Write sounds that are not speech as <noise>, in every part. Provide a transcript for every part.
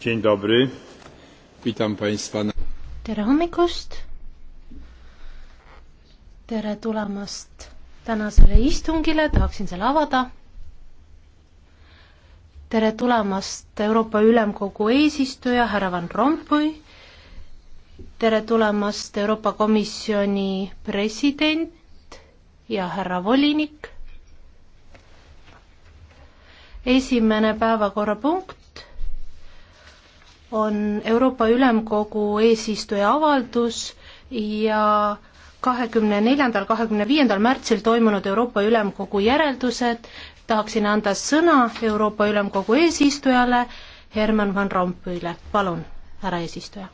Dzień dobry. Witam Państwa. Tere hommikust. Tere tulemast tänasele istungile. Tahaksin selle avada. Tere tulemast Euroopa Ülemkogu eesistuja härra Van Rompuy. Tere tulemast Euroopa Komisjoni president ja härra volinik esimene päevakorrapunkt on Euroopa Ülemkogu eesistuja avaldus ja kahekümne neljandal, kahekümne viiendal märtsil toimunud Euroopa Ülemkogu järeldused. tahaksin anda sõna Euroopa Ülemkogu eesistujale Herman Van Rompuyle, palun, härra eesistuja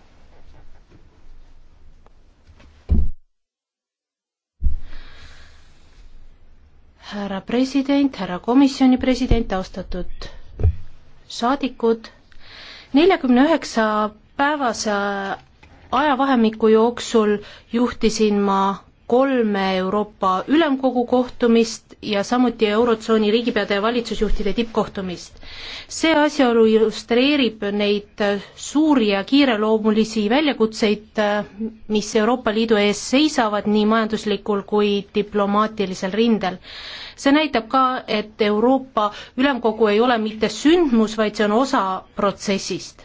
härra president, härra komisjoni president, austatud saadikud, neljakümne üheksa päevase ajavahemiku jooksul juhtisin ma kolme Euroopa Ülemkogu kohtumist ja samuti Eurotsooni riigipeade ja valitsusjuhtide tippkohtumist. see asjaolu illustreerib neid suuri ja kiireloomulisi väljakutseid, mis Euroopa Liidu ees seisavad nii majanduslikul kui diplomaatilisel rindel. see näitab ka, et Euroopa Ülemkogu ei ole mitte sündmus, vaid see on osa protsessist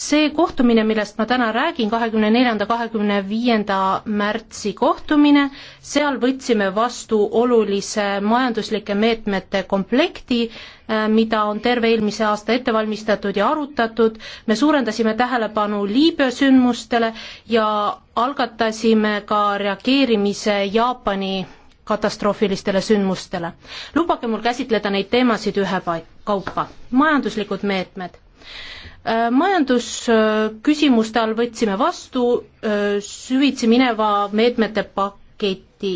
see kohtumine, millest ma täna räägin, kahekümne neljanda, kahekümne viienda märtsi kohtumine, seal võtsime vastu olulise majanduslike meetmete komplekti, äh, mida on terve eelmise aasta ette valmistatud ja arutatud, me suurendasime tähelepanu Liibüa sündmustele ja algatasime ka reageerimise Jaapani katastroofilistele sündmustele. lubage mul käsitleda neid teemasid ühekaupa. majanduslikud meetmed Äh, majandusküsimuste all võtsime vastu äh, süvitsi mineva meetmete paketi.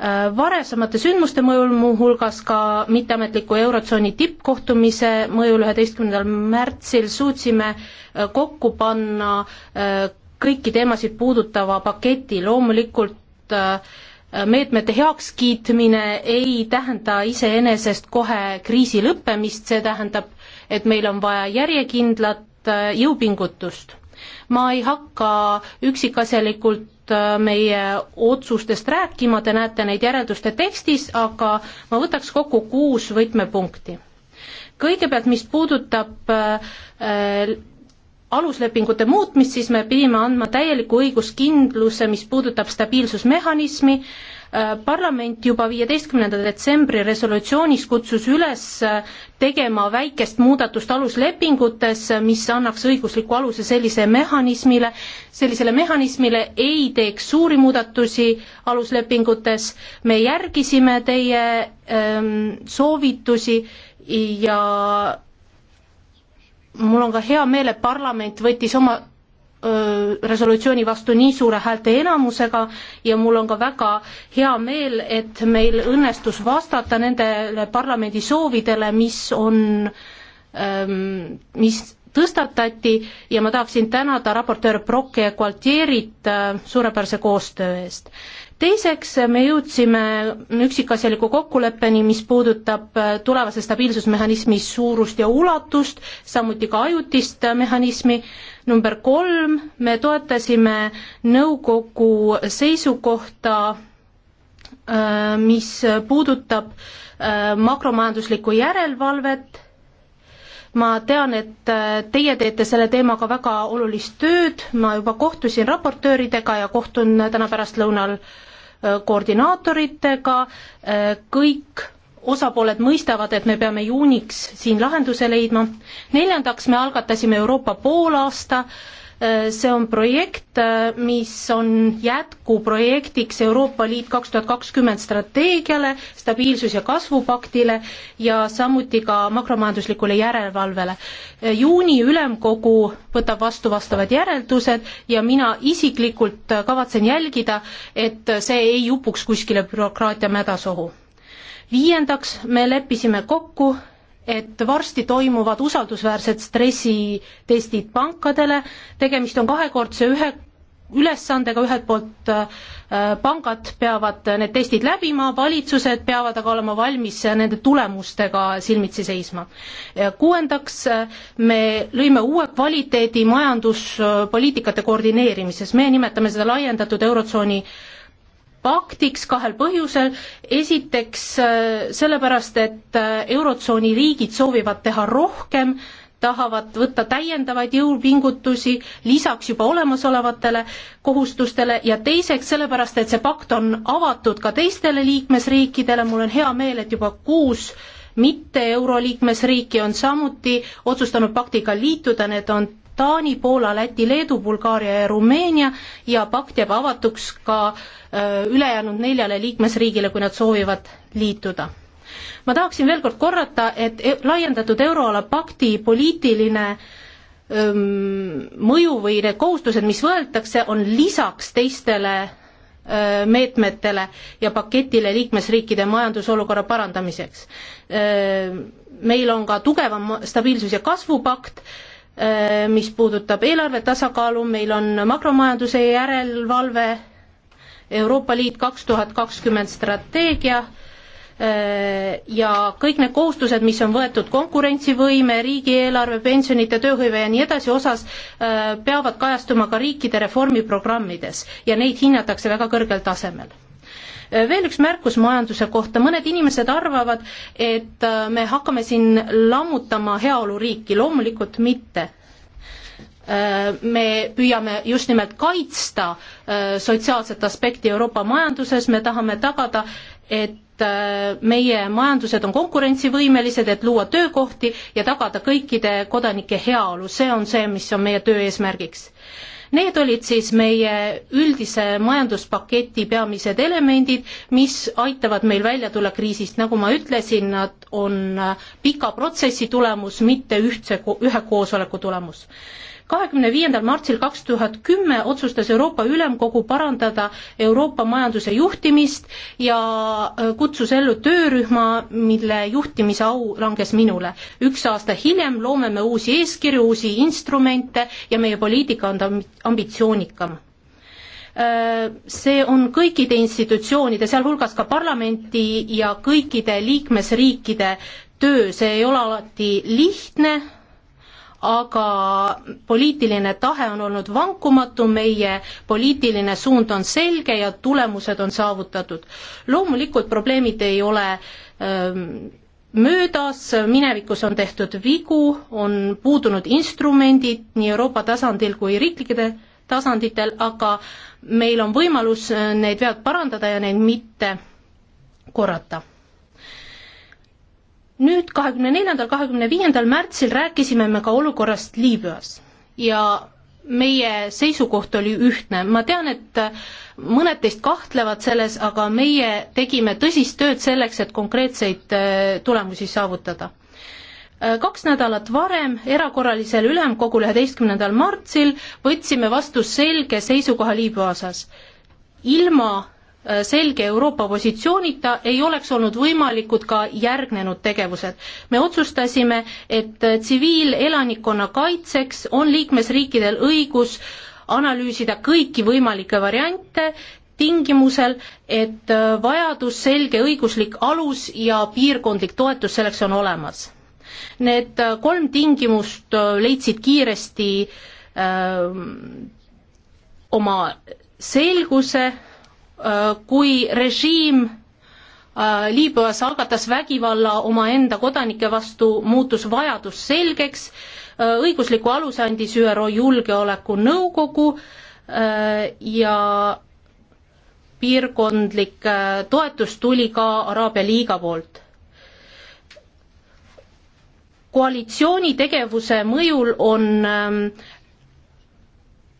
Äh, varasemate sündmuste mõjul, muuhulgas ka mitteametliku Eurotsooni tippkohtumise mõjul üheteistkümnendal märtsil suutsime kokku panna kõiki teemasid puudutava paketi, loomulikult meetmete heakskiitmine ei tähenda iseenesest kohe kriisi lõppemist, see tähendab et meil on vaja järjekindlat äh, jõupingutust. ma ei hakka üksikasjalikult äh, meie otsustest rääkima, te näete neid järelduste tekstis, aga ma võtaks kokku kuus võtmepunkti. kõigepealt, mis puudutab äh, äh aluslepingute muutmist, siis me pidime andma täieliku õiguskindluse, mis puudutab stabiilsusmehhanismi äh,, Äh, parlament juba viieteistkümnenda detsembri resolutsioonis kutsus üles äh, tegema väikest muudatust aluslepingutes, äh, mis annaks õigusliku aluse sellise mehhanismile, sellisele mehhanismile ei teeks suuri muudatusi aluslepingutes, me järgisime teie ähm, soovitusi ja mul on ka hea meel, et parlament võttis oma resolutsiooni vastu nii suure häälteenamusega ja mul on ka väga hea meel, et meil õnnestus vastata nendele parlamendi soovidele, mis on, mis tõstatati ja ma tahaksin tänada raportöör Brocke ja Gualtierit suurepärase koostöö eest. teiseks me jõudsime üksikasjaliku kokkuleppeni, mis puudutab tulevase stabiilsusmehhanismi suurust ja ulatust, samuti ka ajutist mehhanismi, number kolm, me toetasime nõukogu seisukohta, äh, mis puudutab äh, makromajanduslikku järelevalvet, ma tean, et äh, teie teete selle teemaga väga olulist tööd, ma juba kohtusin raportööridega ja kohtun täna pärastlõunal koordinaatoritega, kõik osapooled mõistavad, et me peame juuniks siin lahenduse leidma. neljandaks, me algatasime Euroopa poolaasta, äh, see on projekt, äh, mis on jätkuprojektiks Euroopa Liit kaks tuhat kakskümmend strateegiale, stabiilsus- ja kasvupaktile ja samuti ka makromajanduslikule järelevalvele. Äh, juuni ülemkogu võtab vastu vastavad järeldused ja mina isiklikult kavatsen jälgida, et see ei upuks kuskile bürokraatia mädasohu viiendaks, me leppisime kokku, et varsti toimuvad usaldusväärsed stressitestid pankadele, tegemist on kahekordse ühe ülesandega, ühelt poolt äh, pangad peavad need testid läbima, valitsused peavad aga olema valmis nende tulemustega silmitsi seisma. kuuendaks, me lõime uue kvaliteedi majanduspoliitikate koordineerimises, me nimetame seda laiendatud Eurotsooni äh, paktiks kahel põhjusel, esiteks äh, sellepärast, et äh, Eurotsooni riigid soovivad teha rohkem, tahavad võtta täiendavaid jõupingutusi lisaks juba olemasolevatele kohustustele ja teiseks sellepärast, et see pakt on avatud ka teistele liikmesriikidele, mul on hea meel, et juba kuus mitte euroliikmesriiki on samuti otsustanud paktiga liituda, need on Taani, Poola, Läti, Leedu, Bulgaaria ja Rumeenia ja pakt jääb avatuks ka äh, ülejäänud neljale liikmesriigile, kui nad soovivad liituda ma tahaksin veel kord korrata, et e-, laiendatud euroala pakti poliitiline öm, ähm, mõju või need kohustused, mis võetakse, on lisaks teistele öö, äh, meetmetele ja paketile liikmesriikide majandusolukorra parandamiseks. Äh, meil on ka tugevam stabiilsus- ja kasvupakt Äh, mis puudutab eelarve tasakaalu, meil on makromajanduse järelevalve, Euroopa Liit kaks tuhat kakskümmend strateegia äh, ja kõik need kohustused, mis on võetud konkurentsivõime, riigieelarve, pensionite, tööhõive ja nii edasi osas, äh, peavad kajastuma ka riikide reformiprogrammides ja neid hinnatakse väga kõrgel tasemel veel üks märkus majanduse kohta, mõned inimesed arvavad, et äh, me hakkame siin lammutama heaoluriiki, loomulikult mitte äh, me püüame just nimelt kaitsta äh, sotsiaalset aspekti Euroopa majanduses, me tahame tagada, et meie majandused on konkurentsivõimelised, et luua töökohti ja tagada kõikide kodanike heaolu, see on see, mis on meie töö eesmärgiks. Need olid siis meie üldise majanduspaketi peamised elemendid, mis aitavad meil välja tulla kriisist, nagu ma ütlesin, nad on pika protsessi tulemus, mitte ühtse, ühe koosoleku tulemus kahekümne viiendal märtsil kaks tuhat kümme otsustas Euroopa Ülemkogu parandada Euroopa majanduse juhtimist ja äh, kutsus ellu töörühma, mille juhtimise au langes minule. üks aasta hiljem loome me uusi eeskirju, uusi instrumente ja meie poliitika on ambitsioonikam äh, see on kõikide institutsioonide, sealhulgas ka parlamenti ja kõikide liikmesriikide töö, see ei ole alati lihtne, aga poliitiline tahe on olnud vankumatu, meie poliitiline suund on selge ja tulemused on saavutatud. loomulikult probleemid ei ole öö, ähm, möödas, minevikus on tehtud vigu, on puudunud instrumendid nii Euroopa tasandil kui riiklikide tasanditel, aga meil on võimalus äh, need vead parandada ja neid mitte korrata nüüd kahekümne neljandal, kahekümne viiendal märtsil rääkisime me ka olukorrast Liibüas ja meie seisukoht oli ühtne, ma tean, et mõned teist kahtlevad selles, aga meie tegime tõsist tööd selleks, et konkreetseid äh, tulemusi saavutada. Äh, kaks nädalat varem, erakorralisel ülemkogul üheteistkümnendal märtsil, võtsime vastu selge seisukoha Liibüa osas. ilma Äh, selge Euroopa positsioonita ei oleks olnud võimalikud ka järgnenud tegevused. me otsustasime, et äh, tsiviilelanikkonna kaitseks on liikmesriikidel õigus analüüsida kõiki võimalikke variante, tingimusel, et äh, vajadus, selge õiguslik alus ja piirkondlik toetus selleks on olemas. Need kolm tingimust leidsid kiiresti öö, oma selguse Äh, kui režiim äh, Liibüas algatas vägivalla omaenda kodanike vastu, muutus vajadus selgeks, äh, õigusliku aluse andis ÜRO Julgeolekunõukogu ja piirkondlik toetus tuli ka Araabia Liiga poolt. koalitsiooni tegevuse mõjul on ähm,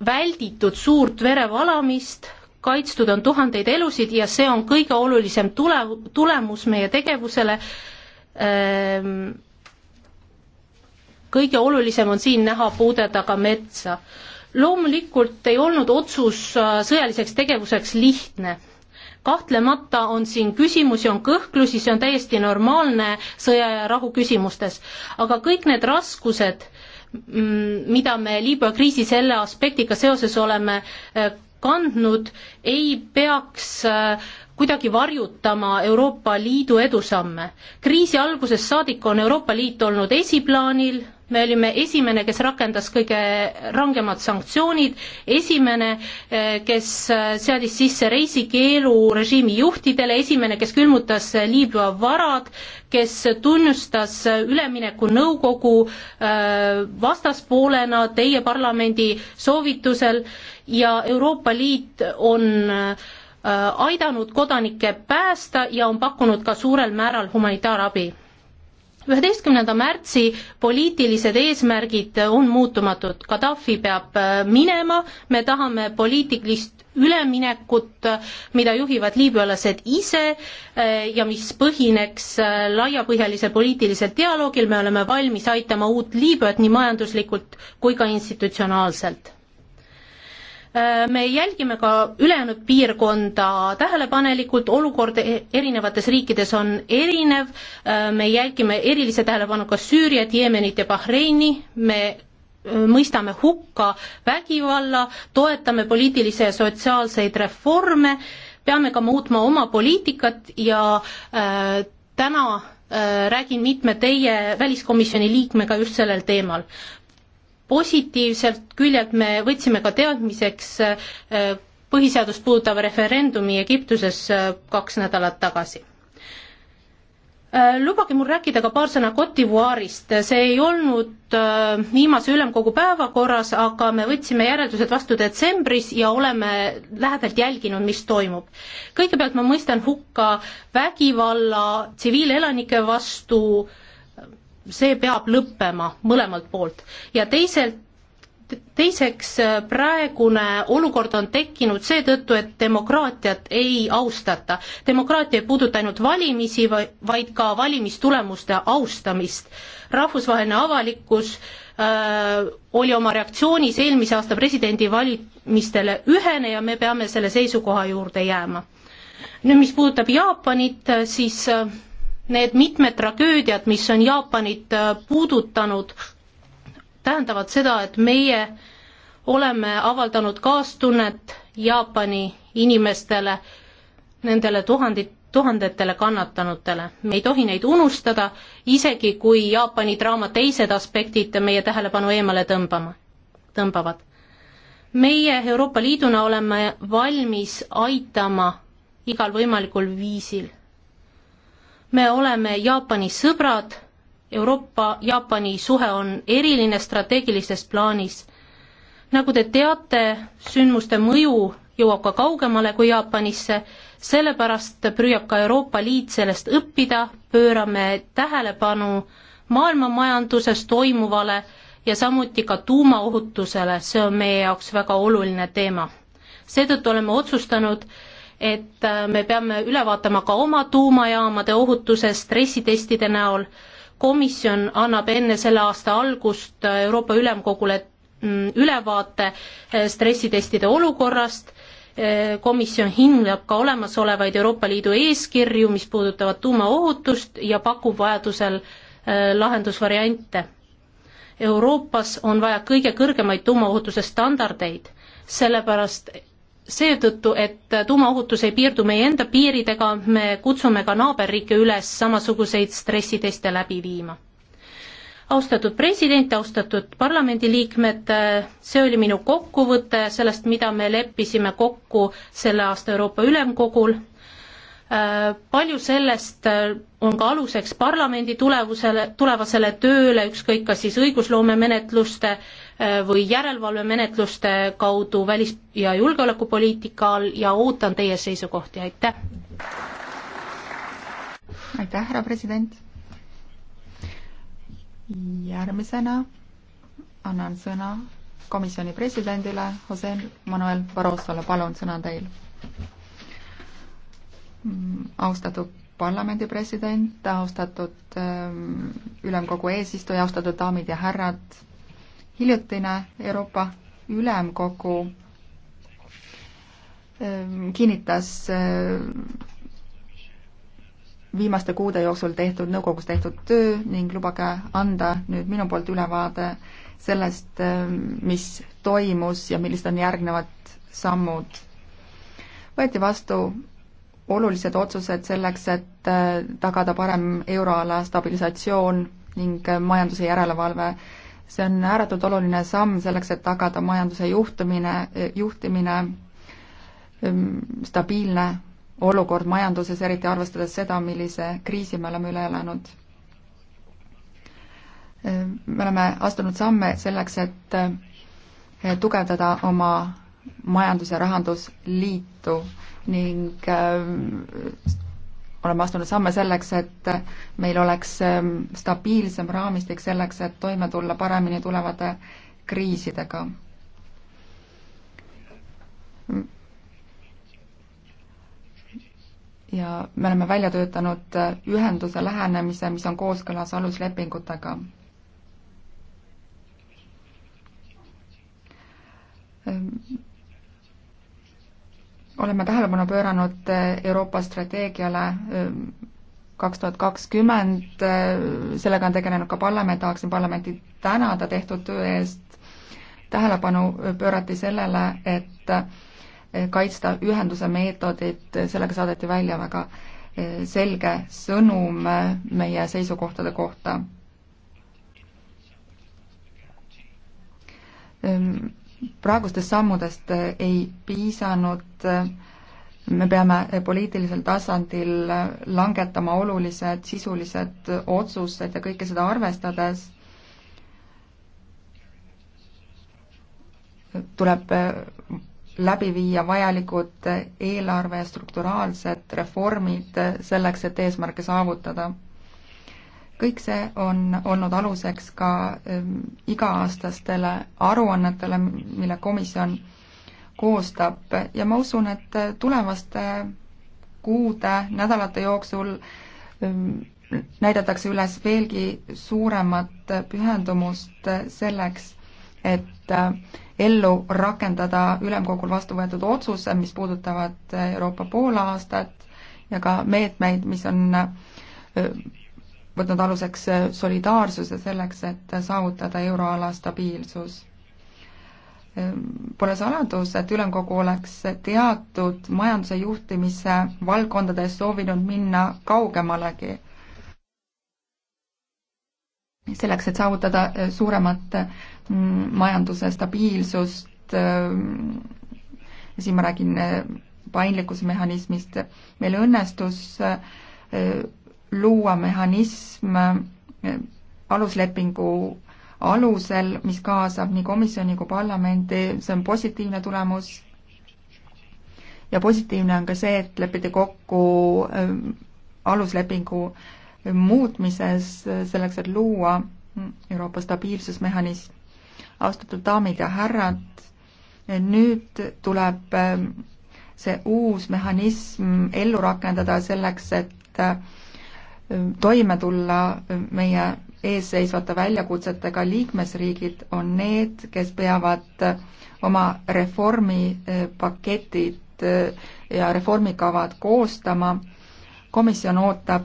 välditud suurt verevalamist, kaitstud on tuhandeid elusid ja see on kõige olulisem tule, tulemus meie tegevusele. Ehm, kõige olulisem on siin näha puude taga metsa. loomulikult ei olnud otsus äh, sõjaliseks tegevuseks lihtne kahtlemata on siin küsimusi, on kõhklusi, see on täiesti normaalne sõja ja rahu küsimustes, aga kõik need raskused, mm, mida me Liibüa kriisi selle aspektiga seoses oleme äh, kandnud, ei peaks äh, kuidagi varjutama Euroopa Liidu edusamme. kriisi algusest saadik on Euroopa Liit olnud esiplaanil me olime esimene, kes rakendas kõige rangemad sanktsioonid, esimene, eh, kes eh, seadis sisse reisikeelu režiimi juhtidele, esimene, kes külmutas eh, Liibüa varad, kes tunnustas üleminekunõukogu vastaspoolena teie parlamendi soovitusel ja Euroopa Liit on aidanud kodanikke päästa ja on pakkunud ka suurel määral humanitaarabi üheteistkümnenda märtsi poliitilised eesmärgid on muutumatud, Gaddafi peab äh, minema, me tahame poliitilist üleminekut, mida juhivad liibüalased ise äh, ja mis põhineks äh, laiapõhjalisel poliitilisel dialoogil, me oleme valmis aitama uut Liibüat nii majanduslikult kui ka institutsionaalselt Äh, me jälgime ka ülejäänud piirkonda tähelepanelikult, olukord e-, erinevates riikides on erinev, äh, me jälgime erilise tähelepanuga Süüriat, Jeemenit ja Bahreini, me äh, mõistame hukka vägivalla, toetame poliitilisi ja sotsiaalseid reforme, peame ka muutma oma poliitikat ja äh, täna äh, räägin mitme teie väliskomisjoni liikmega just sellel teemal positiivselt küljelt me võtsime ka teadmiseks äh, põhiseadust puudutava referendumi Egiptuses äh, kaks nädalat tagasi. Äh, lubage mul rääkida ka paar sõna Cote d'Ivoire'ist, see ei olnud viimase ülemkogu päevakorras, aga me võtsime järeldused vastu detsembris ja oleme lähedalt jälginud, mis toimub. kõigepealt ma mõistan hukka vägivalla tsiviilelanike vastu äh, see peab lõppema mõlemalt poolt ja teiselt teiseks, äh, praegune olukord on tekkinud seetõttu, et demokraatiat ei austata. demokraatia ei puuduta ainult valimisi, vaid ka valimistulemuste austamist. rahvusvaheline avalikkus äh, oli oma reaktsioonis eelmise aasta presidendivalimistele ühene ja me peame selle seisukoha juurde jääma. nüüd, mis puudutab Jaapanit, äh, siis äh, need mitmed tragöödiad, mis on Jaapanit äh, puudutanud, tähendavad seda, et meie oleme avaldanud kaastunnet Jaapani inimestele, nendele tuhandit, tuhandetele kannatanutele. me ei tohi neid unustada, isegi kui Jaapani draama teised aspektid meie tähelepanu eemale tõmbama, tõmbavad. meie Euroopa Liiduna oleme valmis aitama igal võimalikul viisil me oleme Jaapani sõbrad, Euroopa-Jaapani suhe on eriline strateegilises plaanis. nagu te teate, sündmuste mõju jõuab ka kaugemale kui Jaapanisse, sellepärast püüab ka Euroopa Liit sellest õppida, pöörame tähelepanu maailmamajanduses toimuvale ja samuti ka tuumaohutusele, see on meie jaoks väga oluline teema. seetõttu oleme otsustanud, et äh, me peame üle vaatama ka oma tuumajaamade ohutuse stressitestide näol. komisjon annab enne selle aasta algust äh, Euroopa Ülemkogule mm, ülevaate äh, stressitestide olukorrast, komisjon hindab ka olemasolevaid Euroopa Liidu eeskirju, mis puudutavad tuumaohutust ja pakub vajadusel lahendusvariante. Euroopas on vaja kõige kõrgemaid tuumaohutuse standardeid, sellepärast seetõttu, et tuumaohutus ei piirdu meie enda piiridega, me kutsume ka naaberriike üles samasuguseid stressiteste läbi viima. austatud president, austatud parlamendiliikmed, see oli minu kokkuvõte sellest, mida me leppisime kokku selle aasta Euroopa Ülemkogul. palju sellest on ka aluseks parlamendi tulevusele, tulevasele tööle, ükskõik kas siis õigusloomemenetluste äh, või järelevalvemenetluste kaudu välis- ja julgeolekupoliitika all ja ootan teie seisukohti, aitäh! aitäh, härra president! järgmisena annan sõna komisjoni presidendile Jose Manuel Barrosole, palun, sõna on teil. austatud parlamendi president, austatud ähm, ülemkogu eesistuja, austatud daamid ja härrad, hiljutine Euroopa Ülemkogu ähm, kinnitas äh, viimaste kuude jooksul tehtud, nõukogus tehtud töö ning lubage anda nüüd minu poolt ülevaade sellest, ähm, mis toimus ja millised on järgnevad sammud. võeti vastu olulised otsused selleks, et äh, tagada parem euroala stabilisatsioon ning äh, majanduse järelevalve see on ääretult oluline samm selleks, et tagada majanduse juhtumine, juhtimine, ehm, stabiilne olukord majanduses, eriti arvestades seda, millise kriisi me oleme üle elanud. Ehm, me oleme astunud samme selleks, et eh, tugevdada oma majandus- ja rahandusliitu ning ehm, oleme astunud samme selleks, et meil oleks ähm, stabiilsem raamistik selleks, et toime tulla paremini tulevate kriisidega. ja me oleme välja töötanud ühenduse lähenemise, mis on kooskõlas aluslepingutega oleme tähelepanu pööranud eh, Euroopa strateegiale eh, kaks tuhat kakskümmend, eh, sellega on tegelenud ka parlament, tahaksin parlamenti tänada tehtud töö eest. tähelepanu pöörati sellele, et kaitsta ühenduse meetodit, sellega saadeti välja väga selge sõnum meie seisukohtade kohta ehm, praegustest sammudest ei piisanud, me peame poliitilisel tasandil langetama olulised sisulised otsused ja kõike seda arvestades tuleb läbi viia vajalikud eelarve ja strukturaalsed reformid selleks, et eesmärke saavutada kõik see on olnud aluseks ka ehm, iga-aastastele aruannetele, mille komisjon koostab ja ma usun, et tulevaste kuude, nädalate jooksul ehm, näidatakse üles veelgi suuremat pühendumust selleks, et eh, ellu rakendada ülemkogul vastu võetud otsuse, mis puudutavad Euroopa poolaastat ja ka meetmeid, mis on eh, võtnud aluseks äh, solidaarsuse selleks, et saavutada euroala stabiilsus. Ehm, pole saladus, et ülemkogu oleks teatud majanduse juhtimise valdkondades soovinud minna kaugemalegi. selleks, et saavutada äh, suuremat mm, majanduse stabiilsust, ehm, siin ma räägin äh, paindlikkusmehhanismist, meil õnnestus luua mehhanism eh, aluslepingu alusel, mis kaasab nii komisjoni kui parlamendi, see on positiivne tulemus. ja positiivne on ka see, et lepiti kokku eh, aluslepingu muutmises eh, selleks, et luua Euroopa stabiilsusmehhanism. austatud daamid ja härrad, nüüd tuleb see uus mehhanism ellu rakendada selleks, et toime tulla meie eesseisvate väljakutsetega liikmesriigid on need, kes peavad oma reformipaketid ja reformikavad koostama. komisjon ootab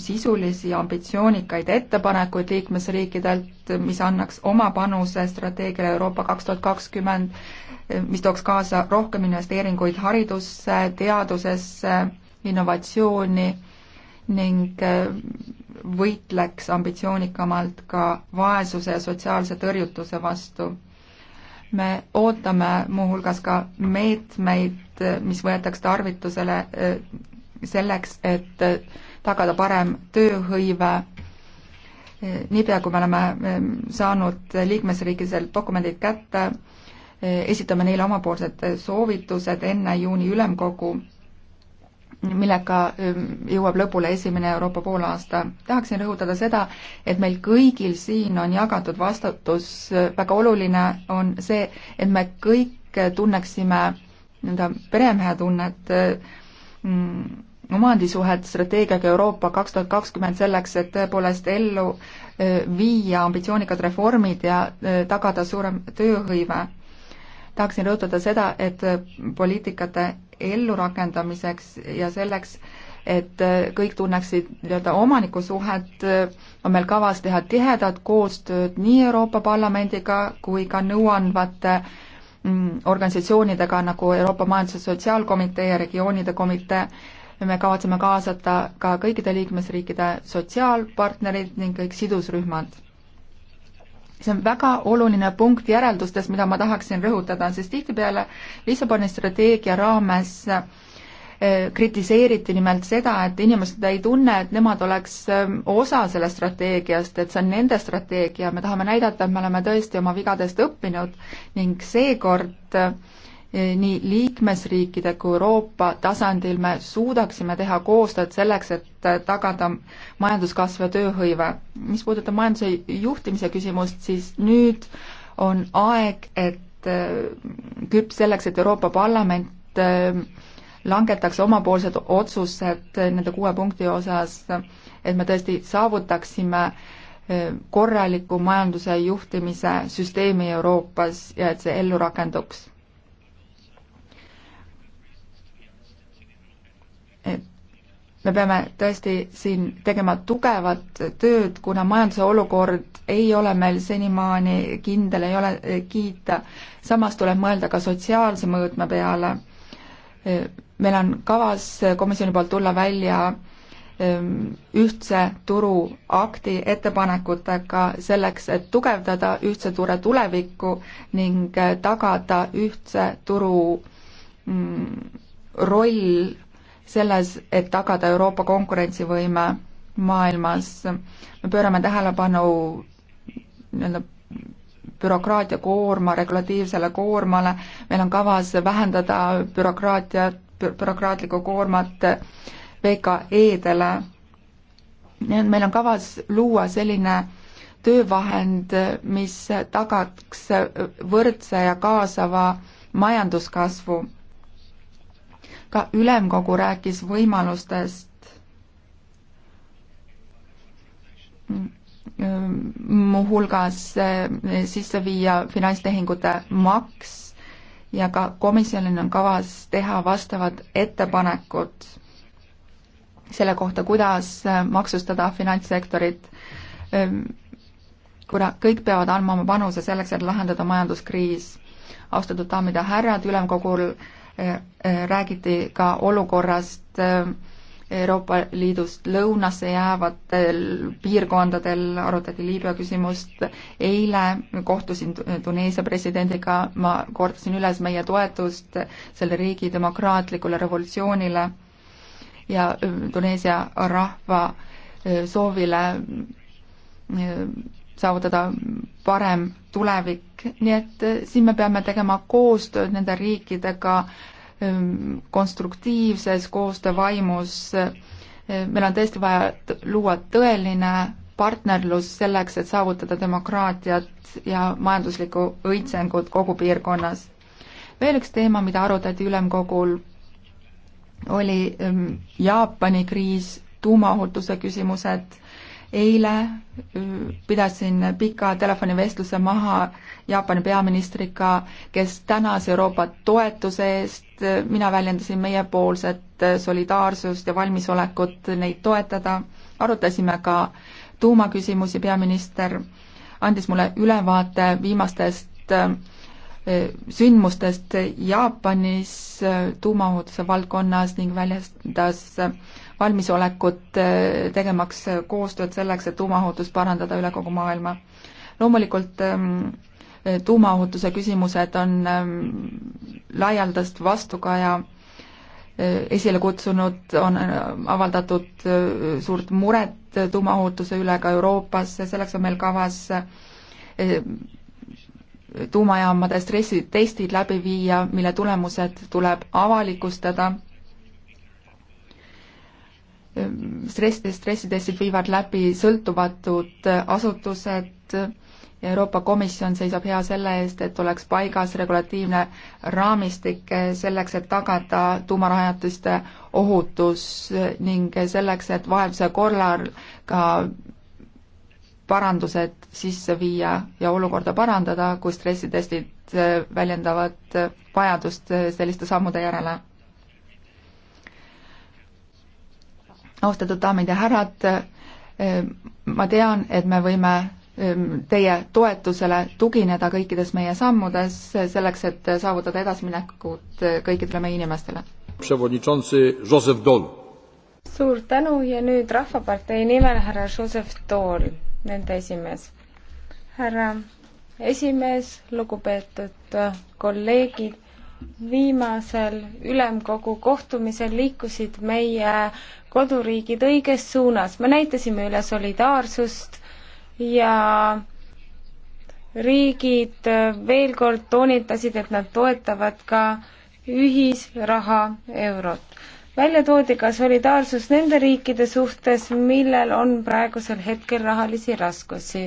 sisulisi ambitsioonikaid ettepanekuid liikmesriikidelt, mis annaks oma panuse strateegiale Euroopa kaks tuhat kakskümmend, mis tooks kaasa rohkem investeeringuid haridusse, teadusesse, innovatsiooni ning äh, võitleks ambitsioonikamalt ka vaesuse ja sotsiaalse tõrjutuse vastu. me ootame muuhulgas ka meetmeid, äh, mis võetaks tarvitusele äh, selleks, et tagada parem tööhõive. niipea, kui me oleme ähm, saanud liikmesriikidelt dokumendid kätte, esitame neile omapoolsed soovitused enne juuni ülemkogu millega ähm, jõuab lõpule esimene Euroopa poolaasta. tahaksin rõhutada seda, et meil kõigil siin on jagatud vastutus, väga oluline on see, et me kõik tunneksime nii-öelda peremehe tunnet, mm, omandisuhet strateegiaga Euroopa kaks tuhat kakskümmend selleks, et tõepoolest ellu äh, viia ambitsioonikad reformid ja äh, tagada suurem tööhõive. tahaksin rõhutada seda, et äh, poliitikate ellurakendamiseks ja selleks, et äh, kõik tunneksid nii-öelda omanikusuhet, äh, on meil kavas teha tihedat koostööd nii Euroopa Parlamendiga kui ka nõuandvate mm, organisatsioonidega nagu Euroopa Majandus- ja Sotsiaalkomitee ja Regioonide Komitee, me kavatseme kaasata ka kõikide liikmesriikide sotsiaalpartnerid ning kõik sidusrühmad see on väga oluline punkt järeldustes, mida ma tahaksin rõhutada, sest tihtipeale Lissaboni strateegia raames äh, kritiseeriti nimelt seda, et inimesed ei tunne, et nemad oleks ähm, osa sellest strateegiast, et see on nende strateegia, me tahame näidata, et me oleme tõesti oma vigadest õppinud ning seekord äh, Eh, nii liikmesriikide kui Euroopa tasandil me suudaksime teha koostööd selleks, et eh, tagada majanduskasv ja tööhõive. mis puudutab majanduse juhtimise küsimust, siis nüüd on aeg, et eh, küps selleks, et Euroopa Parlament langetaks omapoolsed otsused nende kuue punkti osas, et me tõesti saavutaksime korraliku majanduse juhtimise süsteemi Euroopas ja et see ellu rakenduks me peame tõesti siin tegema tugevat tööd, kuna majanduse olukord ei ole meil senimaani kindel, ei ole kiita. samas tuleb mõelda ka sotsiaalse mõõtme peale. E, meil on kavas komisjoni poolt tulla välja e, ühtse turu akti ettepanekutega selleks, et tugevdada ühtse turu tulevikku ning tagada ühtse turu mm, roll selles, et tagada Euroopa konkurentsivõime maailmas. me pöörame tähelepanu nii-öelda bürokraatia koorma, regulatiivsele koormale, meil on kavas vähendada bürokraatiat, bürokraatlikku koormat VKE-dele. nii et meil on kavas luua selline töövahend, mis tagaks võrdse ja kaasava majanduskasvu ka ülemkogu rääkis võimalustest muuhulgas eh, sisse viia finantstehingute maks ja ka komisjonil on kavas teha vastavad ettepanekud selle kohta, kuidas eh, maksustada finantssektorit, ehm, kuna kõik peavad andma oma panuse selleks, et lahendada majanduskriis. austatud daamid ja härrad, ülemkogul Äh, äh, räägiti ka olukorrast äh, Euroopa Liidust lõunasse jäävatel piirkondadel, arutati Liibüa küsimust, eile kohtusin Tuneesia presidendiga, ma kordasin üles meie toetust selle riigi demokraatlikule revolutsioonile ja Tuneesia rahva soovile saavutada parem tulevik riik, nii et äh, siin me peame tegema koostööd nende riikidega ähm, konstruktiivses koostöövaimus. Äh, meil on tõesti vaja luua tõeline partnerlus selleks, et saavutada demokraatiat ja majanduslikku õitsengut kogu piirkonnas. veel üks teema, mida arutati ülemkogul, oli ähm, Jaapani kriis, tuumaohutuse küsimused eile mm, pidasin pika telefonivestluse maha Jaapani peaministriga, kes tänas Euroopat toetuse eest, mina väljendasin meiepoolset solidaarsust ja valmisolekut neid toetada, arutasime ka tuumaküsimusi, peaminister andis mulle ülevaate viimastest äh, sündmustest Jaapanis äh, tuumaohutuse valdkonnas ning väljendas valmisolekut äh, tegemaks äh, koostööd selleks, et tuumaohutust parandada üle kogu maailma. loomulikult ähm, äh, tuumaohutuse küsimused on ähm, laialdast vastukaja esile kutsunud, on avaldatud suurt muret tuumaohutuse üle ka Euroopas, selleks on meil kavas tuumajaamade stressitestid läbi viia, mille tulemused tuleb avalikustada stressitest, stressitestid viivad läbi sõltumatud asutused, Euroopa Komisjon seisab hea selle eest, et oleks paigas regulatiivne raamistik selleks, et tagada tuumarajatiste ohutus ning selleks, et vaevuse korral ka parandused sisse viia ja olukorda parandada, kui stressitestid väljendavad vajadust selliste sammude järele austatud daamid ja härrad, eh, ma tean, et me võime eh, teie toetusele tugineda kõikides meie sammudes, selleks et saavutada edasiminekut eh, kõikidele meie inimestele. suur tänu ja nüüd Rahvapartei nimel härra Joseph Tool, nende esimees. härra esimees, lugupeetud kolleegid viimasel ülemkogu kohtumisel liikusid meie koduriigid õiges suunas. me näitasime üle solidaarsust ja riigid veel kord toonitasid, et nad toetavad ka ühisraha eurot. välja toodi ka solidaarsus nende riikide suhtes, millel on praegusel hetkel rahalisi raskusi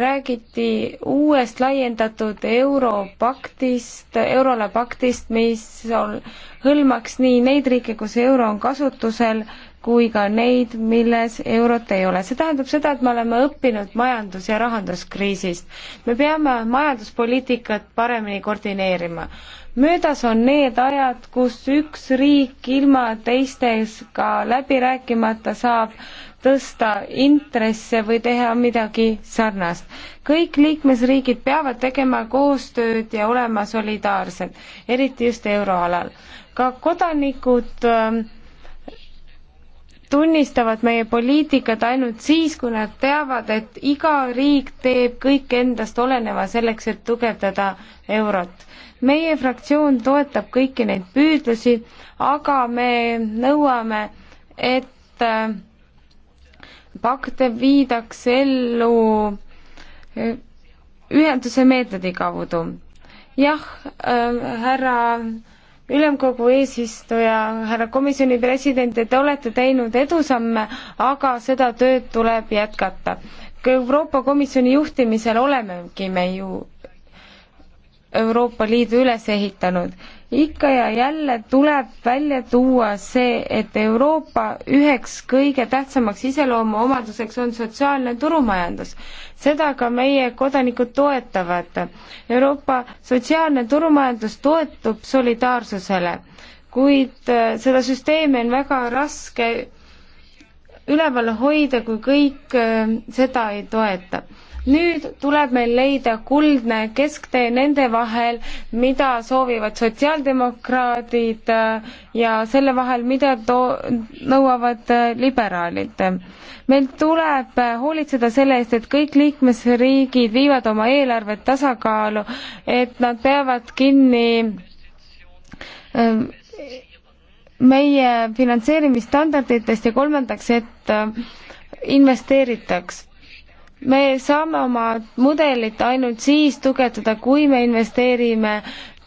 räägiti uuest laiendatud europaktist, eurole paktist, mis on, hõlmaks nii neid riike, kus euro on kasutusel, kui ka neid, milles eurot ei ole. see tähendab seda, et me oleme õppinud majandus- ja rahanduskriisist. me peame majanduspoliitikat paremini koordineerima. möödas on need ajad, kus üks riik ilma teistega läbi rääkimata saab äh, tõsta intresse või teha midagi sarnast. kõik liikmesriigid peavad tegema koostööd ja olema solidaarsed, eriti just euroalal. ka kodanikud ähm, tunnistavad meie poliitikat ainult siis, kui nad teavad, et iga riik teeb kõik endast oleneva selleks, et tugevdada eurot. meie fraktsioon toetab kõiki neid püüdlusi, aga me nõuame, et äh, pakte viidakse ellu eh, ühenduse meetodi kaudu. jah äh,, härra ülemkogu eesistuja, härra komisjoni president, te olete teinud edusamme, aga seda tööd tuleb jätkata. Euroopa Komisjoni juhtimisel olemegi me ju Euroopa Liidu üles ehitanud. ikka ja jälle tuleb välja tuua see, et Euroopa üheks kõige tähtsamaks iseloomuomaduseks on sotsiaalne turumajandus. seda ka meie kodanikud toetavad. Euroopa sotsiaalne turumajandus toetub solidaarsusele, kuid äh, seda süsteemi on väga raske üleval hoida, kui kõik äh, seda ei toeta nüüd tuleb meil leida kuldne kesktee nende vahel, mida soovivad sotsiaaldemokraadid äh, ja selle vahel, mida too-, nõuavad äh, liberaalid. meil tuleb äh, hoolitseda selle eest, et kõik liikmesriigid viivad oma eelarved tasakaalu, et nad peavad kinni meie finantseerimisstandarditest ja kolmandaks, et investeeritaks me saame oma mudelit ainult siis tugevdada, kui me investeerime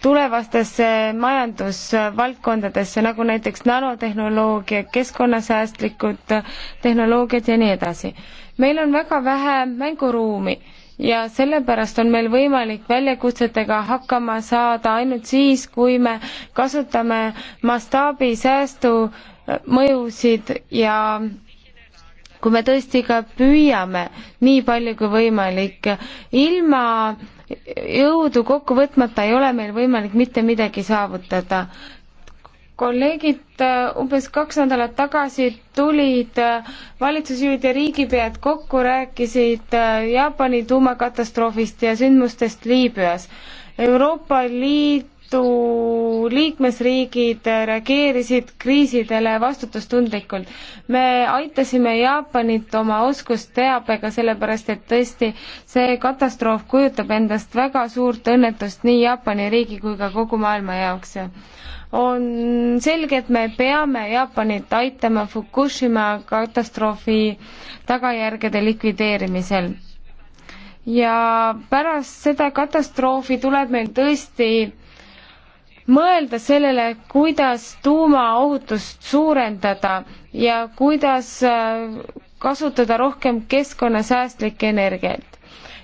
tulevastesse majandusvaldkondadesse, nagu näiteks nanotehnoloogia, keskkonnasäästlikud tehnoloogiad ja nii edasi. meil on väga vähe mänguruumi ja sellepärast on meil võimalik väljakutsetega hakkama saada ainult siis, kui me kasutame mastaabisäästu mõjusid ja kui me tõesti ka püüame nii palju kui võimalik, ilma jõudu kokku võtmata ei ole meil võimalik mitte midagi saavutada. kolleegid äh, umbes kaks nädalat tagasi tulid äh, valitsusjuhid ja riigipead kokku, rääkisid äh, Jaapani tuumakatastroofist ja sündmustest Liibüas. Euroopa Liit Liidu liikmesriigid reageerisid kriisidele vastutustundlikult. me aitasime Jaapanit oma oskusteabega, sellepärast et tõesti see katastroof kujutab endast väga suurt õnnetust nii Jaapani riigi kui ka kogu maailma jaoks on selge, et me peame Jaapanit aitama Fukushima katastroofi tagajärgede likvideerimisel. ja pärast seda katastroofi tuleb meil tõesti mõelda sellele, kuidas tuumaohutust suurendada ja kuidas äh, kasutada rohkem keskkonnasäästlikke energiat.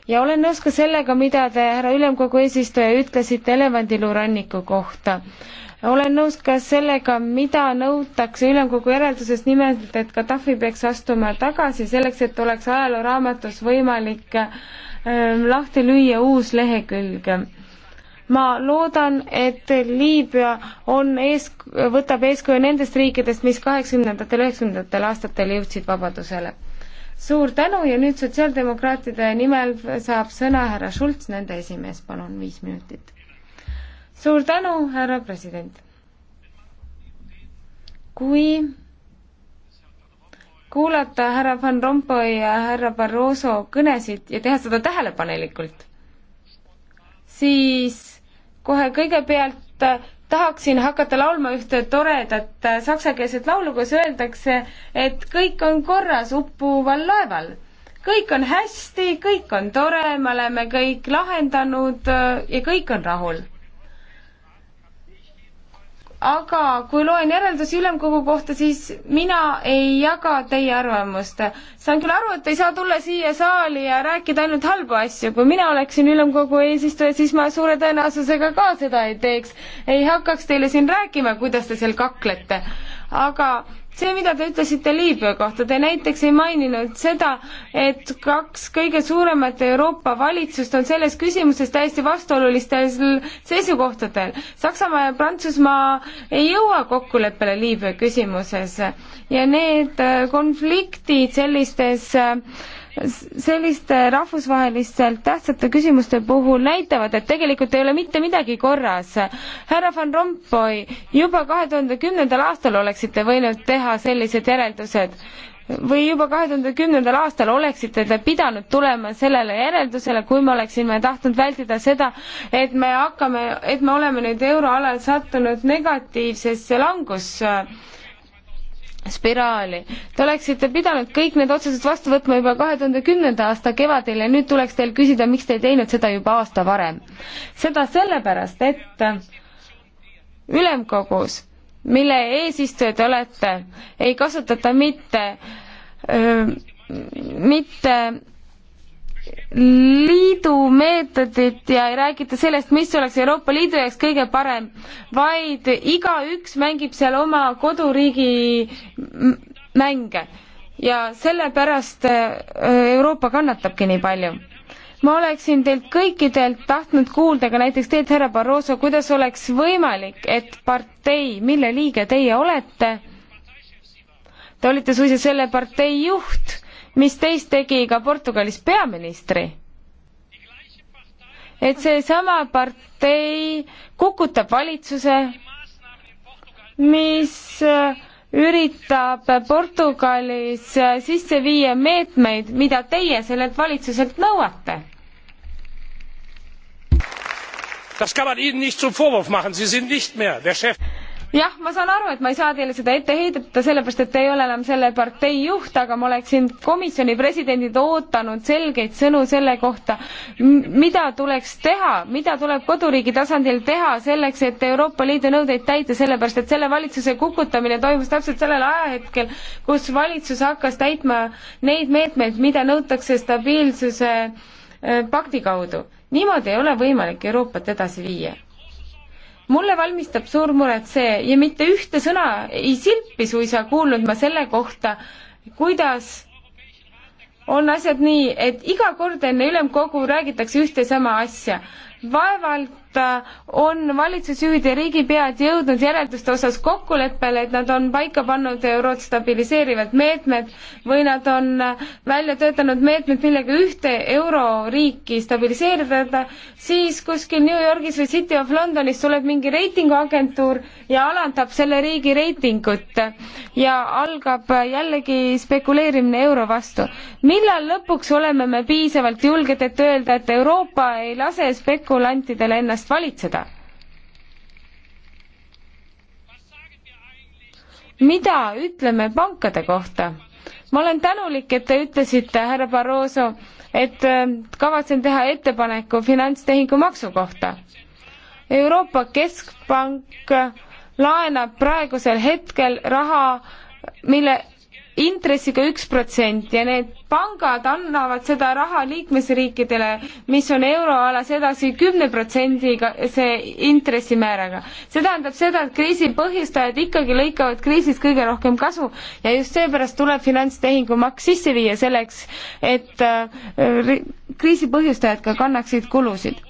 ja olen nõus ka sellega, mida te, härra ülemkogu eesistuja, ütlesite elevandiluu ranniku kohta. olen nõus ka sellega, mida nõutakse ülemkogu järelduses, nimelt et Gaddafi peaks astuma tagasi selleks, et oleks ajalooraamatus võimalik äh, lahti lüüa uus lehekülg ma loodan, et Liibüa on ees, võtab eeskuju nendest riikidest, mis kaheksakümnendatel, üheksakümnendatel aastatel jõudsid vabadusele. suur tänu ja nüüd sotsiaaldemokraatide nimel saab sõna härra Schulz, nende esimees, palun, viis minutit. suur tänu, härra president. kui kuulata härra Van Rompuy ja härra Barroso kõnesid ja teha seda tähelepanelikult, siis kohe kõigepealt äh, tahaksin hakata laulma ühte toredat äh, saksakeelset laulu, kus öeldakse, et kõik on korras uppuval laeval. kõik on hästi, kõik on tore, me oleme kõik lahendanud äh, ja kõik on rahul aga kui loen järeldusi ülemkogu kohta, siis mina ei jaga teie arvamust. saan küll aru, et ei saa tulla siia saali ja rääkida ainult halbu asju, kui mina oleksin ülemkogu eesistuja, siis ma suure tõenäosusega ka seda ei teeks. ei hakkaks teile siin rääkima, kuidas te seal kaklete. aga see, mida te ütlesite Liibüa kohta, te näiteks ei maininud seda, et kaks kõige suuremat Euroopa valitsust on selles küsimuses täiesti vastuolulistel seisukohtadel. Saksamaa ja Prantsusmaa ei jõua kokkuleppele Liibüa küsimuses ja need äh, konfliktid sellistes äh, selliste rahvusvaheliselt tähtsate küsimuste puhul näitavad, et tegelikult ei ole mitte midagi korras. härra Van Rompuy, juba kahe tuhande kümnendal aastal oleksite võinud teha sellised järeldused või juba kahe tuhande kümnendal aastal oleksite te pidanud tulema sellele järeldusele, kui me oleksime tahtnud vältida seda, et me hakkame, et me oleme nüüd euroalal sattunud negatiivsesse langus äh, spiraali. Te oleksite pidanud kõik need otsused vastu võtma juba kahe tuhande kümnenda aasta kevadel ja nüüd tuleks teil küsida, miks te ei teinud seda juba aasta varem. seda sellepärast, et ülemkogus, mille eesistuja te olete, ei kasutata mitte, mitte Liidu meetodit ja ei räägita sellest, mis oleks Euroopa Liidu jaoks kõige parem, vaid igaüks mängib seal oma koduriigi mänge ja sellepärast äh, Euroopa kannatabki nii palju ma oleksin teilt kõikidelt tahtnud kuulda ka näiteks teilt, härra Barroso, kuidas oleks võimalik, et partei, mille liige teie olete, te olite suisa selle partei juht, mis teist tegi ka Portugalis peaministri. et seesama partei kukutab valitsuse, mis äh, üritab Portugalis äh, sisse viia meetmeid, mida teie sellelt valitsuselt nõuate das kann man ihnen nicht zum vorwurf machen sie sind nicht mehr der chef jah, ma saan aru, et ma ei saa teile seda ette heideta, sellepärast et te ei ole enam selle partei juht, aga ma oleksin komisjoni presidendilt ootanud selgeid sõnu selle kohta, mida tuleks teha, mida tuleb koduriigi tasandil teha selleks, et Euroopa Liidu nõudeid täita, sellepärast et selle valitsuse kukutamine toimus täpselt sellel ajahetkel, kus valitsus hakkas täitma neid meetmeid, mida nõutakse stabiilsuse äh, pakti kaudu. niimoodi ei ole võimalik Euroopat edasi viia mulle valmistab suur muret see ja mitte ühte sõna ei silpi suisa kuulnud ma selle kohta, kuidas on asjad nii, et iga kord enne ülemkogu räägitakse ühte sama asja. vaevalt Äh, on valitsusjuhid ja riigipead jõudnud järelduste osas kokkuleppele, et nad on paika pannud eurot stabiliseerivad meetmed või nad on äh, välja töötanud meetmed, millega ühte euroriiki stabiliseerida, siis kuskil New Yorgis või City of Londonis tuleb mingi reitinguagentuur ja alandab selle riigi reitingut ja algab jällegi spekuleerimine euro vastu. millal lõpuks oleme me piisavalt julged, et öelda, et Euroopa ei lase spekulantidele ennast ennast valitseda. mida ütleme pankade kohta? ma olen tänulik, et te ütlesite, härra Barroso, et äh, kavatsen teha ettepaneku finantstehingumaksu kohta. Euroopa Keskpank laenab praegusel hetkel raha, mille intressiga üks protsent ja need pangad annavad seda raha liikmesriikidele, mis on euroalas edasi kümne protsendiga see intressimääraga. see tähendab seda, et kriisi põhjustajad ikkagi lõikavad kriisist kõige rohkem kasu ja just seepärast tuleb finantstehingumaks sisse viia selleks, et äh, kriisi põhjustajad ka kannaksid kulusid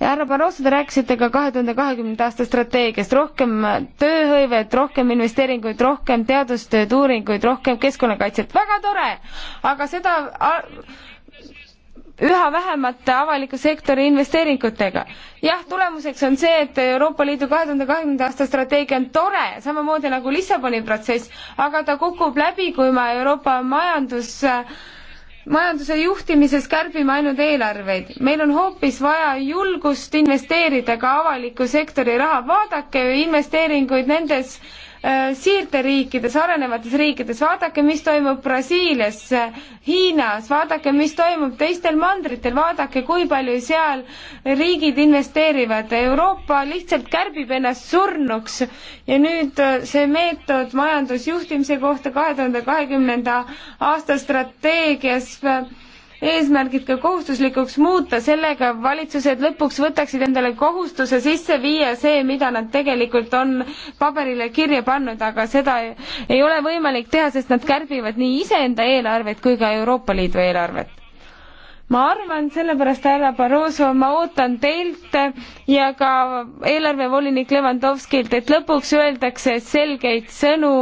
härra Barroso, te rääkisite ka kahe tuhande kahekümnenda aasta strateegiast, rohkem tööhõivet, rohkem investeeringuid, rohkem teadustööd, uuringuid, rohkem keskkonnakaitset, väga tore, aga seda üha vähemate avaliku sektori investeeringutega. jah, tulemuseks on see, et Euroopa Liidu kahe tuhande kahekümnenda aasta strateegia on tore, samamoodi nagu Lissaboni protsess, aga ta kukub läbi, kui me Euroopa majandus äh, majanduse juhtimises kärbime ainult eelarveid. meil on hoopis vaja julgust investeerida ka avaliku sektori raha. vaadake investeeringuid nendes äh, siirderiikides, arenevates riikides, vaadake, mis toimub Brasiilias, Hiinas, vaadake, mis toimub teistel mandritel, vaadake, kui palju seal riigid investeerivad. Euroopa lihtsalt kärbib ennast surnuks ja nüüd äh, see meetod majandusjuhtimise kohta kahe tuhande kahekümnenda aasta strateegias äh, eesmärgid ka kohustuslikuks muuta, sellega valitsused lõpuks võtaksid endale kohustuse sisse viia see, mida nad tegelikult on paberile kirja pannud, aga seda ei ole võimalik teha, sest nad kärbivad nii iseenda eelarvet kui ka Euroopa Liidu eelarvet ma arvan, sellepärast härra Barroso, ma ootan teilt ja ka eelarvevolinik Levandovskilt, et lõpuks öeldakse selgeid sõnu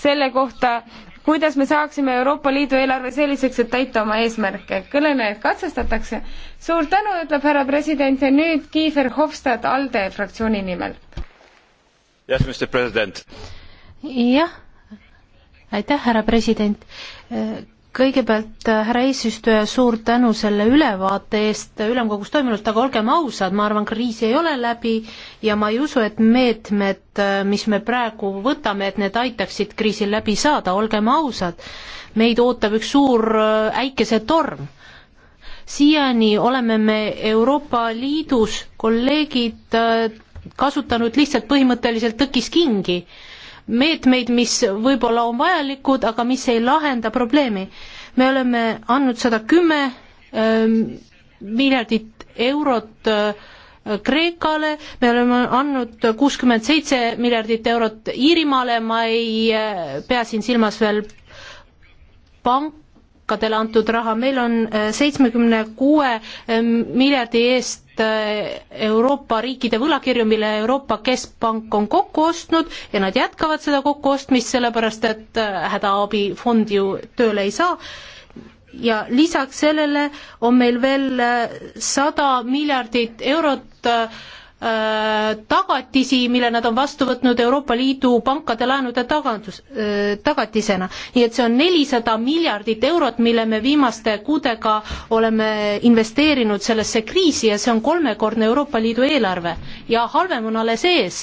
selle kohta, kuidas me saaksime Euroopa Liidu eelarve selliseks, et täita oma eesmärke. kõnelejad katsestatakse. suur tänu, ütleb härra president ja nüüd Kiefer Hofstad ALDE fraktsiooni nimel. jah, Mr President. jah, aitäh, härra president kõigepealt äh, härra eesistuja, suur tänu selle ülevaate eest ülemkogus toimunult, aga olgem ausad, ma arvan, kriis ei ole läbi ja ma ei usu, et meetmed, äh, mis me praegu võtame, et need aitaksid kriisil läbi saada, olgem ausad, meid ootab üks suur äh, äikesetorm. siiani oleme me Euroopa Liidus, kolleegid, kasutanud lihtsalt põhimõtteliselt tõkiskingi meetmeid, mis võib-olla on vajalikud, aga mis ei lahenda probleemi. me oleme andnud sada kümme ähm, miljardit eurot äh, Kreekale, me oleme andnud kuuskümmend seitse miljardit eurot Iirimaale, ma ei äh, pea siin silmas veel pank, pankadele antud raha, meil on äh, seitsmekümne kuue ähm, miljardi eest äh, Euroopa riikide võlakirju, mille Euroopa Keskpank on kokku ostnud ja nad jätkavad seda kokkuostmist, sellepärast et äh, hädaabifond ju tööle ei saa. ja lisaks sellele on meil veel sada miljardit eurot äh, Äh, tagatisi, mille nad on vastu võtnud Euroopa Liidu pankade laenude tagandus, äh, tagatisena. nii et see on nelisada miljardit eurot, mille me viimaste kuudega oleme investeerinud sellesse kriisi ja see on kolmekordne Euroopa Liidu eelarve ja halvem on alles ees.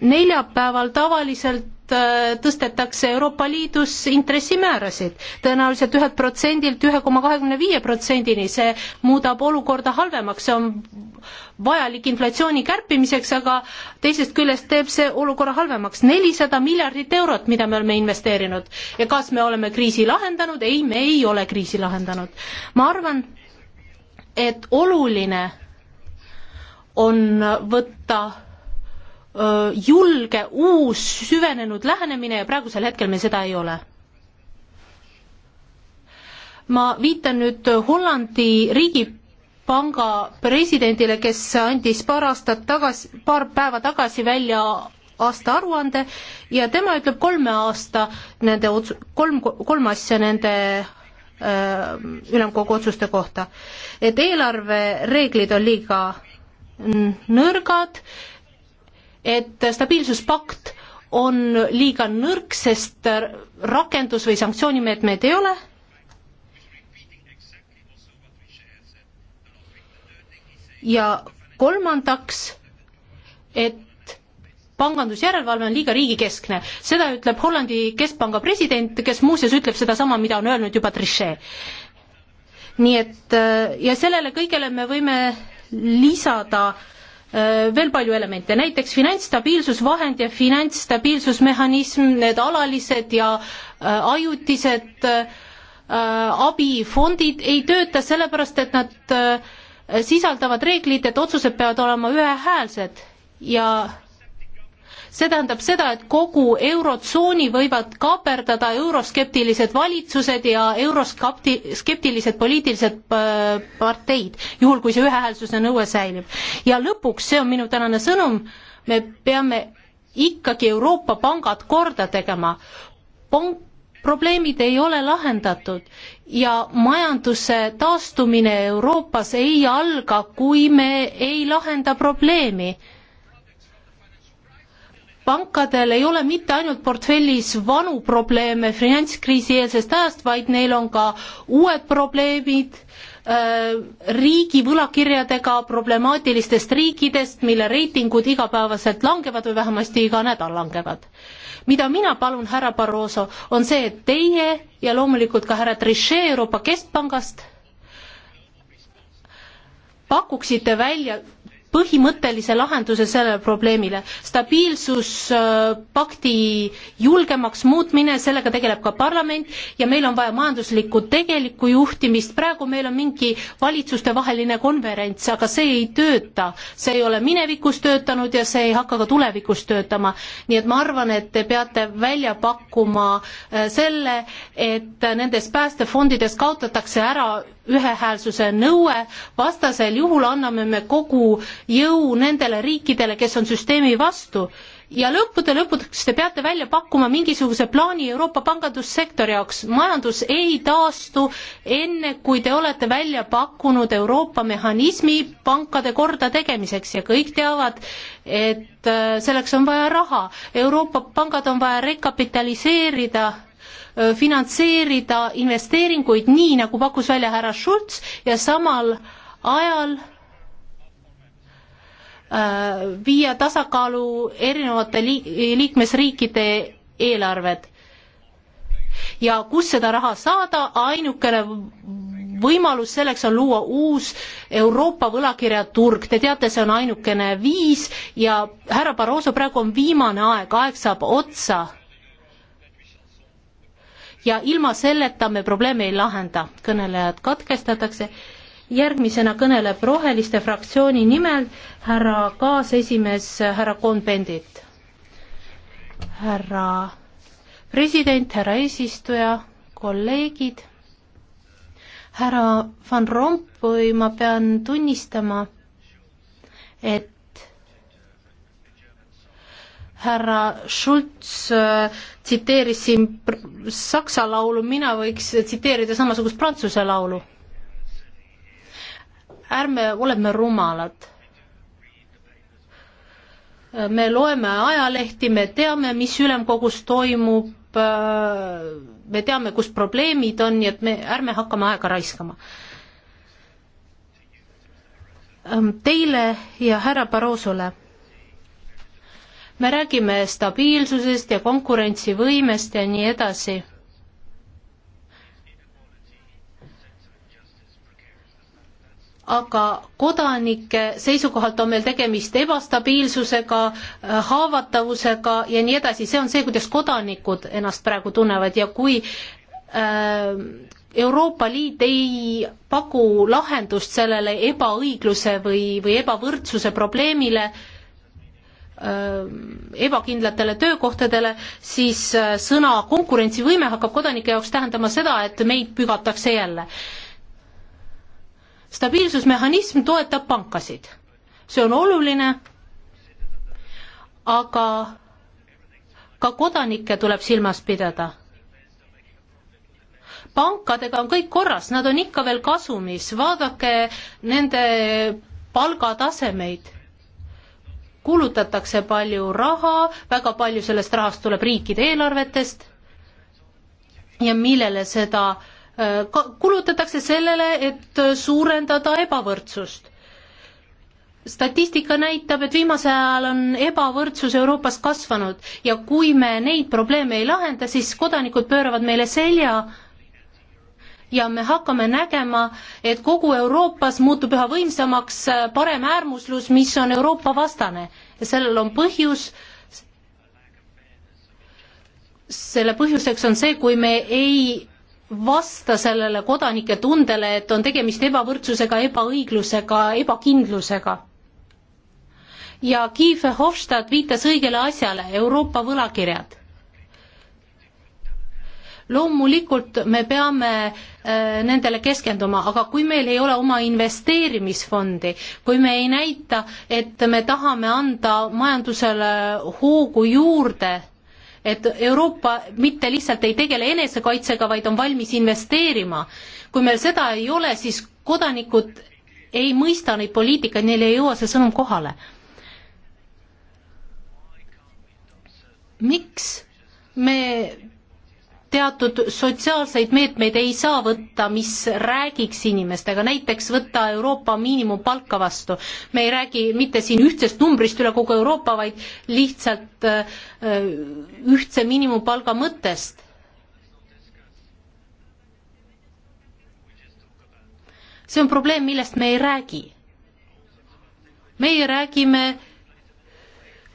neljapäeval tavaliselt Äh, tõstetakse Euroopa Liidus intressimäärasid tõenäoliselt ühelt protsendilt ühe koma kahekümne viie protsendini, see muudab olukorda halvemaks, see on vajalik inflatsiooni kärpimiseks, aga teisest küljest teeb see olukorra halvemaks. nelisada miljardit eurot, mida me oleme investeerinud ja kas me oleme kriisi lahendanud, ei, me ei ole kriisi lahendanud. ma arvan, et oluline on võtta julge, uus, süvenenud lähenemine ja praegusel hetkel meil seda ei ole. ma viitan nüüd Hollandi riigipanga presidendile, kes andis paar aastat tagasi, paar päeva tagasi välja aastaaruande ja tema ütleb kolme aasta nende ots-, kolm, kolm asja nende öö, ülemkogu otsuste kohta. et eelarvereeglid on liiga nõrgad, et stabiilsuspakt on liiga nõrk, sest rakendus- või sanktsioonimeetmeid ei ole ja kolmandaks, et pangandusjärelevalve on liiga riigikeskne, seda ütleb Hollandi keskpanga president, kes muuseas ütleb sedasama, mida on öelnud juba Trichet. nii et ja sellele kõigele me võime lisada äh, Äh, veel palju elemente, näiteks finantsstabiilsusvahend ja finantsstabiilsusmehhanism, need alalised ja äh, ajutised äh, abifondid ei tööta sellepärast, et nad sisaldavad reeglit, et otsused peavad olema ühehäälsed ja see tähendab seda, et kogu Eurotsooni võivad kaaperdada euroskeptilised valitsused ja euroskepti-, skeptilised poliitilised äh, parteid, juhul kui see ühehäälsuse nõue säilib. ja lõpuks, see on minu tänane sõnum, me peame ikkagi Euroopa pangad korda tegema. pank probleemid ei ole lahendatud ja majanduse taastumine Euroopas ei alga, kui me ei lahenda probleemi pankadel ei ole mitte ainult portfellis vanu probleeme finantskriisi eelsest ajast, vaid neil on ka uued probleemid äh, riigi võlakirjadega problemaatilistest riikidest, mille reitingud igapäevaselt langevad või vähemasti iga nädal langevad. mida mina palun, härra Barroso, on see, et teie ja loomulikult ka härra Trichet Euroopa Keskpangast pakuksite välja põhimõttelise lahenduse sellele probleemile. stabiilsuspakti äh, julgemaks muutmine, sellega tegeleb ka parlament ja meil on vaja majanduslikku tegelikku juhtimist, praegu meil on mingi valitsustevaheline konverents, aga see ei tööta. see ei ole minevikus töötanud ja see ei hakka ka tulevikus töötama. nii et ma arvan, et te peate välja pakkuma äh, selle, et nendes päästefondides kaotatakse ära ühehäälsuse nõue, vastasel juhul anname me kogu jõu nendele riikidele, kes on süsteemi vastu ja lõppude lõpuks te peate välja pakkuma mingisuguse plaani Euroopa pangandussektori jaoks. majandus ei taastu enne, kui te olete välja pakkunud Euroopa mehhanismi pankade kordategemiseks ja kõik teavad, et äh, selleks on vaja raha. Euroopa pangad on vaja rekapitaliseerida finantseerida investeeringuid nii, nagu pakkus välja härra Schulz ja samal ajal viia tasakaalu erinevate liikmesriikide eelarved. ja kust seda raha saada, ainukene võimalus selleks on luua uus Euroopa võlakirjaturg, te teate, see on ainukene viis ja härra Barroso, praegu on viimane aeg, aeg saab otsa ja ilma selleta me probleemi ei lahenda. kõnelejad katkestatakse, järgmisena kõneleb Roheliste fraktsiooni nimel härra kaasesimees härra Kohn-Bendit. härra president, härra eesistuja, kolleegid, härra Van Rompuy, ma pean tunnistama, et härra Schulz äh, tsiteeris siin saksa laulu, mina võiks tsiteerida samasugust prantsuse laulu. ärme oleme rumalad. me loeme ajalehti, me teame, mis ülemkogus toimub, äh, me teame, kus probleemid on, nii et me ärme hakkame aega raiskama ähm, teile ja härra Barrosole me räägime stabiilsusest ja konkurentsivõimest ja nii edasi. aga kodanike seisukohalt on meil tegemist ebastabiilsusega, äh, haavatavusega ja nii edasi, see on see, kuidas kodanikud ennast praegu tunnevad ja kui äh, Euroopa Liit ei paku lahendust sellele ebaõigluse või, või ebavõrdsuse probleemile äh,, Äh, ebakindlatele töökohtadele, siis äh, sõna konkurentsivõime hakkab kodanike jaoks tähendama seda, et meid pügatakse jälle. stabiilsusmehhanism toetab pankasid, see on oluline, aga ka kodanikke tuleb silmas pidada. pankadega on kõik korras, nad on ikka veel kasumis, vaadake nende palgatasemeid kulutatakse palju raha, väga palju sellest rahast tuleb riikide eelarvetest ja millele seda äh, kulutatakse sellele, et suurendada ebavõrdsust. statistika näitab, et viimasel ajal on ebavõrdsus Euroopas kasvanud ja kui me neid probleeme ei lahenda, siis kodanikud pööravad meile selja ja me hakkame nägema, et kogu Euroopas muutub üha võimsamaks äh, parem äärmuslus, mis on Euroopa vastane ja sellel on põhjus, selle põhjuseks on see, kui me ei vasta sellele kodanike tundele, et on tegemist ebavõrdsusega, ebaõiglusega, ebakindlusega. ja Kiefer Hofstad viitas õigele asjale, Euroopa võlakirjad loomulikult me peame äh, nendele keskenduma, aga kui meil ei ole oma investeerimisfondi, kui me ei näita, et me tahame anda majandusele hoogu juurde, et Euroopa mitte lihtsalt ei tegele enesekaitsega, vaid on valmis investeerima, kui meil seda ei ole, siis kodanikud ei mõista neid poliitikaid, neil ei jõua see sõnum kohale. miks me teatud sotsiaalseid meetmeid ei saa võtta, mis räägiks inimestega, näiteks võtta Euroopa miinimumpalka vastu. me ei räägi mitte siin ühtsest numbrist üle kogu Euroopa, vaid lihtsalt äh, ühtse miinimumpalga mõttest. see on probleem, millest me ei räägi. meie räägime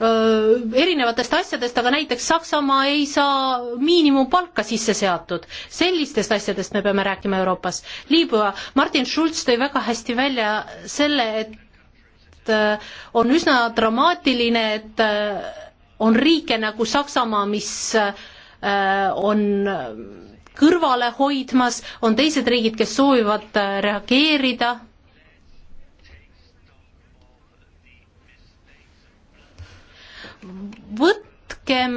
Äh, erinevatest asjadest, aga näiteks Saksamaa ei saa miinimumpalka sisse seatud. sellistest asjadest me peame rääkima Euroopas. Liibüa, Martin Schulz tõi väga hästi välja selle, et äh, on üsna dramaatiline, et äh, on riike nagu Saksamaa, mis on kõrvale hoidmas, on teised riigid, kes soovivad reageerida võtkem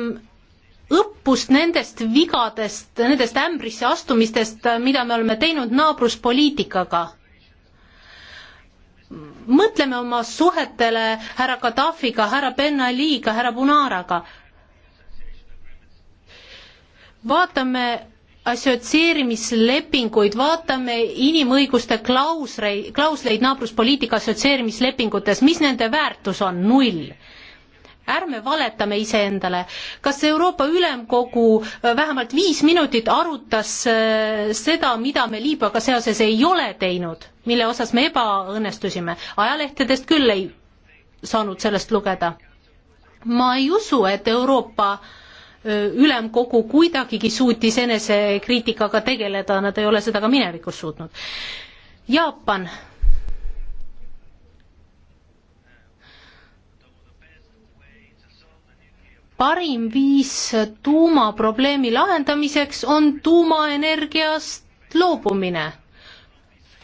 õppust nendest vigadest, nendest ämbrisse astumistest, mida me oleme teinud naabruspoliitikaga. mõtleme oma suhetele härra Gaddafiga, härra Ben Aliga, härra Bunaraga. vaatame assotsieerimislepinguid, vaatame inimõiguste klausreid, klausleid naabruspoliitika assotsieerimislepingutes, mis nende väärtus on, null ärme valetame iseendale. kas Euroopa Ülemkogu äh, vähemalt viis minutit arutas äh, seda, mida me Liibüaga seoses ei ole teinud, mille osas me ebaõnnestusime? ajalehtedest küll ei saanud sellest lugeda. ma ei usu, et Euroopa äh, ülemkogu kuidagigi suutis enesekriitikaga tegeleda, nad ei ole seda ka minevikus suutnud. Jaapan parim viis tuumaprobleemi lahendamiseks on tuumaenergiast loobumine.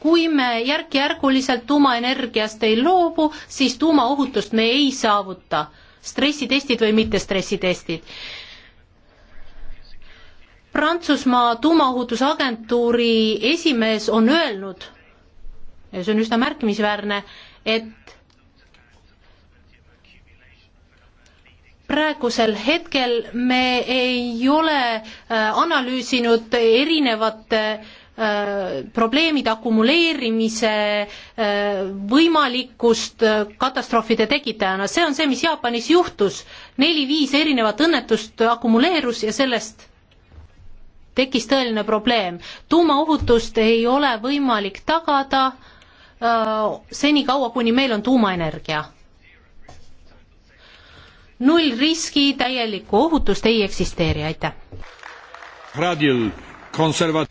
kui me järk-järguliselt tuumaenergiast ei loobu, siis tuumaohutust me ei saavuta, stressitestid või mitte stressitestid. Prantsusmaa tuumaohutusagentuuri esimees on öelnud, ja see on üsna märkimisväärne, et praegusel hetkel me ei ole äh, analüüsinud erinevate äh, probleemide akumuleerimise äh, võimalikkust katastroofide tekitajana, see on see, mis Jaapanis juhtus. neli-viis erinevat õnnetust akumuleerus ja sellest tekkis tõeline probleem. tuumaohutust ei ole võimalik tagada senikaua, kuni meil on tuumaenergia null riski, täielikku ohutust ei eksisteeri, aitäh.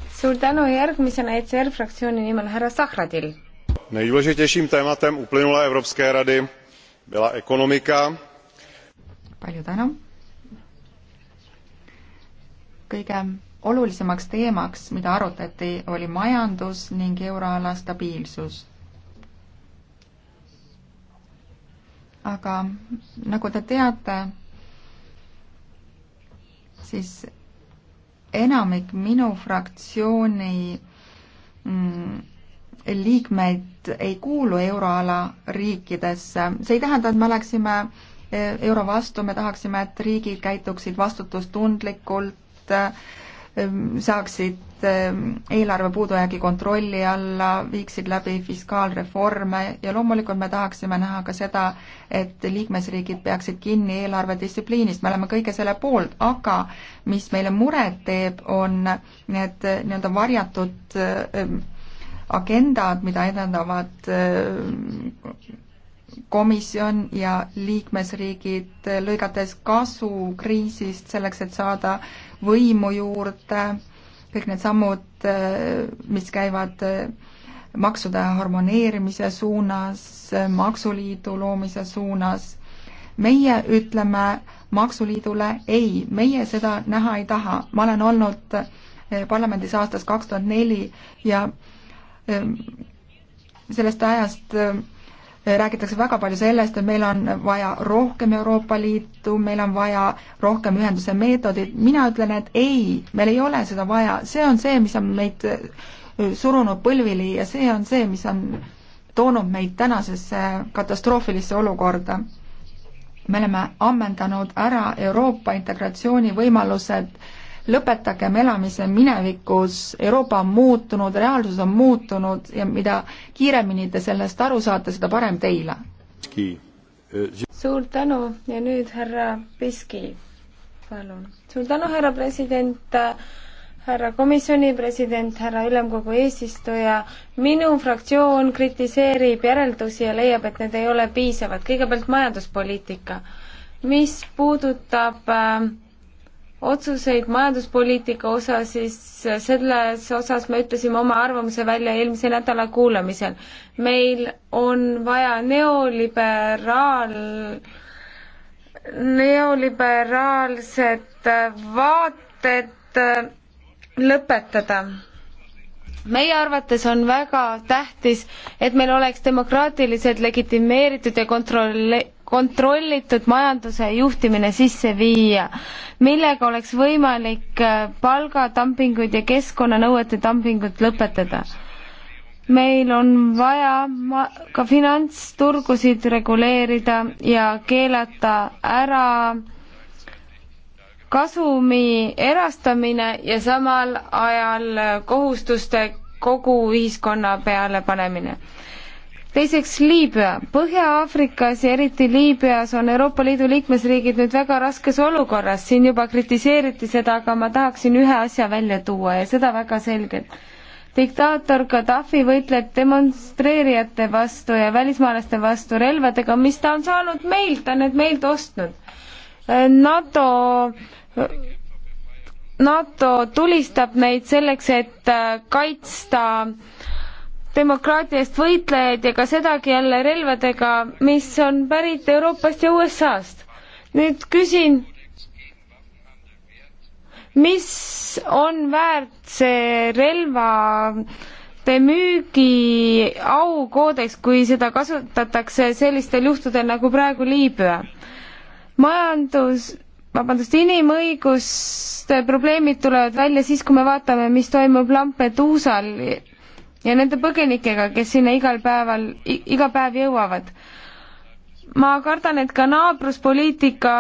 suur tänu, järgmisena ECR fraktsiooni nimel härra Sahradil. nejdůležitějším tématem uplynulé Evropské rady byla ekonomika. palju tänu. kõige olulisemaks teemaks, mida arutati, oli majandus ning euroala stabiilsus aga nagu te teate, siis enamik minu fraktsiooni mm, liikmeid ei kuulu euroala riikidesse. see ei tähenda, et me oleksime eh, euro vastu, me tahaksime, et riigid käituksid vastutustundlikult, Ehm, saaksid ehm, eelarve puudujäägi kontrolli alla, viiksid läbi fiskaalreforme ja loomulikult me tahaksime näha ka seda, et liikmesriigid peaksid kinni eelarvedistsipliinist, me oleme kõige selle poolt, aga mis meile muret teeb, on need nii-öelda varjatud ehm, agendad, mida edendavad komisjon ja liikmesriigid, lõigates kasu kriisist selleks, et saada äh, võimu juurde, kõik need sammud, mis käivad maksude harmoneerimise suunas, maksuliidu loomise suunas. meie ütleme maksuliidule ei, meie seda näha ei taha. ma olen olnud eh, parlamendis aastast kaks tuhat neli ja eh, sellest ajast eh, räägitakse väga palju sellest, et meil on vaja rohkem Euroopa Liitu, meil on vaja rohkem ühenduse meetodit, mina ütlen, et ei, meil ei ole seda vaja, see on see, mis on meid äh, surunud põlvili ja see on see, mis on toonud meid tänasesse katastroofilisse olukorda. me oleme ammendanud ära Euroopa integratsiooni võimalused äh, lõpetagem elamise minevikus, Euroopa on muutunud, reaalsus on muutunud ja mida kiiremini te sellest aru saate, seda parem teile. suur tänu ja nüüd härra Piski, palun. suur tänu, härra president, härra komisjoni president, härra ülemkogu eesistuja. minu fraktsioon kritiseerib järeldusi ja leiab, et need ei ole piisavad. kõigepealt majanduspoliitika, mis puudutab äh, otsuseid majanduspoliitika osas, siis selles osas me ütlesime oma arvamuse välja eelmise nädala kuulamisel. meil on vaja neoliberaal, neoliberaalsed vaated lõpetada meie arvates on väga tähtis, et meil oleks demokraatiliselt legitimeeritud ja kontrolli-, kontrollitud majanduse juhtimine sisse viia, millega oleks võimalik äh, palgadampinguid ja keskkonnanõuete dumpingut lõpetada. meil on vaja ka finantsturgusid reguleerida ja keelata ära kasumi erastamine ja samal ajal äh, kohustuste kogu ühiskonna peale panemine teiseks Liibüa. Põhja-Aafrikas ja eriti Liibüas on Euroopa Liidu liikmesriigid nüüd väga raskes olukorras, siin juba kritiseeriti seda, aga ma tahaksin ühe asja välja tuua ja seda väga selgelt. diktaator Gaddafi võitleb demonstreerijate vastu ja välismaalaste vastu relvadega, mis ta on saanud meilt, ta on need meilt ostnud. NATO NATO tulistab neid selleks, et kaitsta äh, demokraatia eest võitlejaid ja ka sedagi jälle relvadega, mis on pärit Euroopast ja USA-st. nüüd küsin, mis on väärt see relvade müügi aukoodeks, kui seda kasutatakse sellistel juhtudel nagu praegu Liibüa? majandus, vabandust, inimõiguste probleemid tulevad välja siis, kui me vaatame, mis toimub Lampeduusal ja nende põgenikega, kes sinna igal päeval, iga päev jõuavad. ma kardan, et ka naabruspoliitika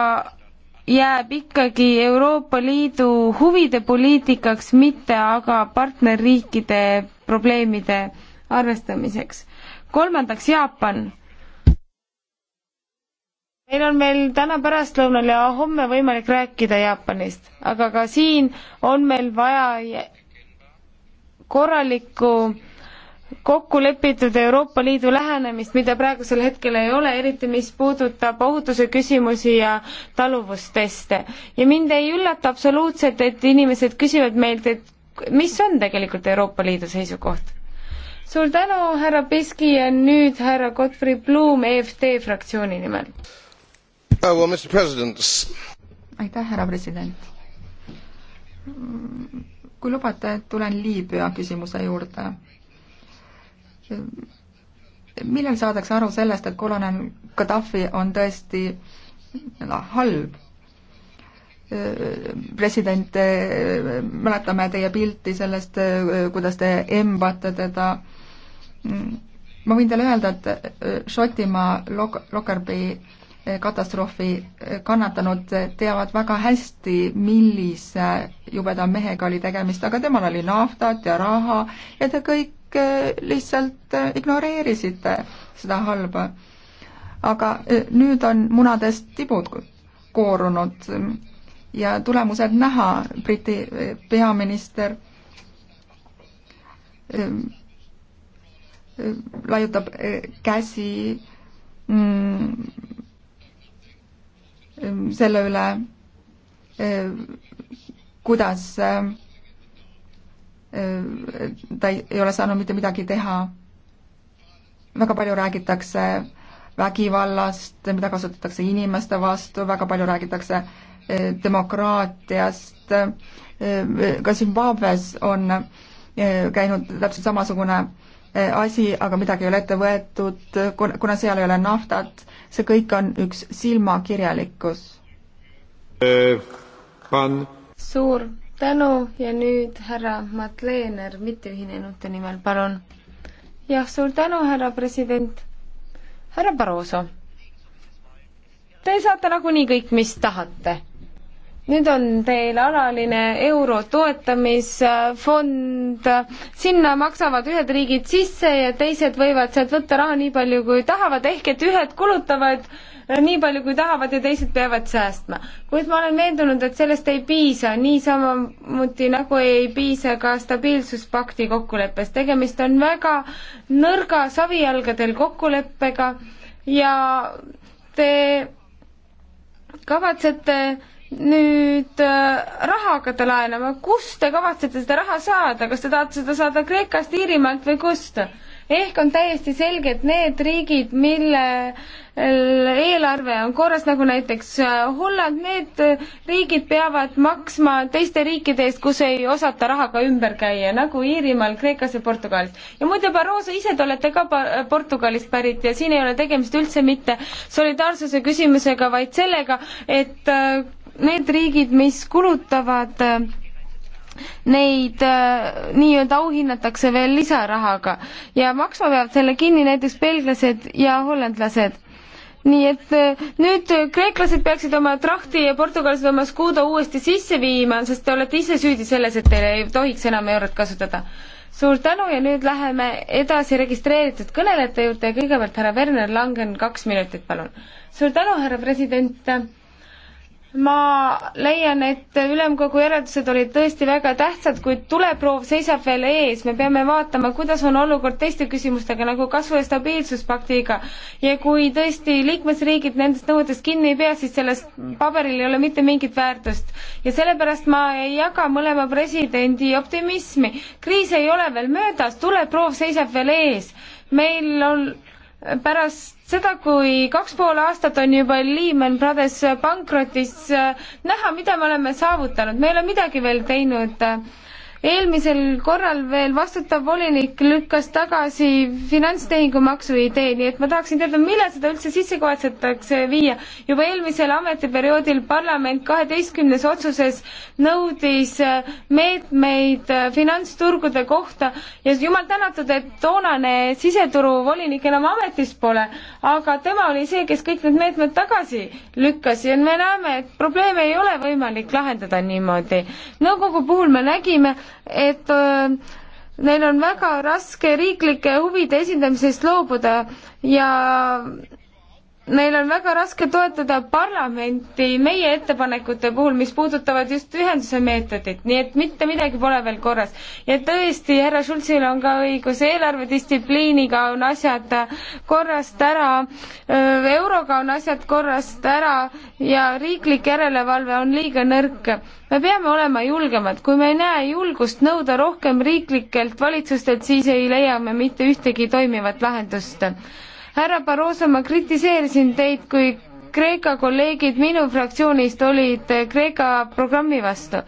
jääb ikkagi Euroopa Liidu huvide poliitikaks, mitte aga partnerriikide probleemide arvestamiseks. kolmandaks, Jaapan meil on veel täna pärastlõunal ja homme võimalik rääkida Jaapanist, aga ka siin on meil vaja korralikku kokku lepitud Euroopa Liidu lähenemist, mida praegusel hetkel ei ole, eriti mis puudutab ohutuse küsimusi ja taluvusteste. ja mind ei üllata absoluutselt, et inimesed küsivad meilt, et mis on tegelikult Euroopa Liidu seisukoht. suur tänu, härra Peski ja nüüd härra Godfrey Blum EFD fraktsiooni nimel oh,. Well, aitäh, härra president kui lubate, tulen Liibüa küsimuse juurde millal saadakse aru sellest, et kolonel Gaddafi on tõesti noh, halb? president, mäletame teie pilti sellest, kuidas te embate teda. ma võin teile öelda, et äh, Šotimaa lok-, Lockerbi äh, katastroofi äh, kannatanud teavad väga hästi, millise jubeda mehega oli tegemist, aga temal oli naftat ja raha ja ta kõik Eh, lihtsalt eh, ignoreerisite seda halba. aga eh, nüüd on munadest tibud koorunud ja tulemused näha, Briti peaminister laiutab käsi mm, selle üle, kuidas Äh, ta ei, ei ole saanud mitte midagi teha. väga palju räägitakse vägivallast, mida kasutatakse inimeste vastu, väga palju räägitakse äh, demokraatiast, äh, ka Zimbabwe's on käinud täpselt samasugune asi, aga midagi ei ole ette võetud, kuna seal ei ole naftat, see kõik on üks silmakirjalikkus äh,. suur tänu ja nüüd härra Matt Leener mitteühinenute nimel, palun. jah, suur tänu, härra president. härra Barroso, te saate nagunii kõik, mis tahate nüüd on teil alaline euro toetamisfond, sinna maksavad ühed riigid sisse ja teised võivad sealt võtta raha nii palju, kui tahavad, ehk et ühed kulutavad nii palju, kui tahavad ja teised peavad säästma. kuid ma olen veendunud, et sellest ei piisa, niisamuti nagu ei piisa ka stabiilsuspakti kokkuleppest, tegemist on väga nõrga savijalgadel kokkuleppega ja te kavatsete nüüd äh, raha hakata laenama, kust te kavatsete seda raha saada, kas te tahate seda saada Kreekast, Iirimaalt või kust? ehk on täiesti selge, et need riigid, mille äh, eelarve on korras, nagu näiteks äh, Holland, need riigid peavad maksma teiste riikide eest, kus ei osata rahaga ümber käia, nagu Iirimaal, Kreekas ja Portugalis. ja muide, Barroso ise, te olete ka Portugalist pärit ja siin ei ole tegemist üldse mitte solidaarsuse küsimusega, vaid sellega, et need riigid, mis kulutavad neid äh, nii-öelda auhinnatakse veel lisarahaga ja maksma peavad selle kinni näiteks belglased ja hollandlased. nii et äh, nüüd kreeklased peaksid oma trahti ja portugallased oma Scudo uuesti sisse viima, sest te olete ise süüdi selles, et teil ei tohiks enam eurot kasutada. suur tänu ja nüüd läheme edasi registreeritud kõnelejate juurde ja kõigepealt härra Werner Langen, kaks minutit, palun. suur tänu, härra president ma leian, et ülemkogu järeldused olid tõesti väga tähtsad, kuid tuleproov seisab veel ees. me peame vaatama, kuidas on olukord teiste küsimustega nagu kasvu- ja stabiilsuspaktiga. ja kui tõesti liikmesriigid nendest nõuetest kinni ei pea, siis sellest paberil ei ole mitte mingit väärtust. ja sellepärast ma ei jaga mõlema presidendi optimismi. kriis ei ole veel möödas, tuleproov seisab veel ees. meil on pärast seda, kui kaks pool aastat on juba Lehman Brothers pankrotis näha, mida me oleme saavutanud, me ei ole midagi veel teinud eelmisel korral veel vastutav volinik lükkas tagasi finantstehingumaksu idee, nii et ma tahaksin teada, millal seda üldse sisse kavatsetakse viia. juba eelmisel ametiperioodil parlament kaheteistkümnes otsuses nõudis äh, meetmeid äh, finantsturgude kohta ja jumal tänatud, et toonane siseturuvolinik enam ametis pole, aga tema oli see, kes kõik need meetmed tagasi lükkas ja me näeme, et probleeme ei ole võimalik lahendada niimoodi. nõukogu puhul me nägime, et äh, neil on väga raske riiklike huvide esindamisest loobuda ja meil on väga raske toetada parlamenti meie ettepanekute puhul, mis puudutavad just ühenduse meetodit, nii et mitte midagi pole veel korras. ja tõesti, härra Schultzil on ka õigus, eelarvedistsipliiniga on asjad korrast ära, euroga on asjad korrast ära ja riiklik järelevalve on liiga nõrk. me peame olema julgemad, kui me ei näe julgust nõuda rohkem riiklikelt valitsustelt, siis ei leia me mitte ühtegi toimivat lahendust härra Barroso, ma kritiseerisin teid, kui Kreeka kolleegid minu fraktsioonist olid Kreeka programmi vastu.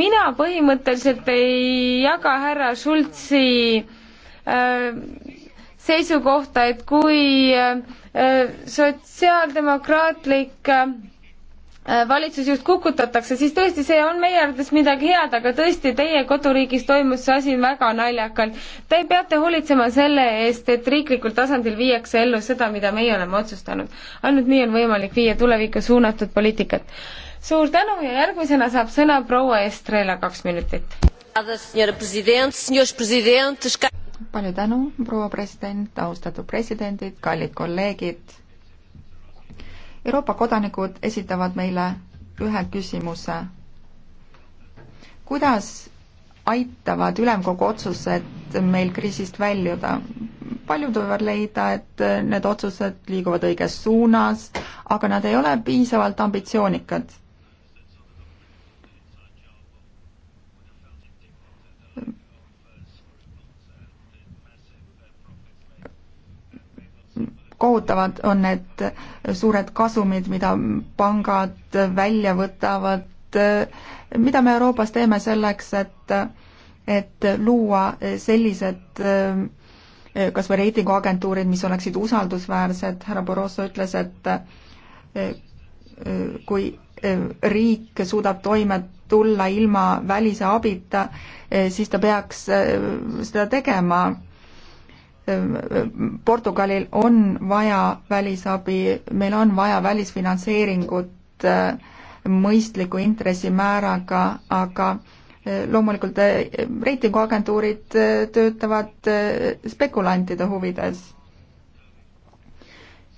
mina põhimõtteliselt ei jaga härra Schultzi äh, seisukohta, et kui äh, äh sotsiaaldemokraatlik äh, Äh, valitsusjuht kukutatakse, siis tõesti, see on meie arvates midagi head, aga tõesti, teie koduriigis toimus see asi väga naljakalt. Te peate hoolitsema selle eest, et riiklikul tasandil viiakse ellu seda, mida meie oleme otsustanud. ainult nii on võimalik viia tulevikku suunatud poliitikat. suur tänu ja järgmisena saab sõna proua Estrela, kaks minutit. palju tänu, proua president, austatud presidendid, kallid kolleegid Euroopa kodanikud esitavad meile ühe küsimuse. kuidas aitavad ülemkogu otsused meil kriisist väljuda? paljud võivad leida, et need otsused liiguvad õiges suunas, aga nad ei ole piisavalt ambitsioonikad kohutavad on need suured kasumid, mida pangad välja võtavad, mida me Euroopas teeme selleks, et, et luua sellised kas või reitinguagentuurid, mis oleksid usaldusväärsed, härra Borosso ütles, et kui riik suudab toime tulla ilma välise abita, siis ta peaks seda tegema Ehm, ehm, Portugalil on vaja välisabi, meil on vaja välisfinantseeringut ehm, mõistliku intressimääraga, aga loomulikult reitinguagentuurid töötavad spekulantide huvides.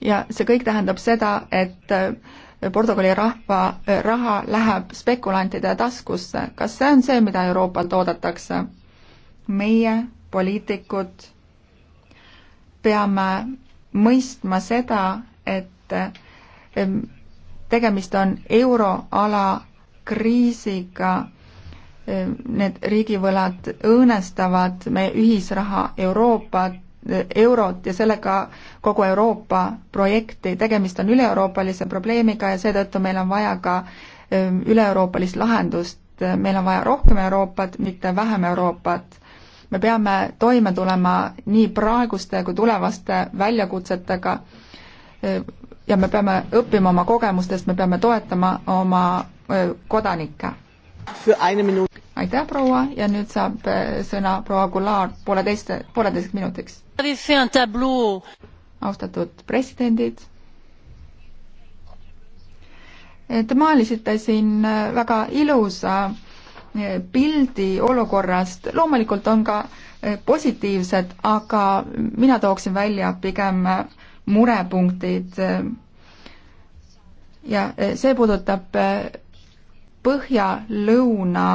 ja see kõik tähendab seda, et Portugali rahva raha läheb spekulantide taskusse. kas see on see, mida Euroopalt oodatakse? meie, poliitikud peame mõistma seda, et tegemist on euroala kriisiga, need riigivõlad õõnestavad meie ühisraha Euroopat, eurot ja sellega kogu Euroopa projekti, tegemist on üle-euroopalise probleemiga ja seetõttu meil on vaja ka üle-euroopalist lahendust, meil on vaja rohkem Euroopat, mitte vähem Euroopat me peame toime tulema nii praeguste kui tulevaste väljakutsetega e, ja me peame õppima oma kogemustest, me peame toetama oma e, kodanikke. aitäh, proua, ja nüüd saab e, sõna proua Goulart pooleteiste, pooleteiseks minutiks. austatud presidendid, te maalisite siin väga ilusa pildi olukorrast. loomulikult on ka e, positiivsed, aga mina tooksin välja pigem e, murepunktid. E, ja see puudutab põhja-lõuna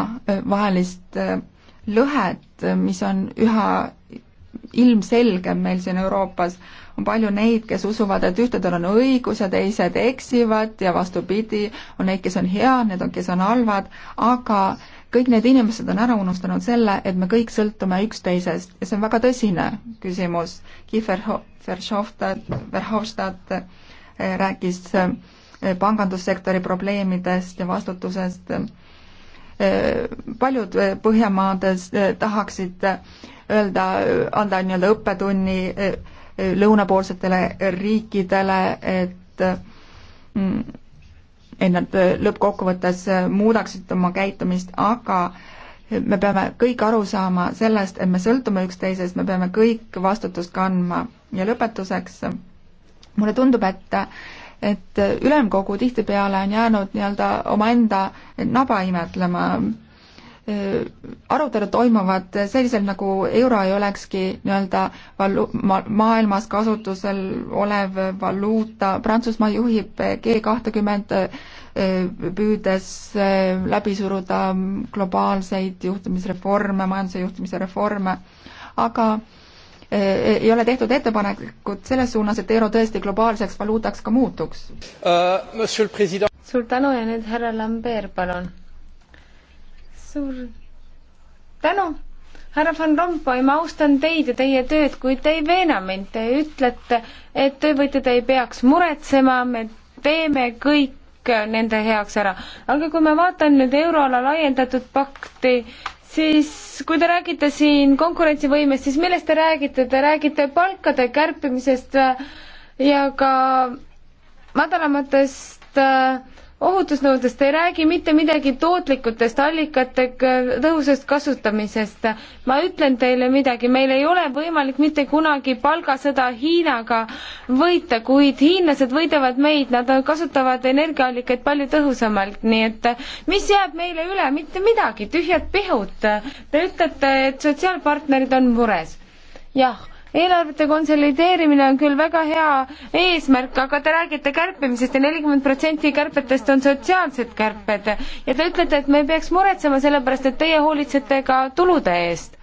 vahelist lõhet, mis on üha ilmselgem meil siin Euroopas, on palju neid, kes usuvad, et ühtedel on õigus ja teised eksivad ja vastupidi, on neid, kes on head, need on, kes on halvad, aga kõik need inimesed on ära unustanud selle, et me kõik sõltume üksteisest ja see on väga tõsine küsimus. Kiefer Verhofstadt, Verhofstadt eh, rääkis eh, pangandussektori probleemidest ja vastutusest. Eh, paljud Põhjamaades tahaksid öelda, anda nii-öelda õppetunni lõunapoolsetele riikidele, et mm, et nad äh, lõppkokkuvõttes äh, muudaksid oma käitumist, aga me peame kõik aru saama sellest, et me sõltume üksteisest, me peame kõik vastutust kandma ja lõpetuseks mulle tundub, et et ülemkogu tihtipeale on jäänud nii-öelda omaenda naba imetlema, Äh, arutelud toimuvad selliselt, nagu euro ei olekski nii-öelda valu-, ma-, maailmas kasutusel olev valuuta, Prantsusmaa juhib G kahtekümmend, äh, püüdes äh, läbi suruda globaalseid juhtimisreforme, majanduse juhtimise reforme, aga ei ole tehtud ettepanekut selles suunas, et euro tõesti globaalseks valuutaks ka muutuks uh,. suur tänu ja nüüd härra Lambert, palun suur tänu, härra Van Rompuy, ma austan teid ja teie tööd, kuid te ei veena mind, te ütlete, et töövõtjad ei peaks muretsema, me teeme kõik nende heaks ära. aga kui ma vaatan nüüd euroala laiendatud pakti, siis kui te räägite siin konkurentsivõimest, siis millest te räägite, te räägite palkade kärpimisest ja ka madalamatest äh, ohutusnõudest ei räägi mitte midagi tootlikutest allikate tõhusast kasutamisest. ma ütlen teile midagi, meil ei ole võimalik mitte kunagi palgasõda Hiinaga võita, kuid hiinlased võidavad meid, nad kasutavad energiaallikaid palju tõhusamalt, nii et mis jääb meile üle, mitte midagi, tühjad pihud. Te ütlete, et sotsiaalpartnerid on mures. jah eelarvete konsolideerimine on küll väga hea eesmärk, aga te räägite kärpimisest ja nelikümmend protsenti kärbetest on sotsiaalsed kärped ja te ütlete, et me ei peaks muretsema, sellepärast et teie hoolitsete ka tulude eest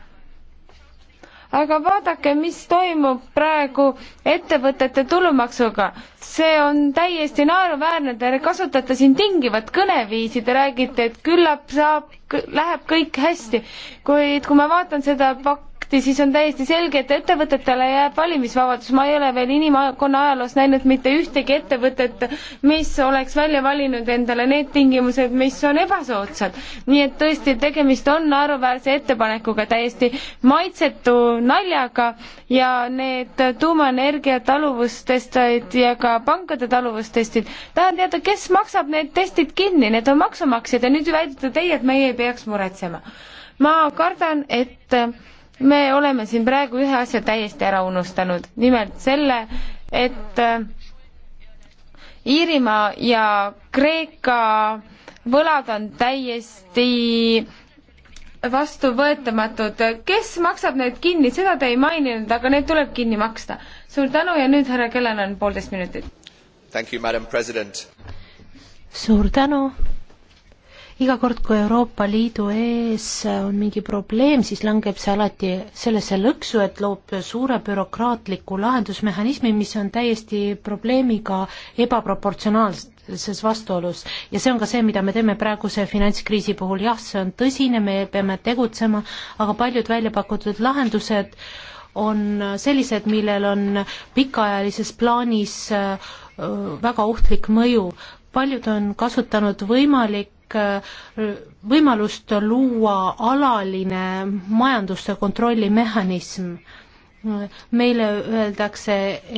aga vaadake, mis toimub praegu ettevõtete tulumaksuga. see on täiesti naeruväärne, te kasutate siin tingivat kõneviisi, te räägite, et küllap saab, läheb kõik hästi, kuid kui ma vaatan seda pak-, akti, siis on täiesti selge, et ettevõtetele jääb valimisvabadus. ma ei ole veel inimkonna ajaloos näinud mitte ühtegi ettevõtet, mis oleks välja valinud endale need tingimused, mis on ebasoodsad. nii et tõesti, tegemist on naeruväärse ettepanekuga, täiesti maitsetu naljaga ja need tuumaenergia taluvustestid ja ka pankade taluvustestid, tahan teada, kes maksab need testid kinni, need on maksumaksjad ja nüüd väidate teie, et meie ei peaks muretsema ma kardan, et me oleme siin praegu ühe asja täiesti ära unustanud, nimelt selle, et äh, Iirimaa ja Kreeka võlad on täiesti vastuvõetamatud. kes maksab need kinni, seda te ei maininud, aga need tuleb kinni maksta. suur tänu ja nüüd härra Kellen on poolteist minutit. suur tänu iga kord, kui Euroopa Liidu ees on mingi probleem, siis langeb see alati sellesse lõksu, et loob suure bürokraatliku lahendusmehhanismi, mis on täiesti probleemiga ebaproportsionaalses vastuolus. ja see on ka see, mida me teeme praeguse finantskriisi puhul, jah, see on tõsine, me peame tegutsema, aga paljud välja pakutud lahendused on sellised, millel on pikaajalises plaanis äh, väga ohtlik mõju. paljud on kasutanud võimalik Äh, võimalust luua alaline majanduste kontrollimehhanism. meile öeldakse,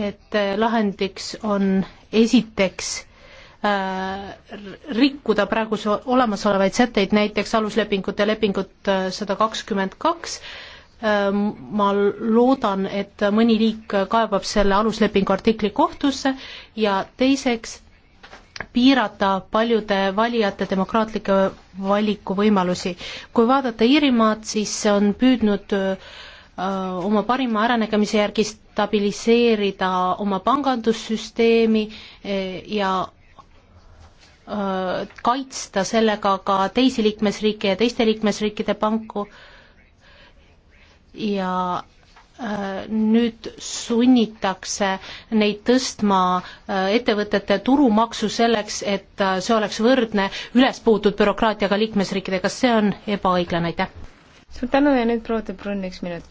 et lahendiks on esiteks äh, rikkuda praeguse olemasolevaid sätteid, näiteks aluslepingute lepingut äh, sada kakskümmend kaks, ma loodan, et mõni liik kaebab selle aluslepingu artikli kohtusse ja teiseks piirata paljude valijate demokraatlikke valikuvõimalusi. kui vaadata Iirimaad, siis see on püüdnud öö, oma parima äranägemise järgi stabiliseerida oma pangandussüsteemi e, ja öö, kaitsta sellega ka teisi liikmesriike ja teiste liikmesriikide panku ja nüüd sunnitakse neid tõstma äh, ettevõtete turumaksu selleks, et äh, see oleks võrdne ülespuutud bürokraatiaga liikmesriikidega, kas see on ebaõiglane, aitäh? suur tänu ja nüüd proua De Brunn, üks minut.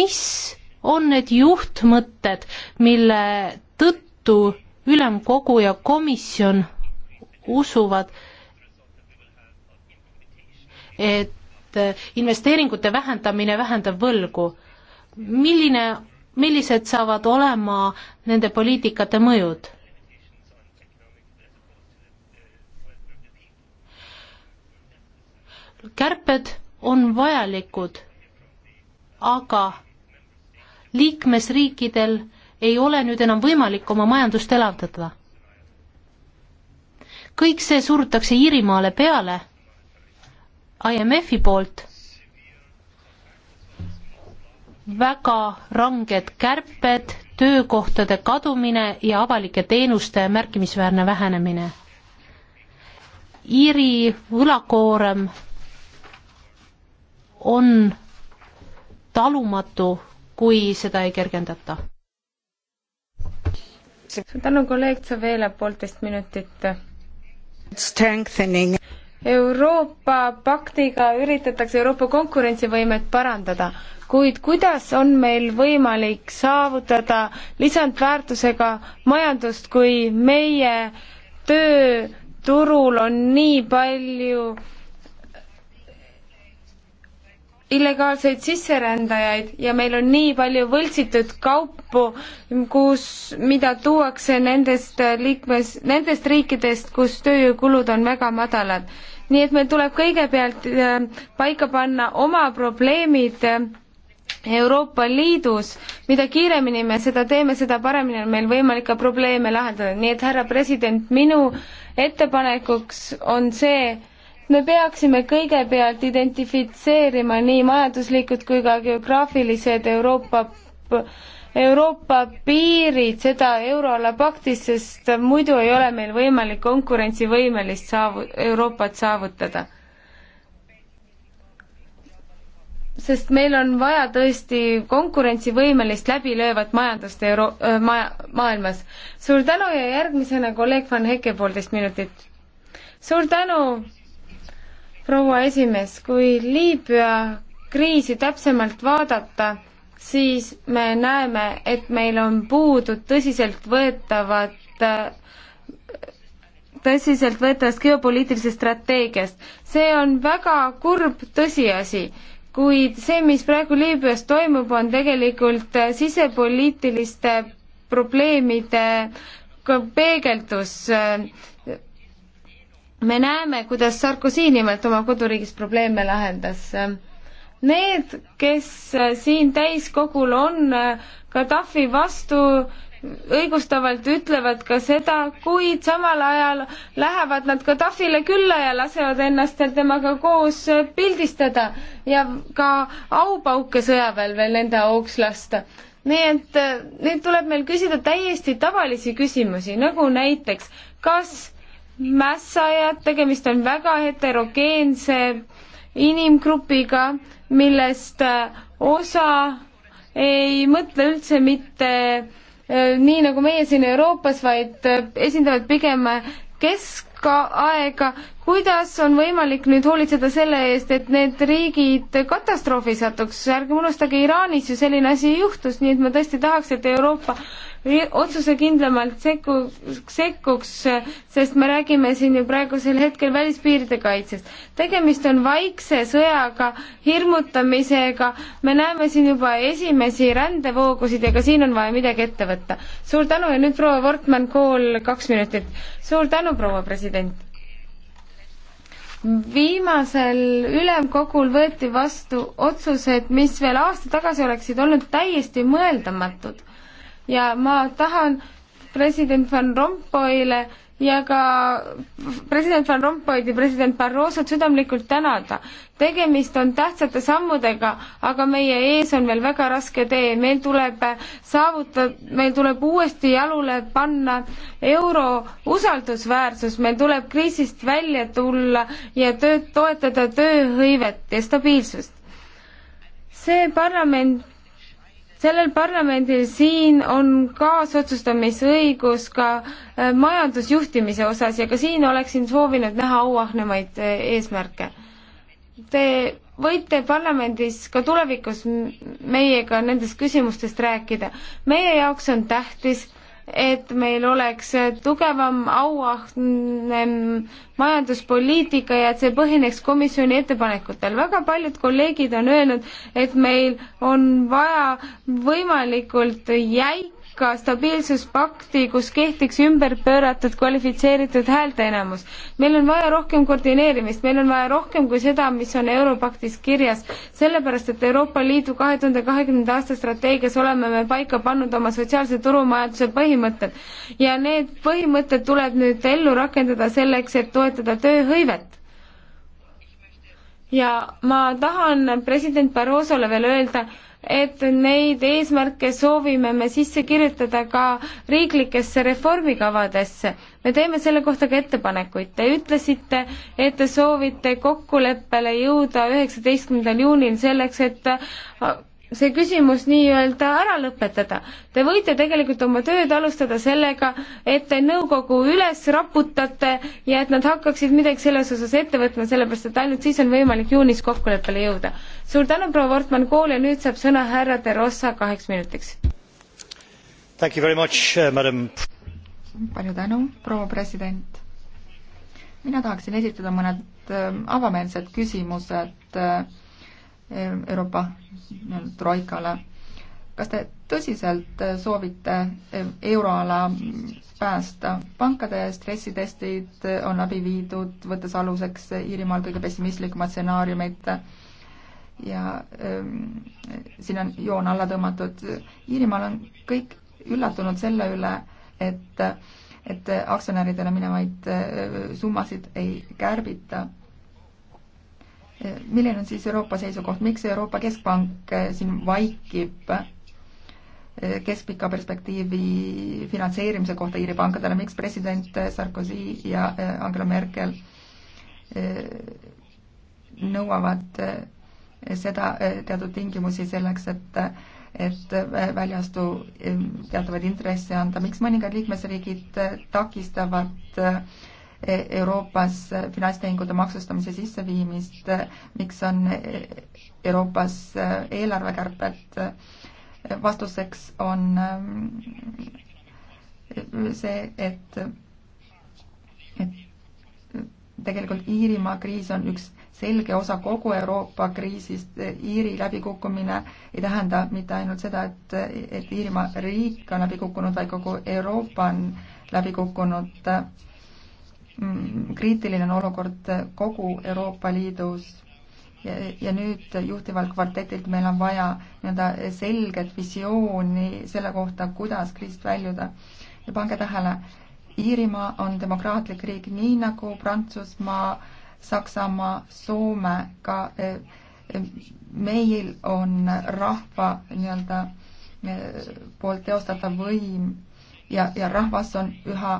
mis on need juhtmõtted, mille tõttu ülemkogu ja komisjon usuvad, et investeeringute vähendamine vähendab võlgu. milline, millised saavad olema nende poliitikate mõjud? kärped on vajalikud, aga liikmesriikidel ei ole nüüd enam võimalik oma majandust elavdada. kõik see surutakse Iirimaale peale IMF-i poolt väga ranged kärped, töökohtade kadumine ja avalike teenuste märkimisväärne vähenemine. Iiri võlakoorem on talumatu, kui seda ei kergendata. suur tänu, kolleeg Savela, poolteist minutit. Strengthening Euroopa paktiga üritatakse Euroopa konkurentsivõimet parandada, kuid kuidas on meil võimalik saavutada lisandväärtusega majandust, kui meie tööturul on nii palju äh, illegaalseid sisserändajaid ja meil on nii palju võltsitud kaupu, kus, mida tuuakse nendest liikmes, nendest riikidest, kus tööjõukulud on väga madalad. nii et meil tuleb kõigepealt äh, paika panna oma probleemid äh, Euroopa Liidus, mida kiiremini me seda teeme, seda paremini on meil võimalik ka probleeme lahendada, nii et härra president, minu ettepanekuks on see, me peaksime kõigepealt identifitseerima nii majanduslikud kui ka geograafilised Euroopa Euroopa piirid seda euroala paktis, sest muidu ei ole meil võimalik konkurentsivõimelist saavu-, Euroopat saavutada. sest meil on vaja tõesti konkurentsivõimelist läbilöövat majandust euro-, maja, maailmas. suur tänu ja järgmisena kolleeg Van Heke poolteist minutit. suur tänu, proua esimees, kui Liibüa kriisi täpsemalt vaadata, siis me näeme, et meil on puudu tõsiseltvõetavat, tõsiseltvõetavast geopoliitilisest strateegiast. see on väga kurb tõsiasi, kuid see, mis praegu Liibüas toimub, on tegelikult sisepoliitiliste probleemide peegeldus me näeme, kuidas Sarkozy nimelt oma koduriigis probleeme lahendas. Need, kes siin täiskogul on Gaddafi vastu, õigustavalt ütlevad ka seda, kuid samal ajal lähevad nad Gaddafile külla ja lasevad ennast seal temaga koos pildistada ja ka aupauke sõjaväel veel nende auks lasta nii et äh, nüüd tuleb meil küsida täiesti tavalisi küsimusi, nagu näiteks, kas mässajad, tegemist on väga heterogeense inimgrupiga, millest äh, osa ei mõtle üldse mitte äh, nii nagu meie siin Euroopas, vaid äh, esindavad pigem keskaega. kuidas on võimalik nüüd hoolitseda selle eest, et need riigid katastroofi satuks, ärgem unustage, Iraanis ju selline asi juhtus, nii et ma tõesti tahaks, et Euroopa otsusekindlamalt sekku, sekkuks, sest me räägime siin ju praegusel hetkel välispiiride kaitsest. tegemist on vaikse sõjaga, hirmutamisega, me näeme siin juba esimesi rändevoogusid ja ka siin on vaja midagi ette võtta. suur tänu ja nüüd proua Wortmann, kool kaks minutit. suur tänu, proua president viimasel ülemkogul võeti vastu otsused, mis veel aasta tagasi oleksid olnud täiesti mõeldamatud ja ma tahan president Van Rompuyle ja ka president Van Rompuyd ja president Barrosot südamlikult tänada. tegemist on tähtsate sammudega, aga meie ees on veel väga raske tee, meil tuleb saavutada, meil tuleb uuesti jalule panna euro usaldusväärsus, meil tuleb kriisist välja tulla ja tööd, toetada tööhõivet ja stabiilsust. see parlament sellel parlamendil siin on kaasotsustamisõigus ka äh, majandusjuhtimise osas ja ka siin oleksin soovinud näha auahnemaid äh, eesmärke. Te võite parlamendis ka tulevikus meiega nendest küsimustest rääkida. meie jaoks on tähtis, et meil oleks tugevam, auahnem majanduspoliitika ja et see põhineks komisjoni ettepanekutel. väga paljud kolleegid on öelnud, et meil on vaja võimalikult jäik ka stabiilsuspakti, kus kehtiks ümberpööratud kvalifitseeritud häälteenamus. meil on vaja rohkem koordineerimist, meil on vaja rohkem kui seda, mis on Europaktis kirjas, sellepärast et Euroopa Liidu kahe tuhande kahekümnenda aasta strateegias oleme me paika pannud oma sotsiaalse turumajanduse põhimõtted ja need põhimõtted tuleb nüüd ellu rakendada selleks, et toetada tööhõivet ja ma tahan president Barrosole veel öelda, et neid eesmärke soovime me sisse kirjutada ka riiklikesse reformikavadesse. me teeme selle kohta ka ettepanekuid. Te ütlesite, et te soovite kokkuleppele jõuda üheksateistkümnendal juunil selleks, et see küsimus nii-öelda ära lõpetada. Te võite tegelikult oma tööd alustada sellega, et te nõukogu üles raputate ja et nad hakkaksid midagi selles osas ette võtma, sellepärast et ainult siis on võimalik juunis kokkuleppele jõuda. suur tänu, proua Wortmann Kool ja nüüd saab sõna härra De Rossa kaheks minutiks. Uh, palju tänu, proua president. mina tahaksin esitada mõned äh, avameelsed küsimused äh, Euroopa troikale. kas te tõsiselt soovite euroala päästa? pankade stressitestid on läbi viidud, võttes aluseks Iirimaal kõige pessimistlikumad stsenaariumid ja ähm, siin on joon alla tõmmatud. Iirimaal on kõik üllatunud selle üle, et, et aktsionäridele minevaid äh, summasid ei kärbita milline on siis Euroopa seisukoht, miks Euroopa Keskpank eh, siin vaikib eh, keskpika perspektiivi finantseerimise kohta Iiri pankadele, miks president Sarkozy ja eh, Angela Merkel nõuavad seda teatud tingimusi selleks, et et väljastu teatavaid intresse anda, miks mõningad liikmesriigid takistavad äh, E, Euroopas finantstehingute maksustamise sisseviimist, miks on e, Euroopas e, eelarvekärped. vastuseks on see, et, et tegelikult Iirimaa kriis on üks selge osa kogu Euroopa kriisist, Iiri läbikukkumine ei tähenda mitte ainult seda, et, et Iirimaa riik on läbi kukkunud, vaid kogu Euroopa on läbi kukkunud äh, Mm, kriitiline on olukord kogu Euroopa Liidus ja, ja nüüd juhtival kvartetilt meil on vaja nii-öelda selget visiooni selle kohta, kuidas kriisist väljuda. ja pange tähele, Iirimaa on demokraatlik riik, nii nagu Prantsusmaa, Saksamaa, Soome, ka eh, eh, meil on rahva nii-öelda eh, poolt teostatav võim ja, ja rahvas on üha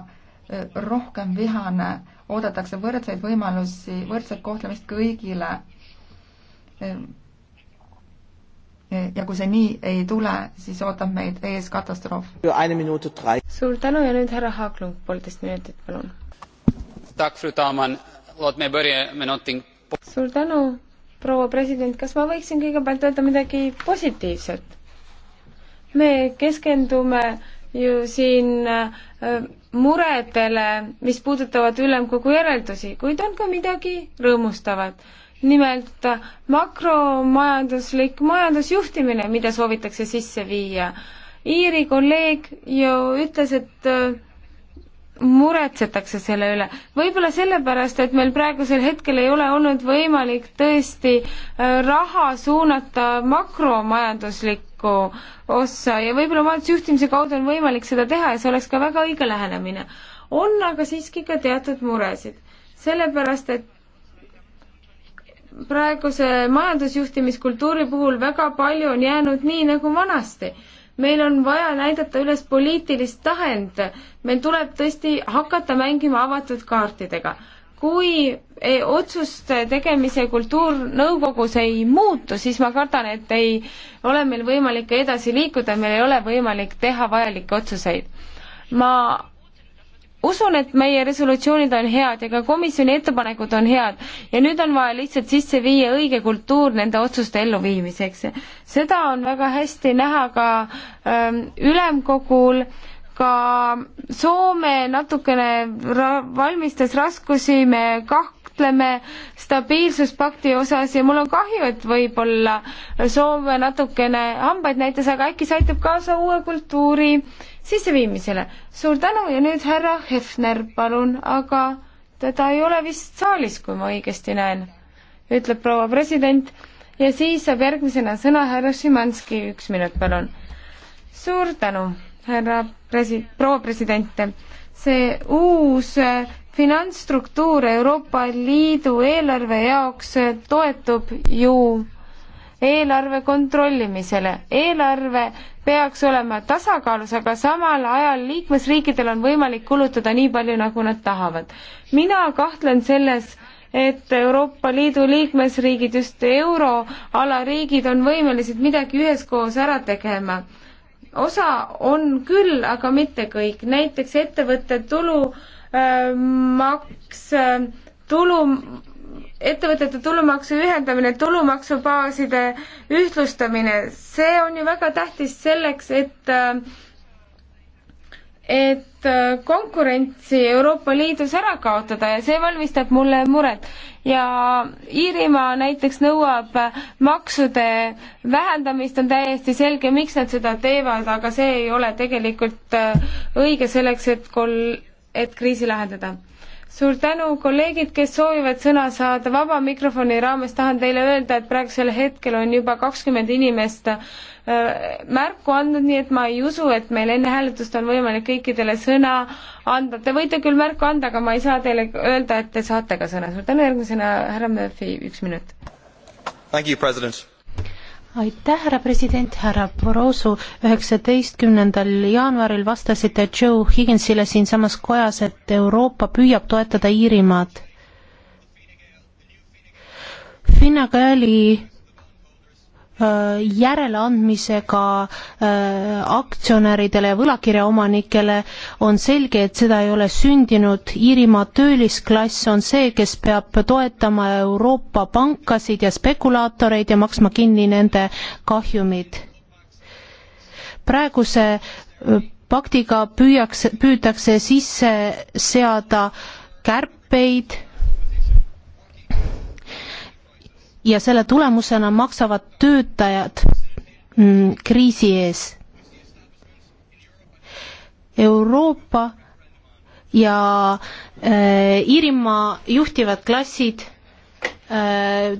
rohkem vihane, oodatakse võrdseid võimalusi, võrdset kohtlemist kõigile. ja kui see nii ei tule, siis ootab meid ees katastroof. suur tänu ja nüüd härra Haaglund, poolteist minutit, palun. suur tänu, proua president, kas ma võiksin kõigepealt öelda midagi positiivset? me keskendume ju siin äh, muredele, mis puudutavad ülemkogu järeldusi, kuid on ka midagi rõõmustavat. nimelt makromajanduslik majandusjuhtimine, mida soovitakse sisse viia. Iiri kolleeg ju ütles, et äh, muretsetakse selle üle. võib-olla sellepärast, et meil praegusel hetkel ei ole olnud võimalik tõesti äh, raha suunata makromajanduslik tuleviku ossa ja võib-olla majandusjuhtimise kaudu on võimalik seda teha ja see oleks ka väga õige lähenemine. on aga siiski ka teatud muresid, sellepärast et praeguse majandusjuhtimiskultuuri puhul väga palju on jäänud nii nagu vanasti meil on vaja näidata üles poliitilist tahend, meil tuleb tõesti hakata mängima avatud kaartidega kui eh, otsuste tegemise kultuur nõukogus ei muutu, siis ma kardan, et ei ole meil võimalik edasi liikuda, meil ei ole võimalik teha vajalikke otsuseid. ma usun, et meie resolutsioonid on head ja ka komisjoni ettepanekud on head ja nüüd on vaja lihtsalt sisse viia õige kultuur nende otsuste elluviimiseks. seda on väga hästi näha ka öö, ähm, ülemkogul, ka Soome natukene ra valmistas raskusi, me kahtleme stabiilsuspakti osas ja mul on kahju, et võib-olla Soome natukene hambaid näitas, aga äkki see aitab kaasa uue kultuuri sisseviimisele. suur tänu ja nüüd härra Hefner, palun, aga teda ei ole vist saalis, kui ma õigesti näen, ütleb proua president ja siis saab järgmisena sõna härra Šimanski, üks minut, palun. suur tänu härra presi-, proua president. see uus äh, finantsstruktuur Euroopa Liidu eelarve jaoks äh, toetub ju eelarve kontrollimisele. eelarve peaks olema tasakaalus, aga samal ajal liikmesriikidel on võimalik kulutada nii palju, nagu nad tahavad. mina kahtlen selles, et Euroopa Liidu liikmesriigid, just euroala riigid on võimelised midagi üheskoos ära tegema osa on küll, aga mitte kõik, näiteks ettevõtte tulumaks, äh, äh, tulu, ettevõtete tulumaksu ühendamine, tulumaksubaaside ühtlustamine, see on ju väga tähtis selleks, et äh, et äh, konkurentsi Euroopa Liidus ära kaotada ja see valmistab mulle muret. ja Iirimaa näiteks nõuab äh, maksude vähendamist, on täiesti selge, miks nad seda teevad, aga see ei ole tegelikult äh, õige selleks, et kol-, et kriisi lahendada suur tänu, kolleegid, kes soovivad sõna saada vaba mikrofoni raames, tahan teile öelda, et praegusel hetkel on juba kakskümmend inimest äh, märku andnud, nii et ma ei usu, et meil enne hääletust on võimalik kõikidele sõna anda. Te võite küll märku anda, aga ma ei saa teile öelda, et te saate ka sõna. suur tänu, järgmisena härra Murphy, üks minut. Thank you, president aitäh, härra president, härra Barroso, üheksateistkümnendal jaanuaril vastasite Joe Higginsile siinsamas kojas, et Euroopa püüab toetada Iirimaad. Fine Gaeli Äh, järeleandmisega äh, aktsionäridele ja võlakirjaomanikele, on selge, et seda ei ole sündinud. Iirimaa töölisklass on see, kes peab toetama Euroopa pankasid ja spekulaatoreid ja maksma kinni nende kahjumid. praeguse äh, paktiga püüaks, püütakse sisse seada kärpeid ja selle tulemusena maksavad töötajad mm, kriisi ees. Euroopa ja äh, Iirimaa juhtivad klassid äh,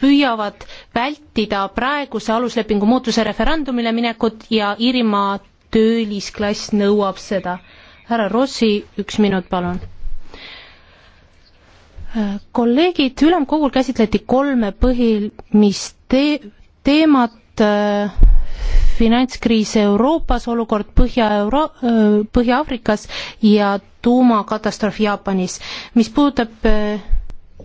püüavad vältida praeguse aluslepingu muutuse referendumile minekut ja Iirimaa töölisklass nõuab seda. härra Rossi, üks minut, palun kolleegid, ülemkogul käsitleti kolme põhimist te-, teemat äh,, finantskriis Euroopas, olukord Põhja-Euro-, äh, Põhja-Aafrikas ja tuumakatastroof Jaapanis. mis puudutab äh,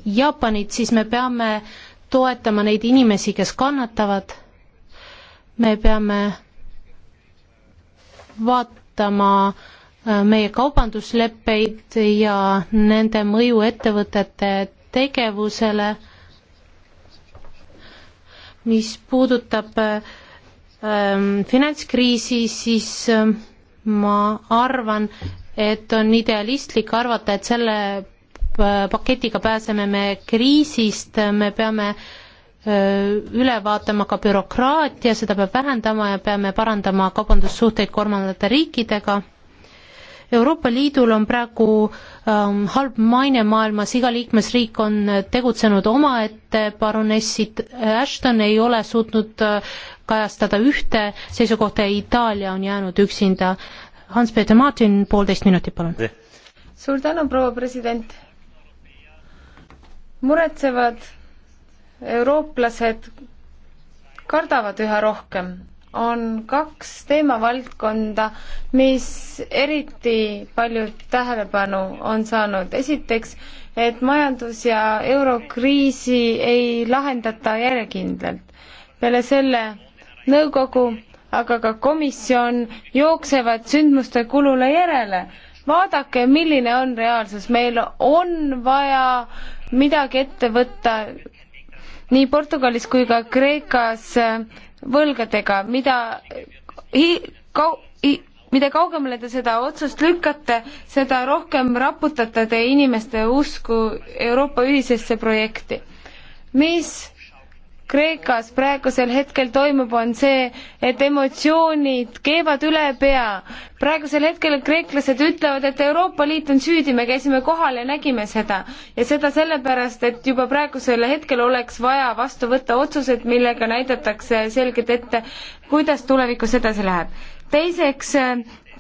Jaapanit, siis me peame toetama neid inimesi, kes kannatavad, me peame vaatama äh, Äh, meie kaubandusleppeid ja nende mõju ettevõtete tegevusele, mis puudutab ähm, finantskriisi, siis ähm, ma arvan, et on idealistlik arvata, et selle äh, paketiga pääseme me kriisist, me peame äh, üle vaatama ka bürokraatia, seda peab vähendama ja peame parandama kaubandussuhteid kolmandate riikidega Euroopa Liidul on praegu ähm, halb maine maailmas, iga liikmesriik on tegutsenud omaette, baronessid Ashton ei ole suutnud äh, kajastada ühte seisukohta ja Itaalia on jäänud üksinda. Hans-Peeter Martin, poolteist minutit, palun. suur tänu, proua president. muretsevad eurooplased kardavad üha rohkem on kaks teemavaldkonda, mis eriti palju tähelepanu on saanud. esiteks, et majandus- ja eurokriisi ei lahendata järjekindlalt. peale selle nõukogu, aga ka komisjon jooksevad sündmuste kulule järele. vaadake, milline on reaalsus, meil on vaja midagi ette võtta nii Portugalis kui ka Kreekas võlgadega, mida hi, kau-, hi, mida kaugemale te seda otsust lükkate, seda rohkem raputate te inimeste usku Euroopa ühisesse projekti. mis Kreekas praegusel hetkel toimub, on see, et emotsioonid keevad üle pea. praegusel hetkel kreeklased ütlevad, et Euroopa Liit on süüdi, me käisime kohal ja nägime seda. ja seda sellepärast, et juba praegusel hetkel oleks vaja vastu võtta otsused, millega näidatakse selgelt ette, kuidas tulevikus edasi läheb. teiseks,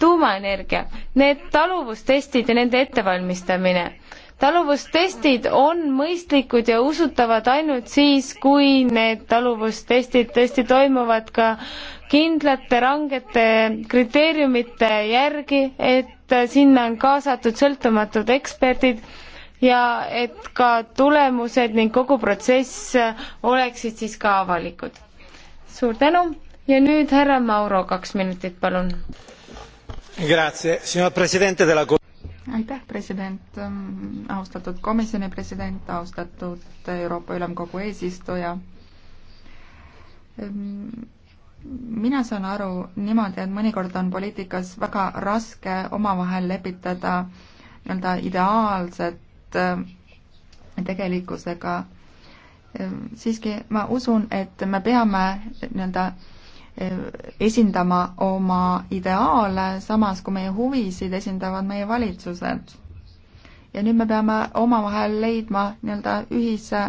tuumaenergia. Need taluvustestid ja nende ettevalmistamine taluvustestid on mõistlikud ja usutavad ainult siis, kui need taluvustestid tõesti toimuvad ka kindlate rangete kriteeriumite järgi, et sinna on kaasatud sõltumatud eksperdid ja et ka tulemused ning kogu protsess oleksid siis ka avalikud. suur tänu ja nüüd härra Mauro, kaks minutit, palun. Grazie, signor presidente della aitäh, president, ähm, austatud komisjoni president, austatud Euroopa Ülemkogu eesistuja. Ähm, mina saan aru niimoodi, et mõnikord on poliitikas väga raske omavahel lepitada nii-öelda ideaalset äh, tegelikkusega. Ähm, siiski ma usun, et me peame nii-öelda Eh, esindama oma ideaale, samas kui meie huvisid esindavad meie valitsused. ja nüüd me peame omavahel leidma nii-öelda ühise,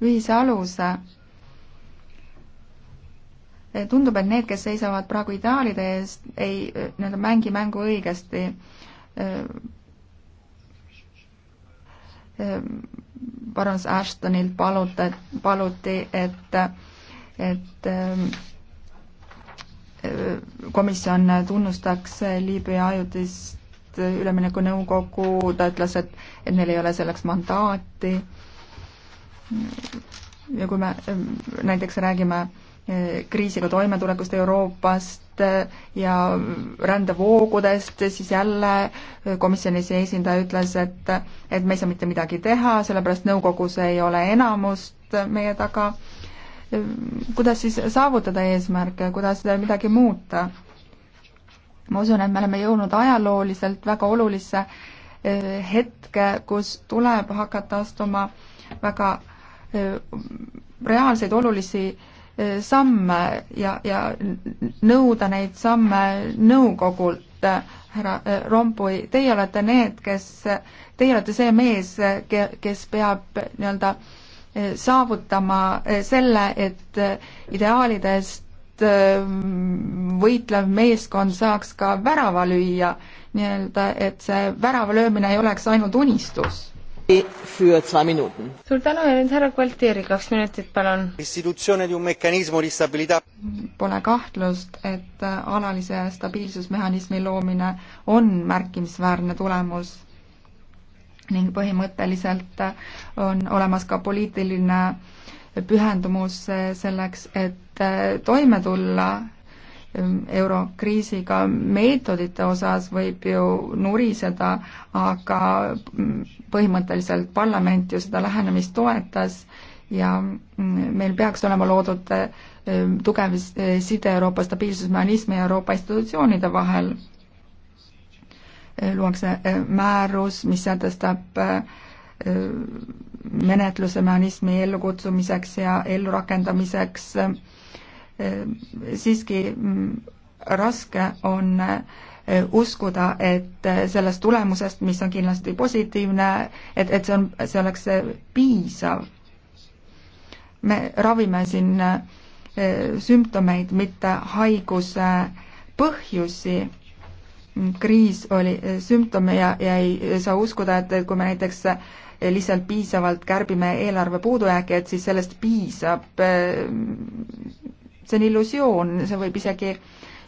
ühise aluse. Eh, tundub, et need, kes seisavad praegu ideaalide eest, ei eh, nii-öelda mängi mängu õigesti parandus Ashtonilt paluta, paluti, et, et komisjon tunnustaks Liibüa ajutist üleminekunõukogu, ta ütles, et, et neil ei ole selleks mandaati. ja kui me näiteks räägime e, kriisiga toimetulekust Euroopast e, ja rändevoogudest, siis jälle komisjoni see esindaja ütles, et, et me ei saa mitte midagi teha, sellepärast nõukogus ei ole enamust meie taga kuidas siis saavutada eesmärke, kuidas midagi muuta. ma usun, et me oleme jõudnud ajalooliselt väga olulisse eh, hetke, kus tuleb hakata astuma väga eh, reaalseid olulisi eh, samme ja, ja nõuda neid samme nõukogult. härra Rompui, teie olete need, kes, teie olete see mees, kes peab nii-öelda äh, saavutama eh, selle, et eh, ideaalidest eh, võitlev meeskond saaks ka värava lüüa, nii-öelda, et see värava löömine ei oleks ainult unistus. suur tänu ja nüüd härra Gualtieri, kaks minutit, palun. Pole kahtlust, et alalise stabiilsusmehhanismi loomine on märkimisväärne tulemus ning põhimõtteliselt on olemas ka poliitiline pühendumus selleks, et toime tulla eurokriisiga meetodite osas võib ju nuriseda, aga põhimõtteliselt parlament ju seda lähenemist toetas ja meil peaks olema loodud tugev side Euroopa stabiilsusmehhanismi ja Euroopa institutsioonide vahel luuakse äh, määrus, mis sätestab äh, menetluse mehhanismi ellukutsumiseks ja ellurakendamiseks. Äh, siiski mm, raske on uskuda, et sellest tulemusest, mis on kindlasti positiivne, et, et see on, see oleks piisav. me ravime siin sümptomeid, mitte haiguse põhjusi kriis oli eh, sümptom ja, ja ei eh, saa uskuda, et kui me näiteks eh, lihtsalt piisavalt kärbime eelarve puudujääki, et siis sellest piisab. see on illusioon, see võib isegi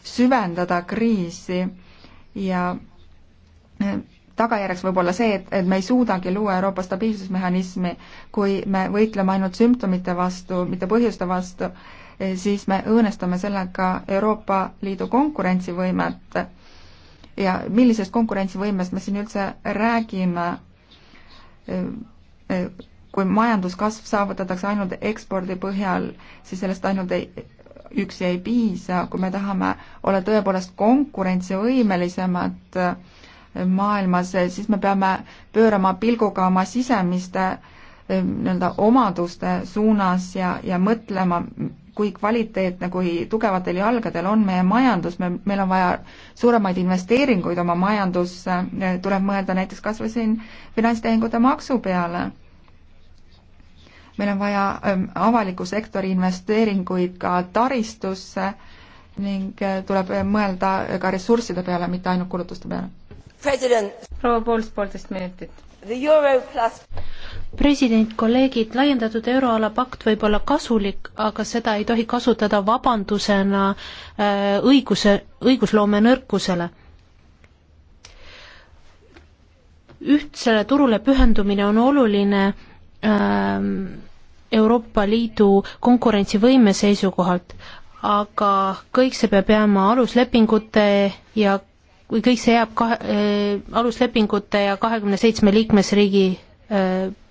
süvendada kriisi ja tagajärjeks võib olla see, et, et me ei suudagi luua Euroopa stabiilsusmehhanismi, kui me võitleme ainult sümptomite vastu, mitte põhjuste vastu, siis me õõnestame sellega Euroopa Liidu konkurentsivõimet ja millisest konkurentsivõimest me siin üldse räägime, äh, äh, kui majanduskasv saavutatakse ainult ekspordi põhjal, siis sellest ainult ei, üksi ei piisa, kui me tahame olla tõepoolest konkurentsivõimelisemad äh, maailmas, siis me peame pöörama pilguga oma sisemiste nii-öelda omaduste suunas ja, ja mõtlema, kui kvaliteetne, nagu kui tugevatel jalgadel on meie majandus, me, meil on vaja suuremaid investeeringuid oma majandusse, tuleb mõelda näiteks kas või siin finantstehingute maksu peale. meil on vaja ähm, avaliku sektori investeeringuid ka taristusse ning äh, tuleb äh, mõelda ka ressursside peale, mitte ainult kulutuste peale. proua Pools, poolteist minutit president, kolleegid, laiendatud euroala pakt võib olla kasulik, aga seda ei tohi kasutada vabandusena äh, õiguse, õigusloome nõrkusele. ühtsele turule pühendumine on oluline ähm, Euroopa Liidu konkurentsivõime seisukohalt, aga kõik see peab jääma aluslepingute ja kui kõik see jääb kahe äh,, aluslepingute ja kahekümne seitsme liikmesriigi äh,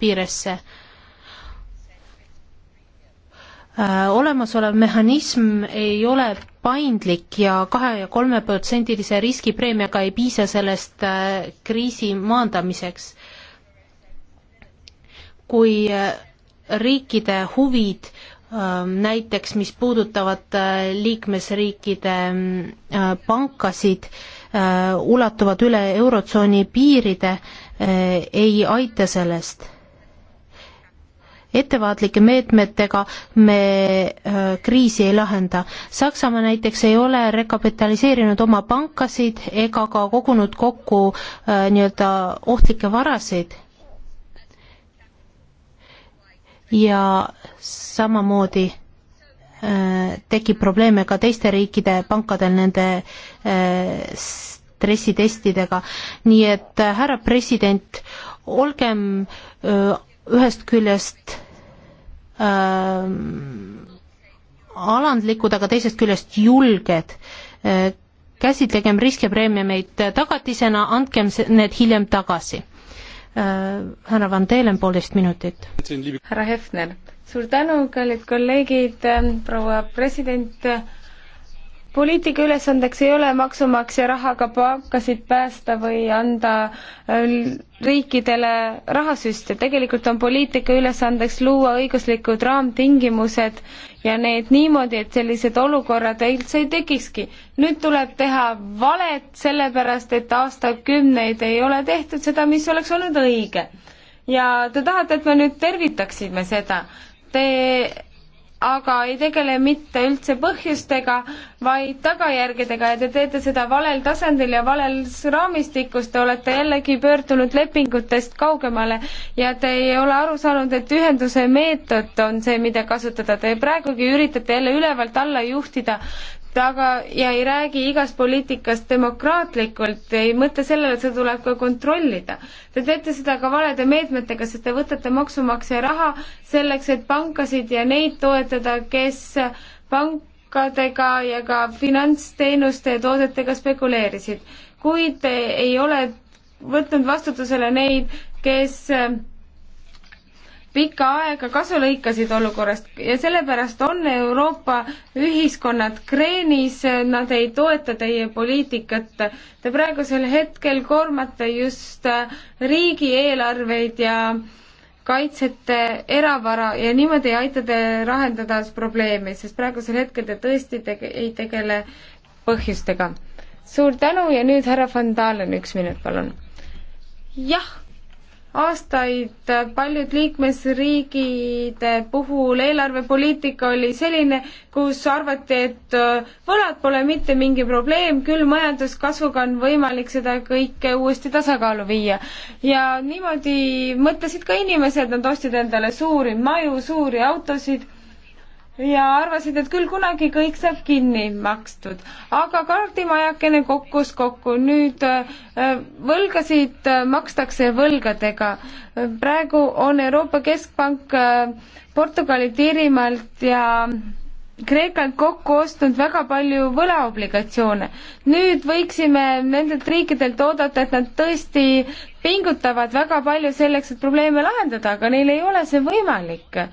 piiresse äh,. olemasolev mehhanism ei ole paindlik ja kahe ja kolmeprotsendilise riskipreemiaga ei piisa sellest äh, kriisi maandamiseks. kui äh, riikide huvid äh, näiteks mis puudutavad äh, liikmesriikide äh, pankasid äh, Äh, ulatuvad üle Eurotsooni piiride, äh, ei aita sellest. ettevaatlike meetmetega me äh, kriisi ei lahenda. Saksamaa näiteks ei ole rekapitaliseerinud oma pankasid ega ka kogunud kokku nii-öelda ohtlikke varasid ja samamoodi äh, tekib probleeme ka teiste riikide pankadel nende stressitestidega. nii et äh, härra president, olgem äh, ühest küljest äh, alandlikud, aga teisest küljest julged äh,. käsitlegem riskipreemiumeid tagatisena, andkem need hiljem tagasi äh,. härra Van Teelen, poolteist minutit. härra Hefner, suur tänu, kallid kolleegid, äh, proua president poliitika ülesandeks ei ole maksumaksja rahaga pankasid päästa või anda äh, riikidele rahasüste, tegelikult on poliitika ülesandeks luua õiguslikud raamtingimused ja need niimoodi, et sellised olukorrad üldse ei tekikski. nüüd tuleb teha valet, sellepärast et aastakümneid ei ole tehtud seda, mis oleks olnud õige. ja te tahate, et me nüüd tervitaksime seda? Te aga ei tegele mitte üldse põhjustega, vaid tagajärgedega ja te teete seda valel tasandil ja vales raamistikus, te olete jällegi pöördunud lepingutest kaugemale ja te ei ole aru saanud, et ühenduse meetod on see, mida kasutada, te praegugi üritate jälle ülevalt alla juhtida taga ja ei räägi igast poliitikast demokraatlikult, ei mõtle sellele, et seda tuleb ka kontrollida. Te teete seda ka valede meetmetega, sest te võtate maksumaksja raha selleks, et pankasid ja neid toetada, kes pankadega ja ka finantsteenuste ja toodetega spekuleerisid. kuid ei ole võtnud vastutusele neid, kes pikka aega kasu lõikasid olukorrast ja sellepärast on Euroopa ühiskonnad kreenis, nad ei toeta teie poliitikat. Te praegusel hetkel koormate just riigieelarveid ja kaitsete eravara ja niimoodi ei aita te lahendada probleemi, sest praegusel hetkel te tõesti tege-, ei tegele põhjustega. suur tänu ja nüüd härra Van Dalen, üks minut, palun. jah aastaid paljud liikmesriigide puhul eelarvepoliitika oli selline, kus arvati, et äh, võlad pole mitte mingi probleem, küll majanduskasvuga on võimalik seda kõike uuesti tasakaalu viia. ja niimoodi mõtlesid ka inimesed, nad ostsid endale suuri maju, suuri autosid ja arvasid, et küll kunagi kõik saab kinni makstud. aga kaardimajakene kukkus kokku, nüüd äh, võlgasid äh, makstakse võlgadega. praegu on Euroopa Keskpank äh, Portugalilt, Iirimaalt ja Kreekalt kokku ostnud väga palju võlaobligatsioone. nüüd võiksime nendelt riikidelt oodata, et nad tõesti pingutavad väga palju selleks, et probleeme lahendada, aga neil ei ole see võimalik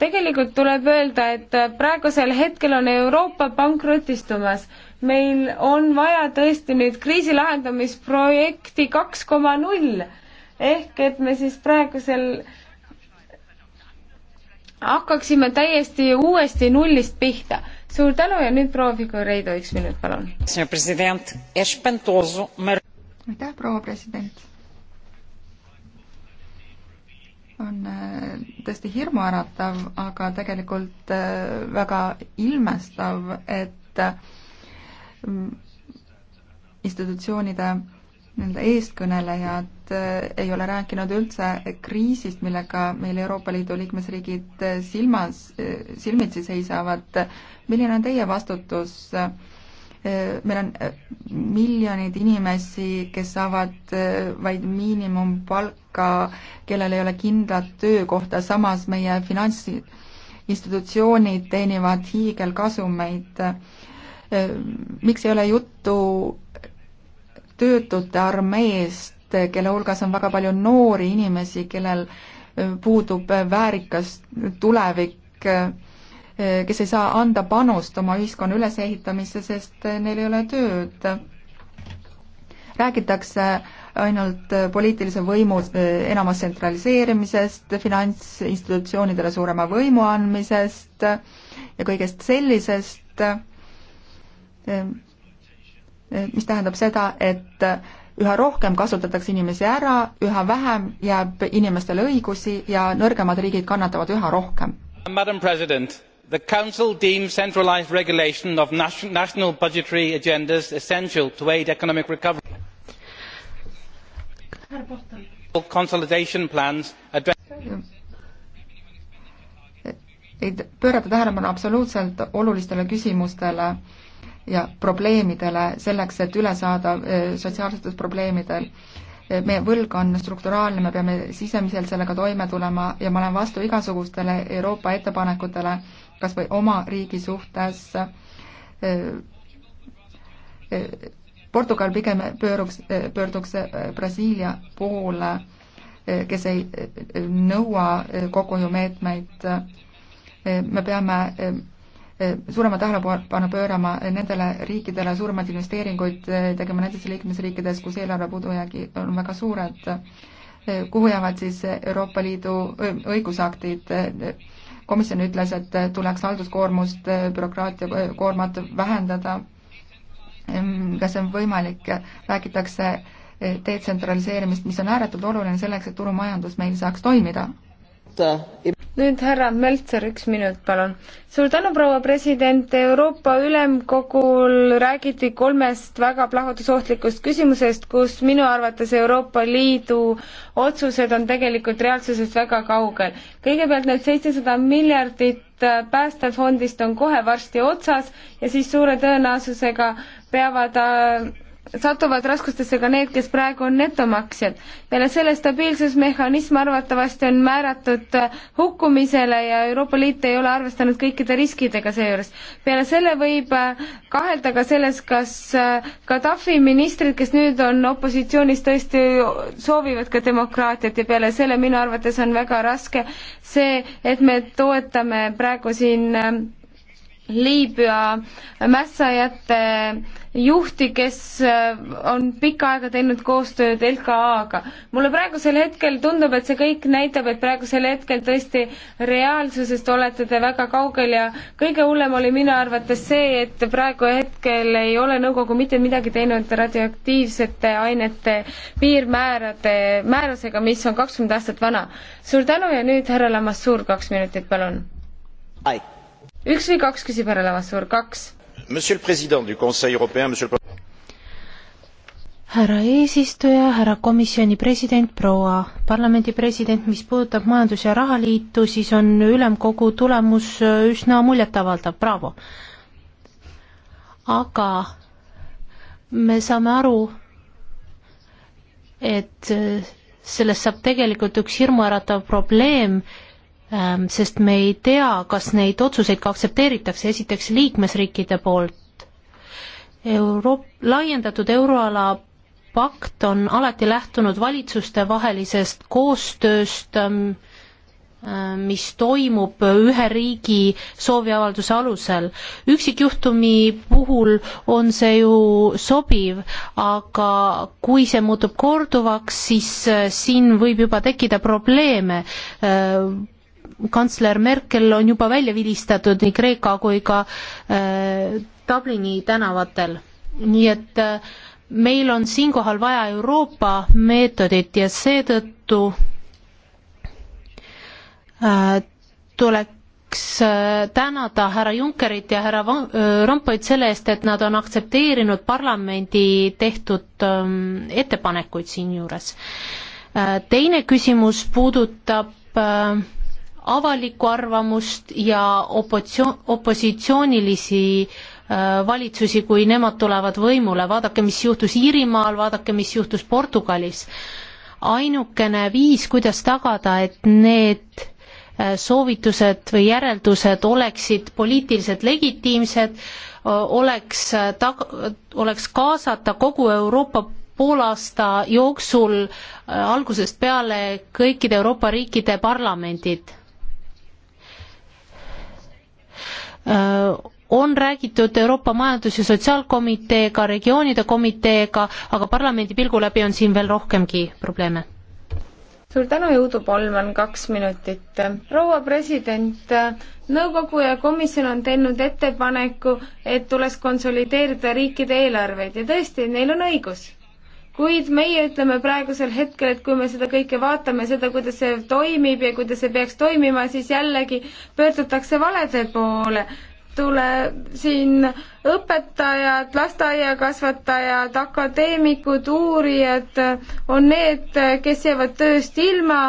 tegelikult tuleb öelda, et praegusel hetkel on Euroopa pankrotistumas. meil on vaja tõesti nüüd kriisi lahendamisprojekti kaks koma null ehk et me siis praegusel hakkaksime täiesti uuesti nullist pihta. suur tänu ja nüüd proua Figureido, üks minut, palun. aitäh, proua president on äh, tõesti hirmuäratav, aga tegelikult äh, väga ilmestav, et äh, institutsioonide nii-öelda eestkõnelejad ei ole rääkinud üldse kriisist, millega meil Euroopa Liidu liikmesriigid silmas, silmitsi seisavad. milline on teie vastutus? meil on miljonid inimesi, kes saavad vaid miinimumpalka, ka, kellel ei ole kindlat töökohta, samas meie finantsinstitutsioonid teenivad hiigelkasumeid. miks ei ole juttu töötute armeest, kelle hulgas on väga palju noori inimesi, kellel puudub väärikas tulevik, kes ei saa anda panust oma ühiskonna ülesehitamisse, sest neil ei ole tööd. räägitakse ainult äh, poliitilise võimu äh, enama tsentraliseerimisest, finantsinstitutsioonidele suurema võimu andmisest ja kõigest sellisest, äh, mis tähendab seda, et üha rohkem kasutatakse inimesi ära, üha vähem jääb inimestele õigusi ja nõrgemad riigid kannatavad üha rohkem. Madam President, the Council deems centralised regulation of national budgetary agendas essential to aid economic recovery härra Pohtel pöörata tähelepanu absoluutselt olulistele küsimustele ja probleemidele selleks, et üle saada eh, sotsiaalsetest probleemidel. Eh, meie võlg on strukturaalne, me peame sisemiselt sellega toime tulema ja ma olen vastu igasugustele Euroopa ettepanekutele, kas või oma riigi suhtes eh, Portugal pigem pööruks, pöörduks eh, Brasiilia poole, eh, kes ei eh, nõua kokkuhoiumeetmeid. me peame suurema tähelepanu pöörama nendele riikidele, suuremaid investeeringuid tegema nendes liikmesriikides, kus eelarve puudujäägi on väga suured, kuhu jäävad siis Euroopa Liidu õigusaktid. komisjon ütles, et tuleks halduskoormust, bürokraatia koormat vähendada kas on võimalik, räägitakse eh, detsentraliseerimist, mis on ääretult oluline selleks, et turumajandus meil saaks toimida. nüüd härra Möltser, üks minut, palun. suur tänu, proua president, Euroopa Ülemkogul räägiti kolmest väga plahvatusohtlikust küsimusest, kus minu arvates Euroopa Liidu otsused on tegelikult reaalsusest väga kaugel. kõigepealt need seitsesada miljardit Äh, päästefondist on kohe varsti otsas ja siis suure tõenäosusega peavad äh, satuvad raskustesse ka need, kes praegu on netomaksjad. peale selle stabiilsusmehhanism arvatavasti on määratud äh, hukkumisele ja Euroopa Liit ei ole arvestanud kõikide riskidega seejuures. peale selle võib äh, kahelda ka selles, kas äh, Gaddafi ministrid, kes nüüd on opositsioonis, tõesti soovivad ka demokraatiat ja peale selle minu arvates on väga raske see, et me toetame praegu siin Liibüa mässajate juhti, kes äh, on pikka aega teinud koostööd LKA-ga. mulle praegusel hetkel tundub, et see kõik näitab, et praegusel hetkel tõesti reaalsusest olete te väga kaugel ja kõige hullem oli minu arvates see, et praegu hetkel ei ole nõukogu mitte midagi teinud radioaktiivsete ainete piirmäärade, määrusega, mis on kakskümmend aastat vana. suur tänu ja nüüd härra Lamassuur, kaks minutit, palun. aitäh üks või kaks küsib härra Lavassoor, kaks. härra eesistuja, härra komisjoni president, proua parlamendi president, mis puudutab Majandus- ja Rahaliitu, siis on ülemkogu tulemus äh, üsna muljetavaldav, braavo. aga me saame aru, et äh, sellest saab tegelikult üks hirmuäratav probleem, Ähm, sest me ei tea, kas neid otsuseid ka aktsepteeritakse, esiteks liikmesriikide poolt. Euro-, laiendatud euroala pakt on alati lähtunud valitsustevahelisest koostööst, ähm, äh, mis toimub ühe riigi sooviavalduse alusel. üksikjuhtumi puhul on see ju sobiv, aga kui see muutub korduvaks, siis äh, siin võib juba tekkida probleeme äh, kantsler Merkel on juba välja vilistatud nii Kreeka kui ka äh, Dublini tänavatel. nii et äh, meil on siinkohal vaja Euroopa meetodit ja seetõttu äh, tuleks äh, tänada härra Junckerit ja härra äh, Rompuit selle eest, et nad on aktsepteerinud parlamendi tehtud ähm, ettepanekuid siinjuures. Äh, teine küsimus puudutab äh, avalikku arvamust ja opositsioon, opositsioonilisi äh, valitsusi, kui nemad tulevad võimule, vaadake, mis juhtus Iirimaal, vaadake, mis juhtus Portugalis. ainukene viis, kuidas tagada, et need äh, soovitused või järeldused oleksid poliitiliselt legitiimsed, oleks äh, tag-, oleks kaasata kogu Euroopa poolaasta jooksul algusest peale kõikide Euroopa riikide parlamendid Äh, on räägitud Euroopa Majandus- ja Sotsiaalkomiteega, regioonide komiteega, aga parlamendi pilgu läbi on siin veel rohkemgi probleeme. suur tänu, Jõudu Polman, kaks minutit. proua president, nõukogu ja komisjon on teinud ettepaneku, et tuleks konsolideerida riikide eelarveid ja tõesti, neil on õigus kuid meie ütleme praegusel hetkel, et kui me seda kõike vaatame, seda, kuidas see toimib ja kuidas see peaks toimima, siis jällegi pöördutakse valede poole. tule siin õpetajad, lasteaiakasvatajad, akadeemikud, uurijad on need, kes jäävad tööst ilma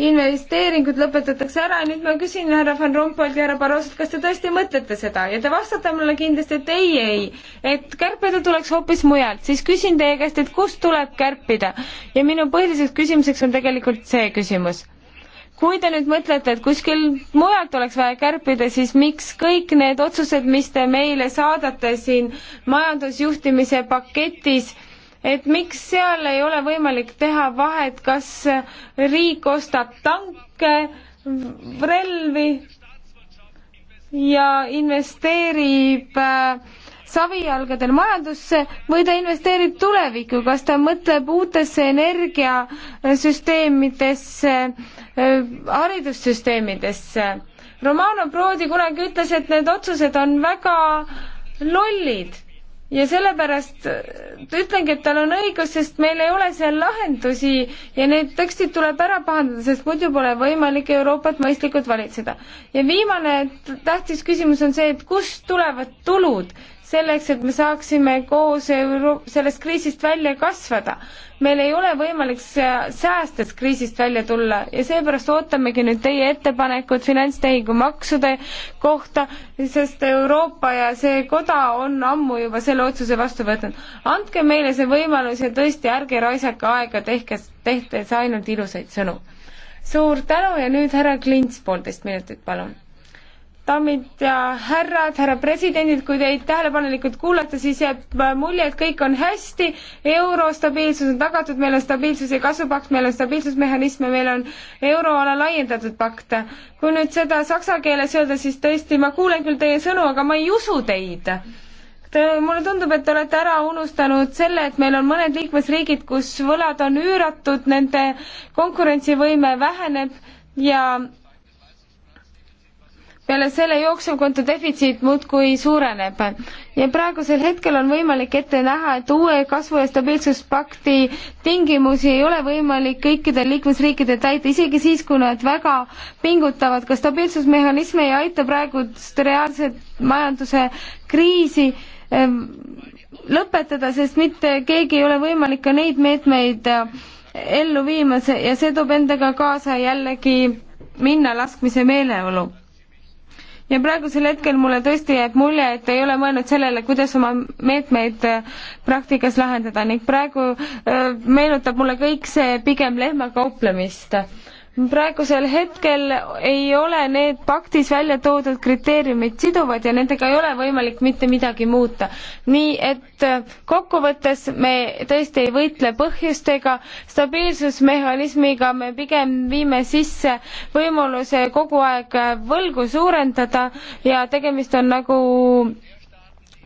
investeeringud lõpetatakse ära ja nüüd ma küsin härra Van Rompuyt ja härra Barrosolt, kas te tõesti mõtlete seda ja te vastate mulle kindlasti, et ei, ei, et kärpida tuleks hoopis mujalt, siis küsin teie käest, et kust tuleb kärpida ja minu põhiliseks küsimuseks on tegelikult see küsimus kui te nüüd mõtlete, et kuskil mujalt oleks vaja kärpida, siis miks kõik need otsused, mis te meile saadate siin majandusjuhtimise paketis äh, et miks seal ei ole võimalik teha vahet, kas riik ostab tanke, relvi ja investeerib äh, savijalgadel majandusse või ta investeerib tulevikku, kas ta mõtleb uutesse energiasüsteemidesse, äh, haridussüsteemidesse. Romano Prodi kunagi ütles, et need otsused on väga lollid ja sellepärast ütlengi, et tal on õigus, sest meil ei ole seal lahendusi ja need tekstid tuleb ära pahandada, sest muidu pole võimalik Euroopat mõistlikult valitseda. ja viimane tähtis küsimus on see, et kust tulevad tulud selleks, et me saaksime koos euro-, sellest kriisist välja kasvada. meil ei ole võimalik säästes kriisist välja tulla ja seepärast ootamegi nüüd teie ettepanekud finantstehingu maksude kohta, sest Euroopa ja see koda on ammu juba selle otsuse vastu võtnud. andke meile see võimalus ja tõesti, ärge raisake aega, tehke, tehtes ainult ilusaid sõnu. suur tänu ja nüüd härra Klints, poolteist minutit, palun daamid ja härrad, härra presidendid, kui teid tähelepanelikult kuulata, siis jääb mulje, et kõik on hästi, euro stabiilsus on tagatud, meil on stabiilsuse kasvupakt, meil on stabiilsusmehhanism ja meil on euroala laiendatud pakt. kui nüüd seda saksa keeles öelda, siis tõesti, ma kuulen küll teie sõnu, aga ma ei usu teid. Te, mulle tundub, et te olete ära unustanud selle, et meil on mõned liikmesriigid, kus võlad on üüratud, nende konkurentsivõime väheneb ja peale selle jooksevkonto defitsiit muudkui suureneb. ja praegusel hetkel on võimalik ette näha, et uue kasvu- ja stabiilsuspakti tingimusi ei ole võimalik kõikidel liikmesriikidel täita, isegi siis, kui nad väga pingutavad. ka stabiilsusmehhanism ei aita praegust reaalset majanduse kriisi ehm, lõpetada, sest mitte keegi ei ole võimalik ka neid meetmeid eh, ellu viima ja see toob endaga kaasa jällegi minna laskmise meeleolu ja praegusel hetkel mulle tõesti jääb mulje, et ei ole mõelnud sellele, kuidas oma meetmeid äh, praktikas lahendada ning praegu äh, meenutab mulle kõik see pigem lehma kauplemist praegusel hetkel ei ole need paktis välja toodud kriteeriumid siduvad ja nendega ei ole võimalik mitte midagi muuta. nii et äh, kokkuvõttes me tõesti ei võitle põhjustega, stabiilsusmehhanismiga me pigem viime sisse võimaluse kogu aeg äh, võlgu suurendada ja tegemist on nagu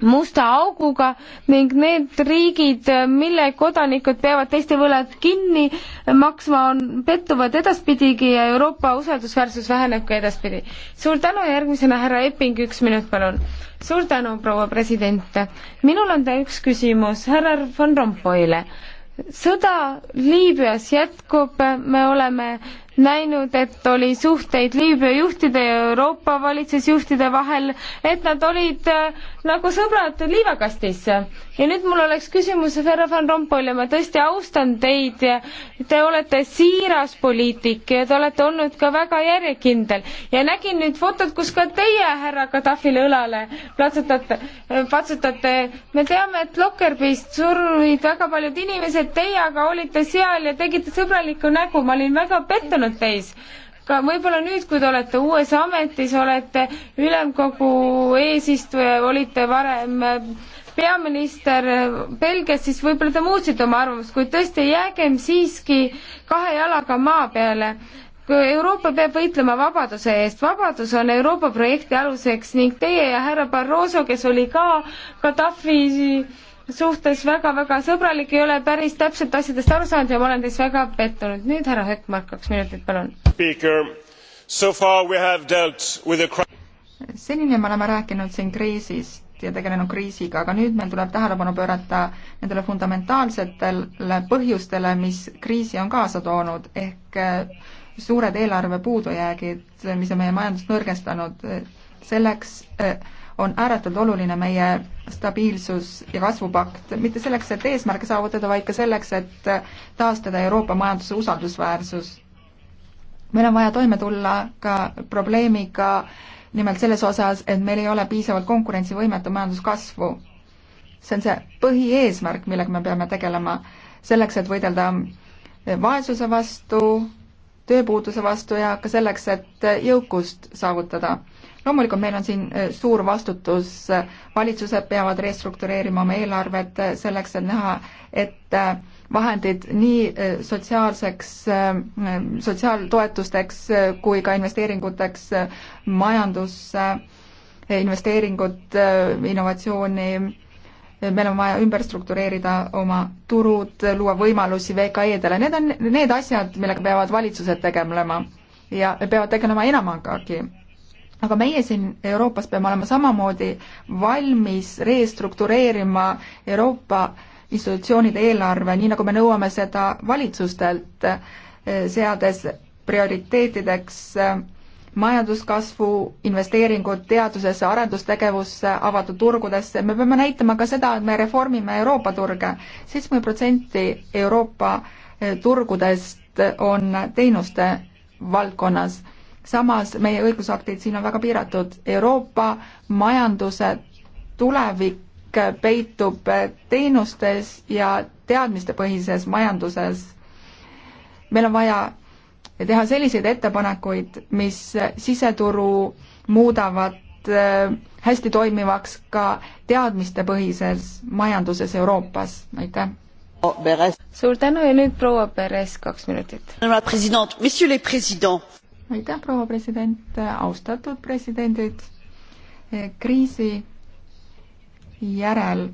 musta auguga ning need riigid, mille kodanikud peavad teiste võlad kinni maksma, on, pettuvad edaspidigi ja Euroopa usaldusväärsus väheneb ka edaspidi. suur tänu ja järgmisena härra Epping, üks minut palun. suur tänu, proua president. minul on ta üks küsimus härra Van Rompuyle sõda Liibüas jätkub, me oleme näinud, et oli suhteid Liibüa juhtide ja Euroopa valitsusjuhtide vahel, et nad olid äh, nagu sõbrad liivakastis ja nüüd mul oleks küsimus härra Van Rompuyle, ma tõesti austan teid ja te olete siiras poliitik ja te olete olnud ka väga järjekindel ja nägin nüüd fotot, kus ka teie härra Gaddafile õlale platsutate, äh, patsutate. me teame, et Lockerbist suruid väga paljud inimesed, teie aga olite seal ja tegite sõbralikku nägu, ma olin väga pettunud teis ka võib-olla nüüd, kui te olete uues ametis, olete ülemkogu eesistuja, olite varem äh, peaminister Belgias, siis võib-olla te muutsite oma arvamust, kuid tõesti jäägem siiski kahe jalaga maa peale. Euroopa peab võitlema vabaduse eest, vabadus on Euroopa projekti aluseks ning teie ja härra Barroso, kes oli ka Gaddafi suhtes väga-väga sõbralik, ei ole päris täpselt asjadest aru saanud ja ma olen teis väga pettunud. nüüd härra Hökmark, kaks minutit, palun. senini me oleme rääkinud siin kriisist ja tegelenud kriisiga, aga nüüd meil tuleb tähelepanu pöörata nendele fundamentaalsetele põhjustele, mis kriisi on kaasa toonud, ehk äh, suured eelarve puudujäägid, mis on meie majandust nõrgestanud, äh, selleks äh, on ääretult oluline meie stabiilsus- ja kasvupakt, mitte selleks, et eesmärke saavutada, vaid ka selleks, et taastada Euroopa majanduse usaldusväärsus. meil on vaja toime tulla ka probleemiga äh, nimelt selles osas, et meil ei ole piisavalt konkurentsivõimetu majanduskasvu. see on see põhieesmärk, millega me peame tegelema, selleks, et võidelda vaesuse vastu, tööpuuduse vastu ja ka selleks, et jõukust saavutada. loomulikult meil on siin äh, suur vastutus, valitsused peavad restruktureerima oma eelarvet selleks, et näha, et äh, vahendid nii äh, sotsiaalseks, äh, sotsiaaltoetusteks äh, kui ka investeeringuteks majandusse, investeeringud, innovatsiooni, meil on vaja ümber struktureerida oma turud, luua võimalusi VKE-dele, need on need asjad, millega peavad valitsused tegelema ja peavad tegelema enamagagi aga meie siin Euroopas peame olema samamoodi valmis restruktureerima Euroopa äh, institutsioonide eelarve, nii nagu me nõuame seda valitsustelt, eh, seades prioriteetideks eh, majanduskasvu, investeeringud teadusesse, arendustegevusse, avatud turgudesse, me peame näitama ka seda, et me reformime Euroopa turge. seitsekümmend protsenti Euroopa eh, turgudest on teenuste valdkonnas. samas meie õigusaktid siin on väga piiratud. Euroopa majanduse tulevik kõik peitub teenustes ja teadmistepõhises majanduses. meil on vaja teha selliseid ettepanekuid, mis siseturu muudavad äh, hästi toimivaks ka teadmistepõhises majanduses Euroopas, aitäh! suur tänu ja nüüd proua Perez, kaks minutit. aitäh, proua president, austatud presidendid, kriisi järel.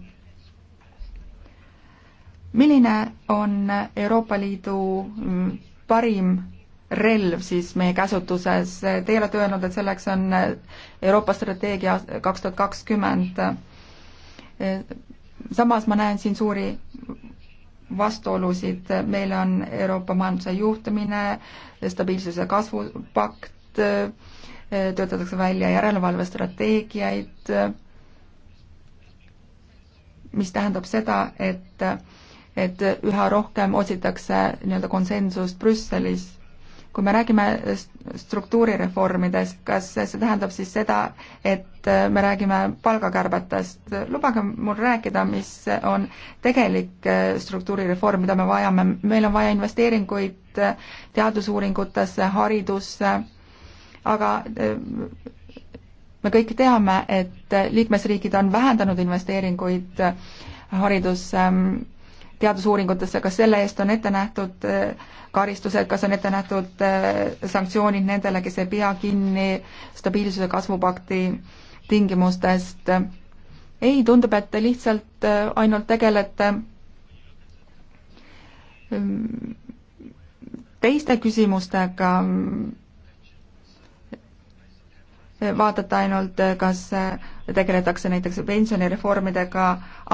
milline on Euroopa Liidu mm, parim relv siis meie käsutuses, teie olete öelnud, et selleks on Euroopa strateegia kaks tuhat kakskümmend. samas ma näen siin suuri vastuolusid, meil on Euroopa majanduse juhtimine, stabiilsuse kasvupakt, töötatakse välja järelevalvestrateegiaid mis tähendab seda, et, et üha rohkem otsitakse nii-öelda konsensust Brüsselis. kui me räägime struktuurireformidest, kas see tähendab siis seda, et me räägime palgakärbetest? lubage mul rääkida, mis on tegelik struktuurireform, mida me vajame. meil on vaja investeeringuid teadusuuringutesse, haridusse, aga me kõik teame, et liikmesriigid on vähendanud investeeringuid haridusse, ähm, teadusuuringutesse, kas selle eest on ette nähtud äh, karistused, kas on ette nähtud äh, sanktsioonid nendele, kes ei pea kinni stabiilsuse kasvupakti tingimustest? ei, tundub, et te lihtsalt äh, ainult tegelete ähm, teiste küsimustega, vaadata ainult, kas tegeletakse näiteks pensionireformidega,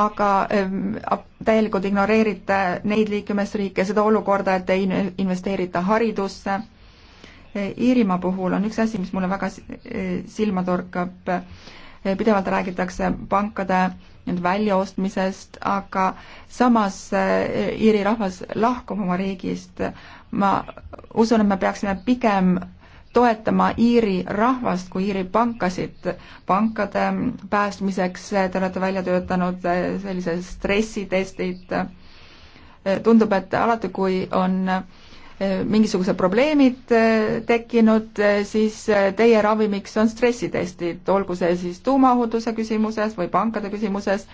aga ähm, täielikult ignoreerite neid liikmesriike, seda olukorda, et ei investeerita haridusse. Iirimaa puhul on üks asi, mis mulle väga silma torkab, pidevalt räägitakse pankade nüüd väljaostmisest, aga samas äh, Iiri rahvas lahkub oma riigist. ma usun, et me peaksime pigem toetama Iiri rahvast kui Iiri pankasid pankade päästmiseks, te olete välja töötanud eh, sellise stressitestid. Eh, tundub, et alati, kui on eh, mingisugused probleemid tekkinud, siis teie ravimiks on stressitestid, olgu see siis tuumaohutuse küsimuses või pankade küsimuses.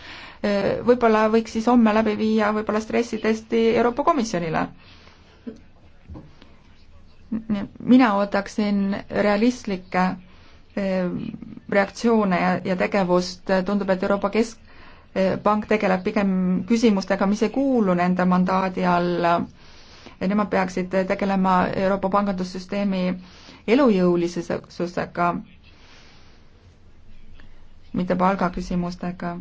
võib-olla võiks siis homme läbi viia võib-olla stressitesti Euroopa Komisjonile mina ootaksin realistlikke eh, reaktsioone ja, ja tegevust, tundub, et Euroopa Keskpank tegeleb pigem küsimustega, mis ei kuulu nende mandaadi alla. Nemad peaksid tegelema Euroopa pangandussüsteemi elujõulisusega, mitte palgaküsimustega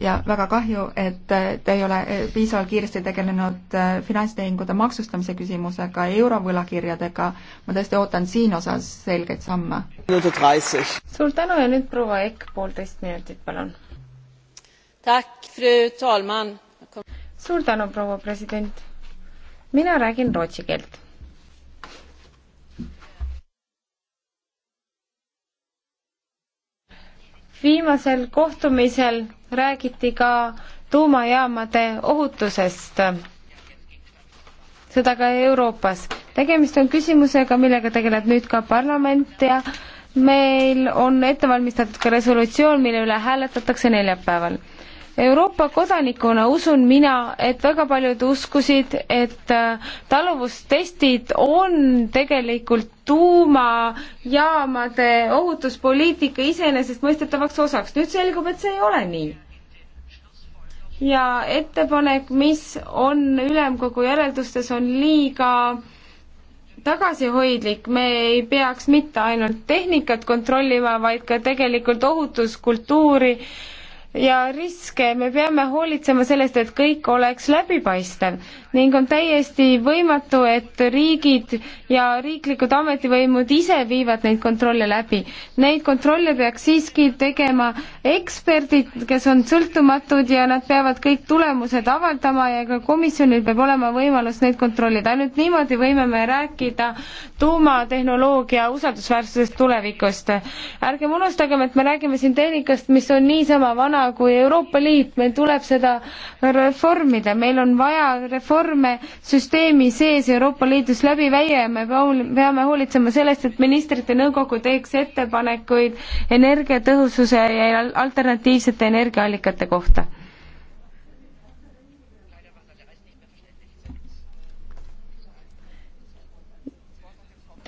ja väga kahju, et te ei ole eh, piisavalt kiiresti tegelenud eh, finantstehingute maksustamise küsimusega, eurovõlakirjadega. ma tõesti ootan siin osas selgeid samme. suur tänu ja nüüd proua Ekk, poolteist minutit, palun. suur tänu, proua president. mina räägin rootsi keelt viimasel kohtumisel räägiti ka tuumajaamade ohutusest, seda ka Euroopas. tegemist on küsimusega, millega tegeleb nüüd ka parlament ja meil on ette valmistatud ka resolutsioon, mille üle hääletatakse neljapäeval Euroopa kodanikuna usun mina, et väga paljud uskusid, et äh, taluvustestid on tegelikult tuumajaamade ohutuspoliitika iseenesestmõistetavaks osaks. nüüd selgub, et see ei ole nii ja ettepanek, mis on ülemkogu järeldustes, on liiga tagasihoidlik, me ei peaks mitte ainult tehnikat kontrollima, vaid ka tegelikult ohutuskultuuri äh, ja riske, me peame hoolitsema sellest, et kõik oleks läbipaistev ning on täiesti võimatu, et riigid ja riiklikud ametivõimud ise viivad neid kontrolle läbi. Neid kontrolle peaks siiski tegema eksperdid, kes on sõltumatud ja nad peavad kõik tulemused avaldama ja ka komisjonil peab olema võimalus neid kontrollida, ainult niimoodi võime me rääkida tuumatehnoloogia usaldusväärsusest tulevikust. ärgem unustagem, et me räägime siin tehnikast, mis on niisama vana, mina kui Euroopa Liit, meil tuleb seda reformida, meil on vaja reforme süsteemi sees Euroopa Liidus läbi väia ja me peame hoolitsema sellest, et ministrite nõukogu teeks ettepanekuid energiatõhususe ja alternatiivsete energiaallikate kohta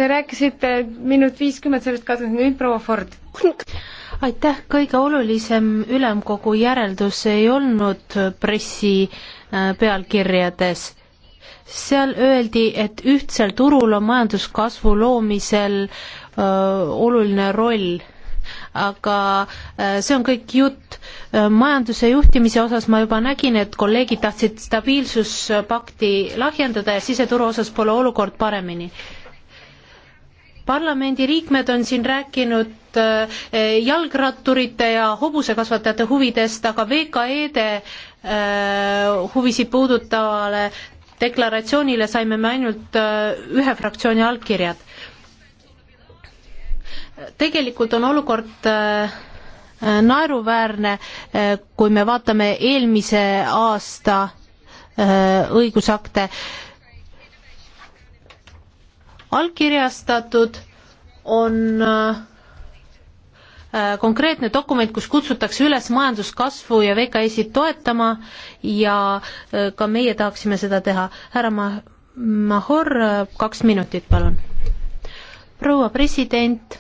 Te rääkisite minut viiskümmend sellest kadunud, nüüd proua Ford aitäh, kõige olulisem ülemkogu järeldus ei olnud pressi äh, pealkirjades. seal öeldi, et ühtsel turul on majanduskasvu loomisel öö, äh, oluline roll aga äh, see on kõik jutt. majanduse juhtimise osas ma juba nägin, et kolleegid tahtsid stabiilsuspakti lahjendada ja siseturu osas pole olukord paremini parlamendiliikmed on siin rääkinud eh, jalgratturite ja hobusekasvatajate huvidest, aga VKE-de eh, huvisid puudutavale deklaratsioonile saime me ainult eh, ühe fraktsiooni allkirjad. tegelikult on olukord naeruväärne, kui me vaatame eelmise aasta õigusakte äh, allkirjastatud, on äh, konkreetne dokument, kus kutsutakse üles majanduskasvu ja VKS-id toetama ja äh, ka meie tahaksime seda teha. härra Ma-, Mahor, äh, kaks minutit, palun. proua president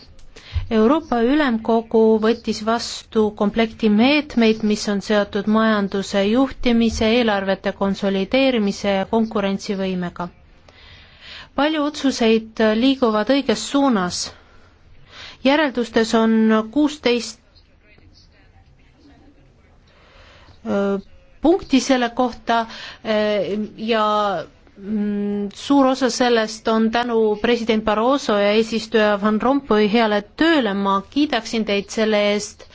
Euroopa Ülemkogu võttis vastu komplekti meetmeid, mis on seotud majanduse juhtimise, eelarvete konsolideerimise ja konkurentsivõimega palju otsuseid liiguvad õiges suunas. järeldustes on kuusteist punkti selle kohta ja mm, suur osa sellest on tänu president Barroso ja eesistuja Van Rompuy heale tööle, ma kiidaksin teid selle eest.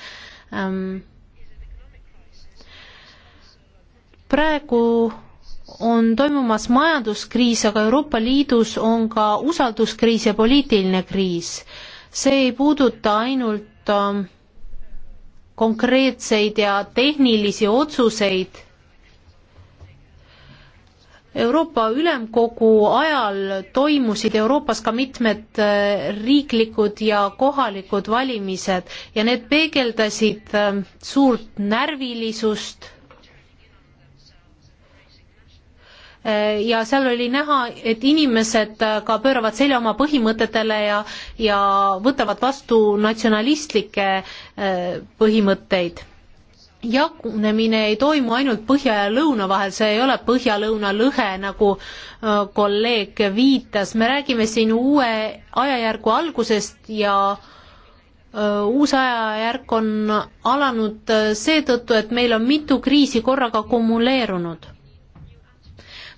praegu on toimumas majanduskriis, aga Euroopa Liidus on ka usalduskriis ja poliitiline kriis. see ei puuduta ainult äh, konkreetseid ja tehnilisi otsuseid. Euroopa Ülemkogu ajal toimusid Euroopas ka mitmed äh, riiklikud ja kohalikud valimised ja need peegeldasid ähm, suurt närvilisust Äh, ja seal oli näha, et inimesed äh, ka pööravad selja oma põhimõtetele ja, ja võtavad vastu natsionalistlikke äh, põhimõtteid jagunemine ei toimu ainult põhja ja lõuna vahel, see ei ole põhja-lõuna lõhe, nagu kolleeg viitas, me räägime siin uue ajajärgu algusest ja uus ajajärk on alanud seetõttu, et meil on mitu kriisi korraga kumuleerunud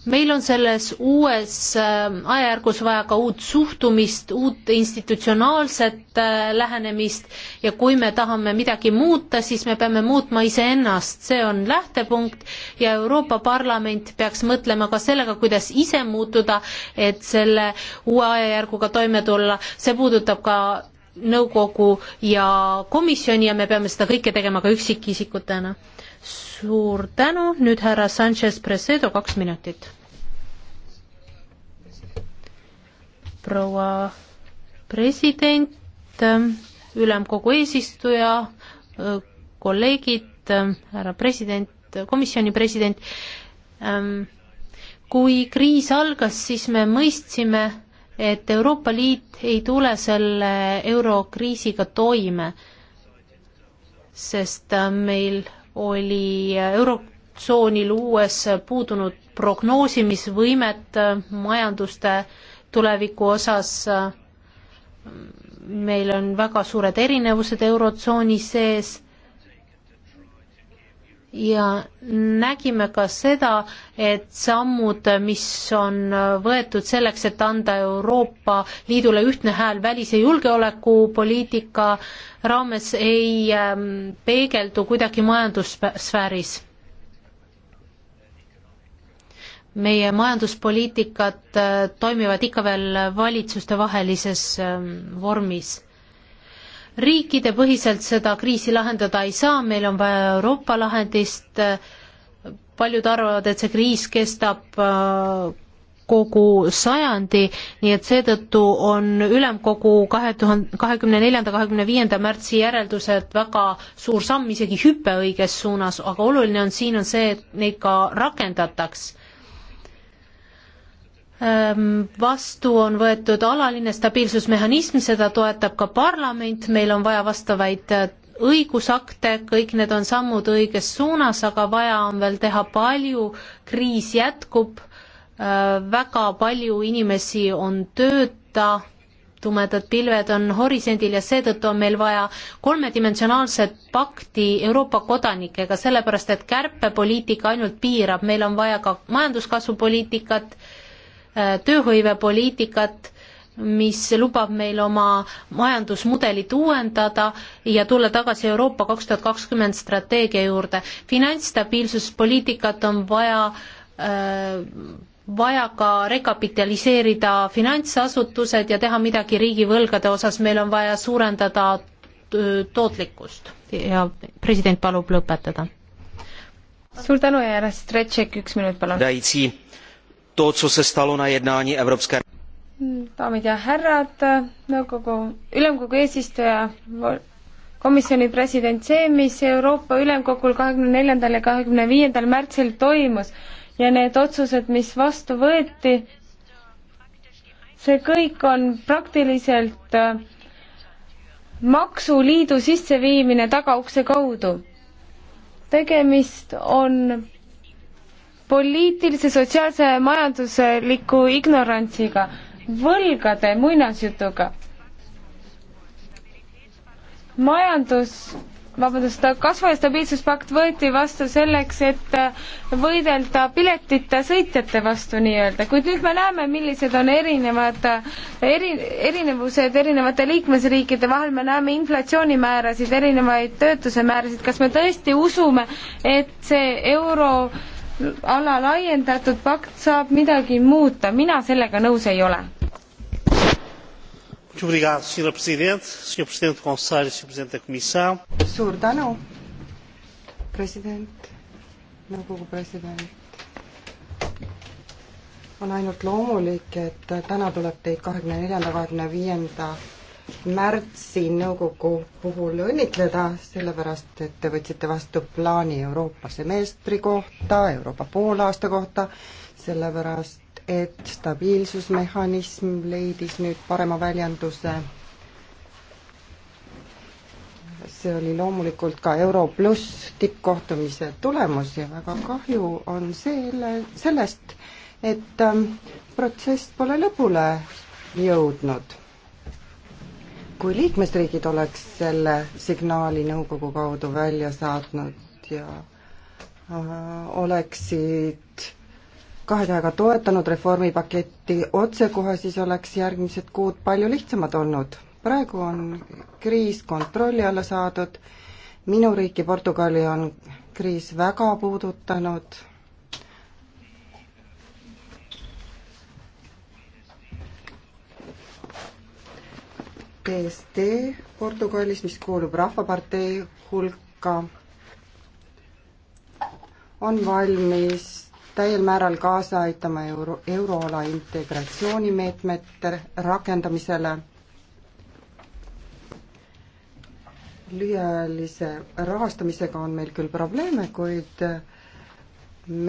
meil on selles uues ähm, ajajärgus vaja ka uut suhtumist, uut institutsionaalset äh, lähenemist ja kui me tahame midagi muuta, siis me peame muutma iseennast, see on lähtepunkt ja Euroopa Parlament peaks mõtlema ka sellega, kuidas ise muutuda, et selle uue ajajärguga toime tulla, see puudutab ka nõukogu ja komisjoni ja me peame seda kõike tegema ka üksikisikutena suur tänu, nüüd härra Sanchez Presedo, kaks minutit proua president, ülemkogu eesistuja, kolleegid, härra president, komisjoni president, kui kriis algas, siis me mõistsime, et Euroopa Liit ei tule selle eurokriisiga toime, sest meil oli eurotsoonil uues puudunud prognoosimisvõimet majanduste äh, tuleviku osas. meil on väga suured erinevused Eurotsooni sees ja nägime ka seda, et sammud, mis on võetud selleks, et anda Euroopa Liidule ühtne hääl välis- ja julgeolekupoliitika raames, ei ähm, peegeldu kuidagi majandussfääris meie majanduspoliitikad äh, toimivad ikka veel valitsustevahelises ähm, vormis. riikide põhiselt seda kriisi lahendada ei saa, meil on vaja Euroopa lahendist, paljud arvavad, et see kriis kestab äh, kogu sajandi, nii et seetõttu on ülemkogu kahe tuhande, kahekümne neljanda, kahekümne viienda märtsi järeldused väga suur samm, isegi hüpe õiges suunas, aga oluline on siin, on see, et neid ka rakendataks Ehm, vastu on võetud alaline stabiilsusmehhanism, seda toetab ka parlament, meil on vaja vastavaid äh, õigusakte, kõik need on sammud õiges suunas, aga vaja on veel teha palju, kriis jätkub, äh, väga palju inimesi on tööta, tumedad pilved on horisondil ja seetõttu on meil vaja kolmedimensionaalset pakti Euroopa kodanikega, sellepärast et kärpepoliitika ainult piirab, meil on vaja ka majanduskasvupoliitikat, Äh, tööhõivepoliitikat, mis lubab meil oma majandusmudelit uuendada ja tulla tagasi Euroopa kaks tuhat kakskümmend strateegia juurde. finantsstabiilsuspoliitikat on vaja öö, äh, vaja ka rekapitaliseerida finantsasutused ja teha midagi riigivõlgade osas, meil on vaja suurendada tootlikkust ja president palub lõpetada. suur tänu ja härra Stretšek, üks minut palun to, co se stalo na jednání Evropské daamid ja härrad, nõukogu, ülemkogu eesistuja, komisjoni president, see, mis Euroopa Ülemkogul kahekümne neljandal ja kahekümne viiendal märtsil toimus ja need otsused, mis vastu võeti, see kõik on praktiliselt äh, maksuliidu sisseviimine tagaukse kaudu. tegemist on poliitilise, sotsiaalse ja majandusliku ignorantsiga, võlgade muinasjutuga. majandus, vabandust, kasvu- ja stabiilsuspakt võeti vastu selleks, et võidelda piletita sõitjate vastu nii-öelda, kuid nüüd me näeme, millised on erinevad, eri, erinevused erinevate liikmesriikide vahel, me näeme inflatsioonimäärasid, erinevaid töötuse määrasid, kas me tõesti usume, et see euro ala laiendatud pakt saab midagi muuta, mina sellega nõus ei ole. suur tänu, president, nõukogu president on ainult loomulik, et täna tuleb teid kahekümne neljanda, kahekümne viienda märtsi nõukogu puhul õnnitleda, sellepärast et te võtsite vastu plaani Euroopa semestri kohta, Euroopa poolaasta kohta, sellepärast et stabiilsusmehhanism leidis nüüd parema väljenduse. see oli loomulikult ka Euro pluss tippkohtumise tulemus ja väga kahju on selle, sellest, et ähm, protsess pole lõpule jõudnud kui liikmesriigid oleks selle signaali nõukogu kaudu välja saatnud ja äh, oleksid kahe käega toetanud reformipaketti otsekohe, siis oleks järgmised kuud palju lihtsamad olnud. praegu on kriis kontrolli alla saadud, minu riiki Portugali on kriis väga puudutanud PSD Portugalis, mis kuulub Rahvapartei hulka, on valmis täiel määral kaasa aitama euro, euroala integratsioonimeetmete rakendamisele lühiajalise rahastamisega on meil küll probleeme, kuid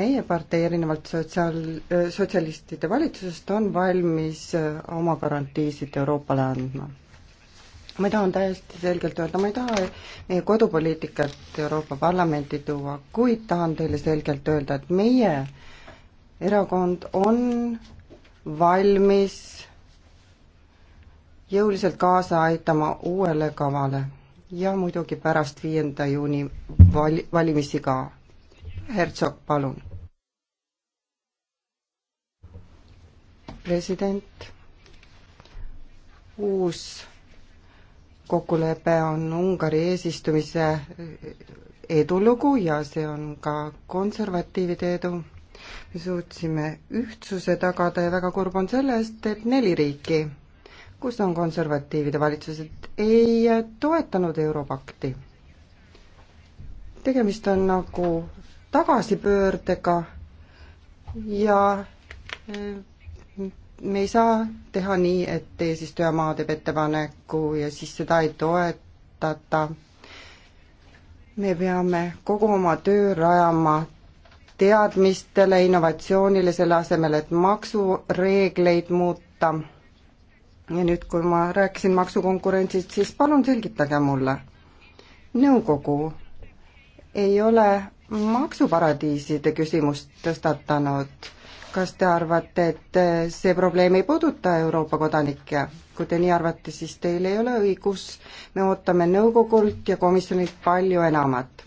meie partei erinevalt sotsiaal, sotsialistide valitsusest on valmis oma garantiisid Euroopale andma ma tahan täiesti selgelt öelda, ma ei taha meie kodupoliitikat Euroopa Parlamenti tuua, kuid tahan teile selgelt öelda, et meie erakond on valmis jõuliselt kaasa aitama uuele kavale ja muidugi pärast viienda juuni val-, valimisi ka. Herzog, palun. president, uus kokkulepe on Ungari eesistumise edulugu ja see on ka konservatiivide edu. me suutsime ühtsuse tagada ja väga kurb on sellest, et neli riiki, kus on konservatiivide valitsused, ei toetanud Europakti. tegemist on nagu tagasipöördega ja eh, me ei saa teha nii, et eesistujamaa teeb ettepaneku ja siis seda ei toetata. me peame kogu oma töö rajama teadmistele, innovatsioonile, selle asemel, et maksureegleid muuta. ja nüüd, kui ma rääkisin maksukonkurentsist, siis palun selgitage mulle. nõukogu ei ole maksuparadiiside küsimust tõstatanud kas te arvate, et eh, see probleem ei puuduta Euroopa kodanikke? kui te nii arvate, siis teil ei ole õigus, me ootame nõukogult ja komisjonilt palju enamat.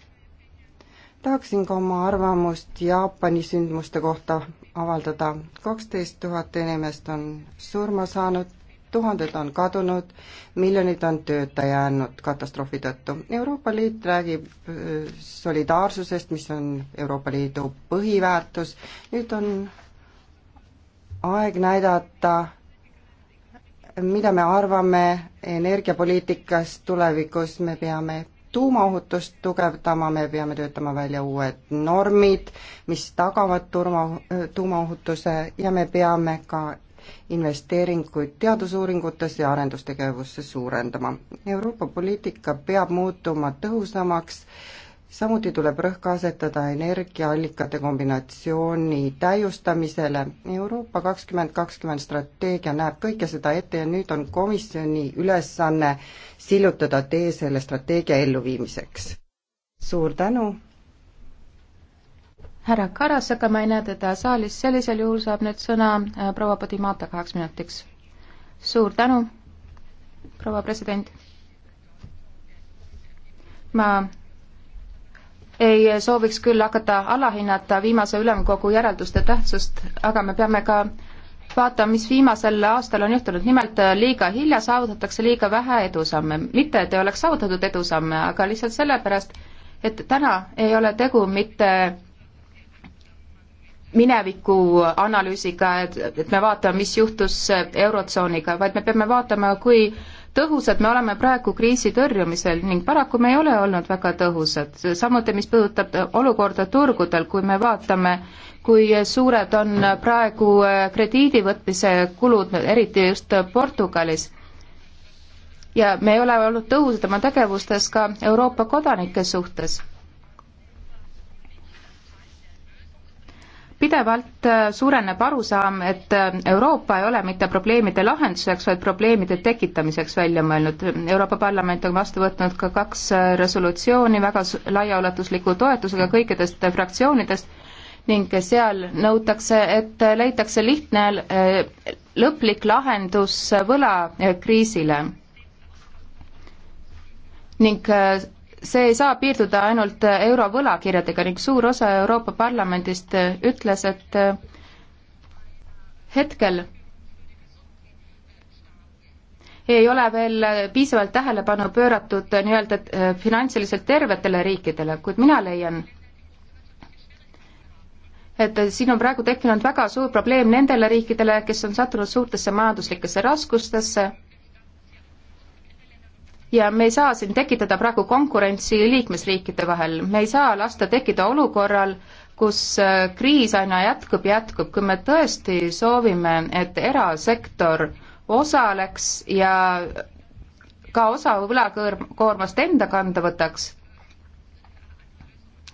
tahaksin ka oma arvamust Jaapani sündmuste kohta avaldada. kaksteist tuhat inimest on surma saanud, tuhanded on kadunud, miljonid on tööta jäänud katastroofi tõttu. Euroopa Liit räägib eh, solidaarsusest, mis on Euroopa Liidu põhiväärtus, nüüd on aeg näidata, mida me arvame energiapoliitikast tulevikus, me peame tuumaohutust tugevdama, me peame töötama välja uued normid, mis tagavad turma, tuumaohutuse ja me peame ka investeeringuid teadusuuringutesse ja arendustegevusse suurendama. Euroopa poliitika peab muutuma tõhusamaks, samuti tuleb rõhk asetada energiaallikate kombinatsiooni täiustamisele. Euroopa kakskümmend kakskümmend strateegia näeb kõike seda ette ja nüüd on komisjoni ülesanne sillutada tee selle strateegia elluviimiseks. suur tänu! härra Karas, aga ma ei näe teda saalis, sellisel juhul saab nüüd sõna äh, proua Padimata kaheks minutiks. suur tänu, proua president! ma ei sooviks küll hakata alahinnata viimase ülemkogu järelduste tähtsust, aga me peame ka vaatama, mis viimasel aastal on juhtunud, nimelt liiga hilja saavutatakse liiga vähe edusamme, mitte et ei oleks saavutatud edusamme, aga lihtsalt sellepärast, et täna ei ole tegu mitte mineviku analüüsiga, et, et me vaatame, mis juhtus Eurotsooniga, vaid me peame vaatama, kui äh, tõhusad me oleme praegu kriisi tõrjumisel ning paraku me ei ole olnud väga tõhusad. samuti, mis puudutab olukorda turgudel, kui me vaatame, kui suured on praegu äh, krediidi võtmise kulud, eriti just Portugalis ja me ei ole olnud tõhusad oma tegevustes ka Euroopa kodanike suhtes. pidevalt äh, suureneb arusaam, et äh, Euroopa ei ole mitte probleemide lahenduseks, vaid probleemide tekitamiseks välja mõelnud. Euroopa Parlament on vastu võtnud ka kaks äh, resolutsiooni väga laiaulatusliku toetusega kõikidest fraktsioonidest ning seal nõutakse, et leitakse lihtne lõplik lahendus võlakriisile ning see ei saa piirduda ainult eurovõlakirjadega ning suur osa Euroopa Parlamendist ütles, et hetkel ei ole veel piisavalt tähelepanu pööratud nii-öelda äh, finantsiliselt tervetele riikidele, kuid mina leian, et siin on praegu tekkinud väga suur probleem nendele riikidele, kes on sattunud suurtesse majanduslikesse raskustesse ja me ei saa siin tekitada praegu konkurentsi liikmesriikide vahel, me ei saa lasta tekkida olukorral, kus äh, kriis aina jätkub ja jätkub, kui me tõesti soovime, et erasektor osaleks ja ka osa võlakoormast enda kanda võtaks,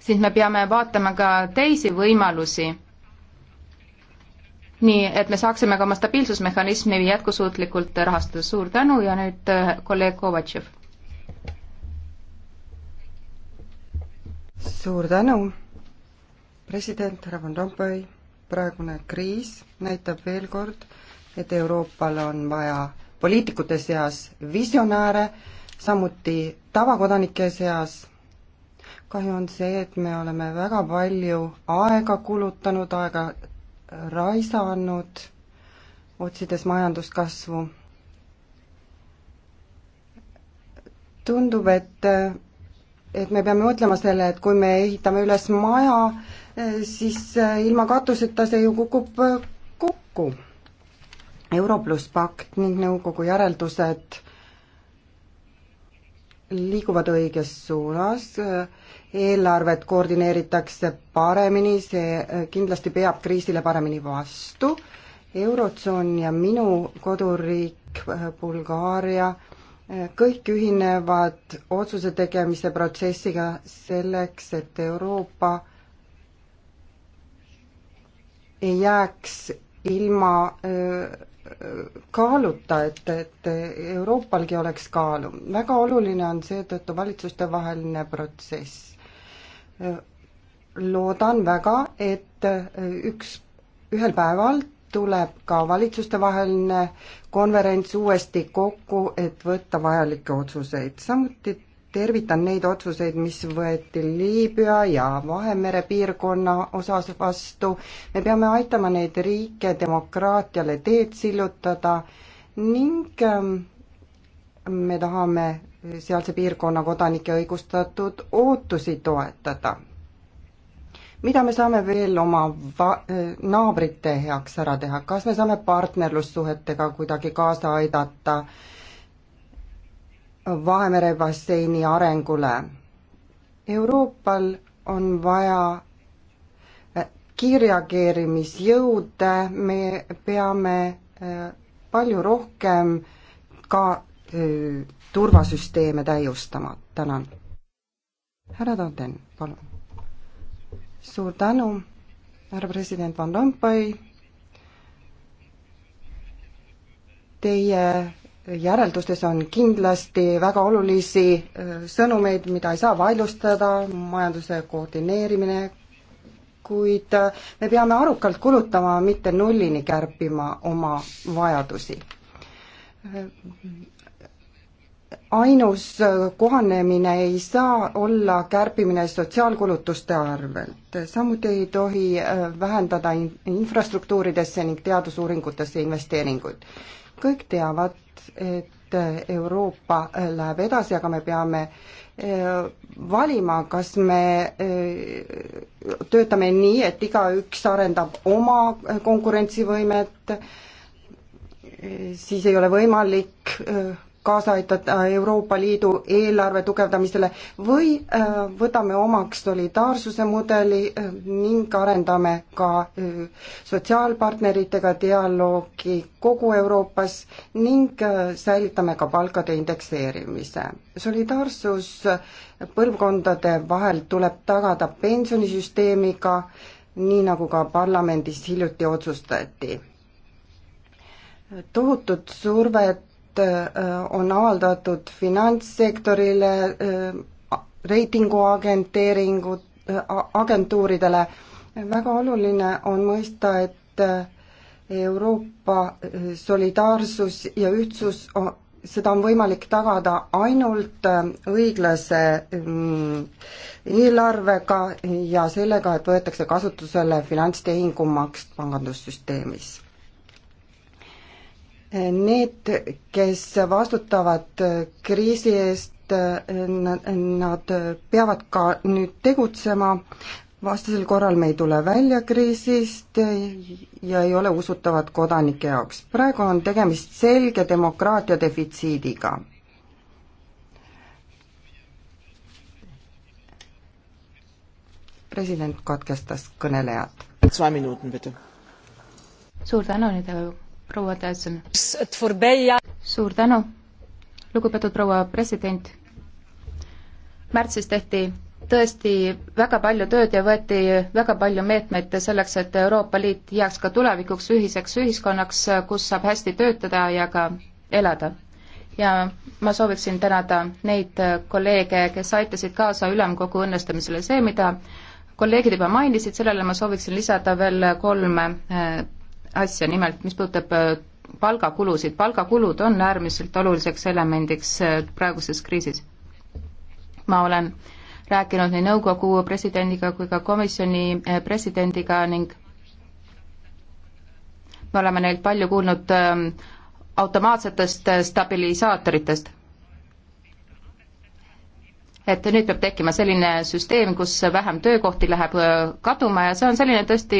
siis me peame vaatama ka teisi võimalusi nii et me saaksime ka oma stabiilsusmehhanismi jätkusuutlikult rahastada. suur tänu ja nüüd äh, kolleeg Kovatšev. suur tänu, president härra Van Rompuy, praegune kriis näitab veel kord, et Euroopal on vaja poliitikute seas visionääre, samuti tavakodanike seas kahju on see, et me oleme väga palju aega kulutanud, aega raisanud, otsides majanduskasvu. tundub, et, et me peame mõtlema selle, et kui me ehitame üles maja, siis ilma katuseta see ju kukub kokku. Euro pluss pakt ning nõukogu järeldused liiguvad õiges suunas äh,, eelarvet koordineeritakse paremini, see äh, kindlasti peab kriisile paremini vastu, Eurotsoon ja minu koduriik äh, Bulgaaria äh, kõik ühinevad otsuse tegemise protsessiga selleks, et Euroopa ei jääks ilma kaaluta, et, et Euroopalgi oleks kaalu. väga oluline on seetõttu valitsustevaheline protsess loodan väga, et üks, ühel päeval tuleb ka valitsustevaheline konverents uuesti kokku, et võtta vajalikke otsuseid. samuti tervitan neid otsuseid, mis võeti Liibüa ja Vahemere piirkonna osas vastu. me peame aitama neid riike demokraatiale teed sillutada ning ähm, me tahame sealse piirkonna kodanike õigustatud ootusi toetada. mida me saame veel oma va-, eh, naabrite heaks ära teha, kas me saame partnerlussuhetega kuidagi kaasa aidata Vahemere basseini arengule? Euroopal on vaja eh, kiirreageerimisjõude, me peame eh, palju rohkem ka turvasüsteeme täiustama, tänan. härra Toden, palun. suur tänu, härra president Van Rompuy. Teie järeldustes on kindlasti väga olulisi sõnumeid, mida ei saa vaidlustada, majanduse koordineerimine, kuid me peame arukalt kulutama, mitte nullini kärpima oma vajadusi ainus äh, kohanemine ei saa olla kärbimine sotsiaalkulutuste arvelt. samuti ei tohi äh, vähendada infrastruktuuridesse ning teadusuuringutesse investeeringuid. kõik teavad, et äh, Euroopa läheb edasi, aga me peame valima, kas me töötame nii, et igaüks arendab oma konkurentsivõimet, siis ei ole võimalik kaasa aidata Euroopa Liidu eelarve tugevdamisele või äh, võtame omaks solidaarsuse mudeli äh, ning arendame ka äh, sotsiaalpartneritega dialoogi kogu Euroopas ning säilitame ka palkade indekseerimise. solidaarsus põlvkondade vahel tuleb tagada pensionisüsteemiga, nii nagu ka parlamendis hiljuti otsustati tohutut survet Äh, on avaldatud finantssektorile, äh, reitinguagenteeringud, äh, agentuuridele. väga oluline on mõista, et Euroopa solidaarsus ja ühtsus, seda on võimalik tagada ainult õiglase mm, eelarvega ja sellega, et võetakse kasutusele finantstehingu maks pangandussüsteemis Need, kes vastutavad kriisi eest, nad peavad ka nüüd tegutsema, vastasel korral me ei tule välja kriisist ja ei ole usutavad kodanike jaoks. praegu on tegemist selge demokraatia defitsiidiga. president katkestas kõnelejat. suur tänu nüüd proua Tyson. suur tänu, lugupeetud proua president. märtsis tehti tõesti väga palju tööd ja võeti väga palju meetmeid selleks, et Euroopa Liit jääks ka tulevikuks ühiseks ühiskonnaks, kus saab hästi töötada ja ka elada. ja ma sooviksin tänada neid kolleege, kes aitasid kaasa ülemkogu õnnestumisele, see, mida kolleegid juba mainisid, sellele ma sooviksin lisada veel kolm eh, asja, nimelt mis puudutab äh, palgakulusid, palgakulud on äärmiselt oluliseks elemendiks äh, praeguses kriisis. ma olen rääkinud nii nõukogu presidendiga kui ka komisjoni äh, presidendiga ning me oleme neilt palju kuulnud ähm, automaatsetest stabilisaatoritest. et nüüd peab tekkima selline süsteem, kus vähem töökohti läheb kaduma ja see on selline tõesti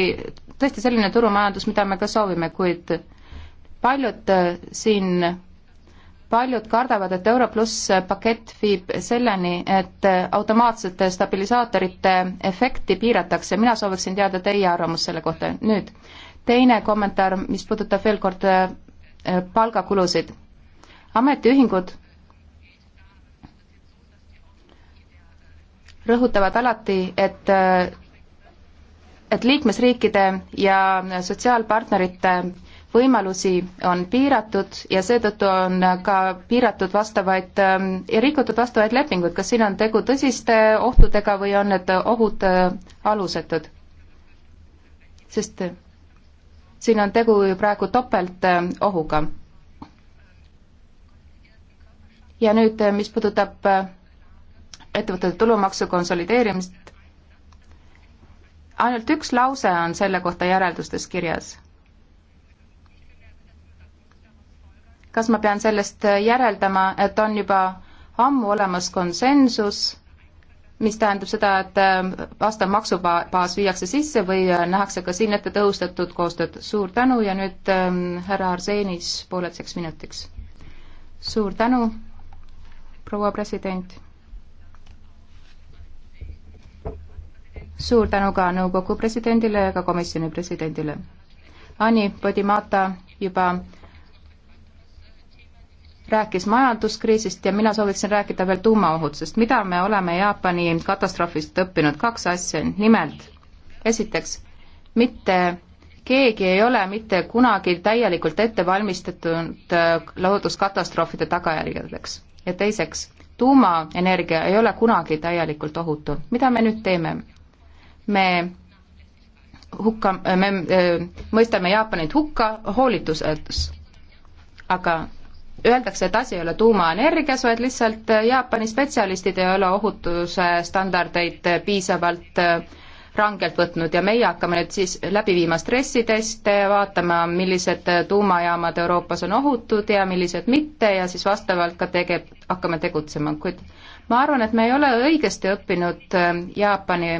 tõesti selline turumajandus, mida me ka soovime, kuid paljud äh, siin, paljud kardavad, et Euro pluss pakett viib selleni, et äh, automaatsete stabilisaatorite efekti piiratakse, mina sooviksin teada teie arvamust selle kohta. nüüd, teine kommentaar, mis puudutab veel kord äh, palgakulusid. ametiühingud rõhutavad alati, et et liikmesriikide ja sotsiaalpartnerite võimalusi on piiratud ja seetõttu on ka piiratud vastavaid ähm, ja rikutud vastavaid lepinguid, kas siin on tegu tõsiste ohtudega või on need ohud äh, alusetud? sest äh, siin on tegu ju praegu topeltohuga. Äh, ja nüüd, mis puudutab ettevõtete tulumaksu konsolideerimist, ainult üks lause on selle kohta järeldustes kirjas. kas ma pean sellest järeldama, et on juba ammu olemas konsensus, mis tähendab seda, et äh, vastav maksubaas viiakse sisse või äh, nähakse ka siin ette tõhustatud koostööd. suur tänu ja nüüd ähm, härra Arsenis pooleteiseks minutiks. suur tänu, proua president suur tänu ka nõukogu presidendile ja ka komisjoni presidendile. Ani Podimata juba rääkis majanduskriisist ja mina sooviksin rääkida veel tuumaohutusest. mida me oleme Jaapani katastroofist õppinud? kaks asja, nimelt esiteks, mitte keegi ei ole mitte kunagi täielikult ette valmistatud äh, looduskatastroofide tagajärgedeks. ja teiseks, tuumaenergia ei ole kunagi täielikult ohutu. mida me nüüd teeme? me hukka, me mõistame Jaapanit hukka hoolituses. aga öeldakse, et asi ei ole tuumaenergias, vaid lihtsalt Jaapani spetsialistid ei ole ohutuse standardeid piisavalt äh, rangelt võtnud ja meie hakkame nüüd siis läbi viima stressiteste, vaatama, millised tuumajaamad Euroopas on ohutud ja millised mitte ja siis vastavalt ka tege-, hakkame tegutsema, kuid ma arvan, et me ei ole õigesti õppinud äh, Jaapani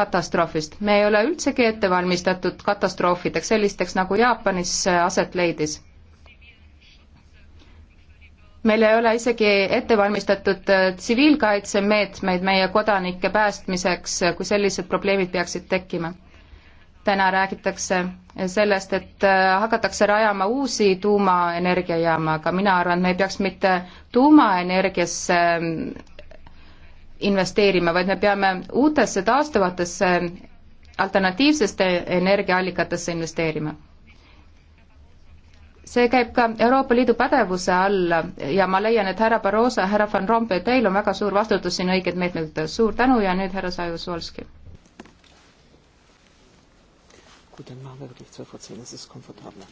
katastroofist. me ei ole üldsegi ette valmistatud katastroofideks, sellisteks nagu Jaapanis aset leidis. meil ei ole isegi ette valmistatud äh, tsiviilkaitsemeetmeid meie kodanike päästmiseks, äh, kui sellised probleemid peaksid tekkima. täna räägitakse äh, sellest, et hakatakse rajama uusi tuumaenergiajaama, aga mina arvan, et me ei peaks mitte tuumaenergiasse investeerima, vaid me peame uutesse taastuvatesse alternatiivseste energiaallikatesse investeerima. see käib ka Euroopa Liidu pädevuse alla ja ma leian, et härra Barroso, härra Van Rompuy, teil on väga suur vastutus siin õiged meetmed võtta. suur tänu ja nüüd härra Sajus-Volski. Gut, dann machen wir wirklich 12.10 Uhr, das ist komfortabler.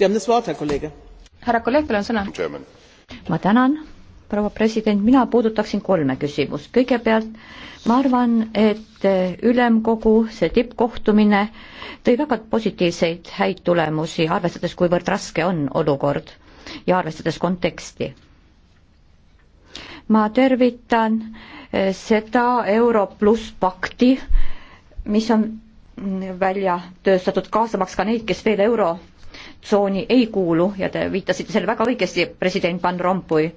härra kolleeg, teil on sõna. ma tänan, proua president, mina puudutaksin kolme küsimust. kõigepealt ma arvan, et eh, ülemkogu, see tippkohtumine tõi väga positiivseid häid tulemusi, arvestades, kuivõrd raske on olukord ja arvestades konteksti. ma tervitan eh, seda Euro pluss pakti, mis on mm, välja töötatud, kaasamaks ka neid, kes veel euro tsooni ei kuulu ja te viitasite selle väga õigesti, president Van Rompuy.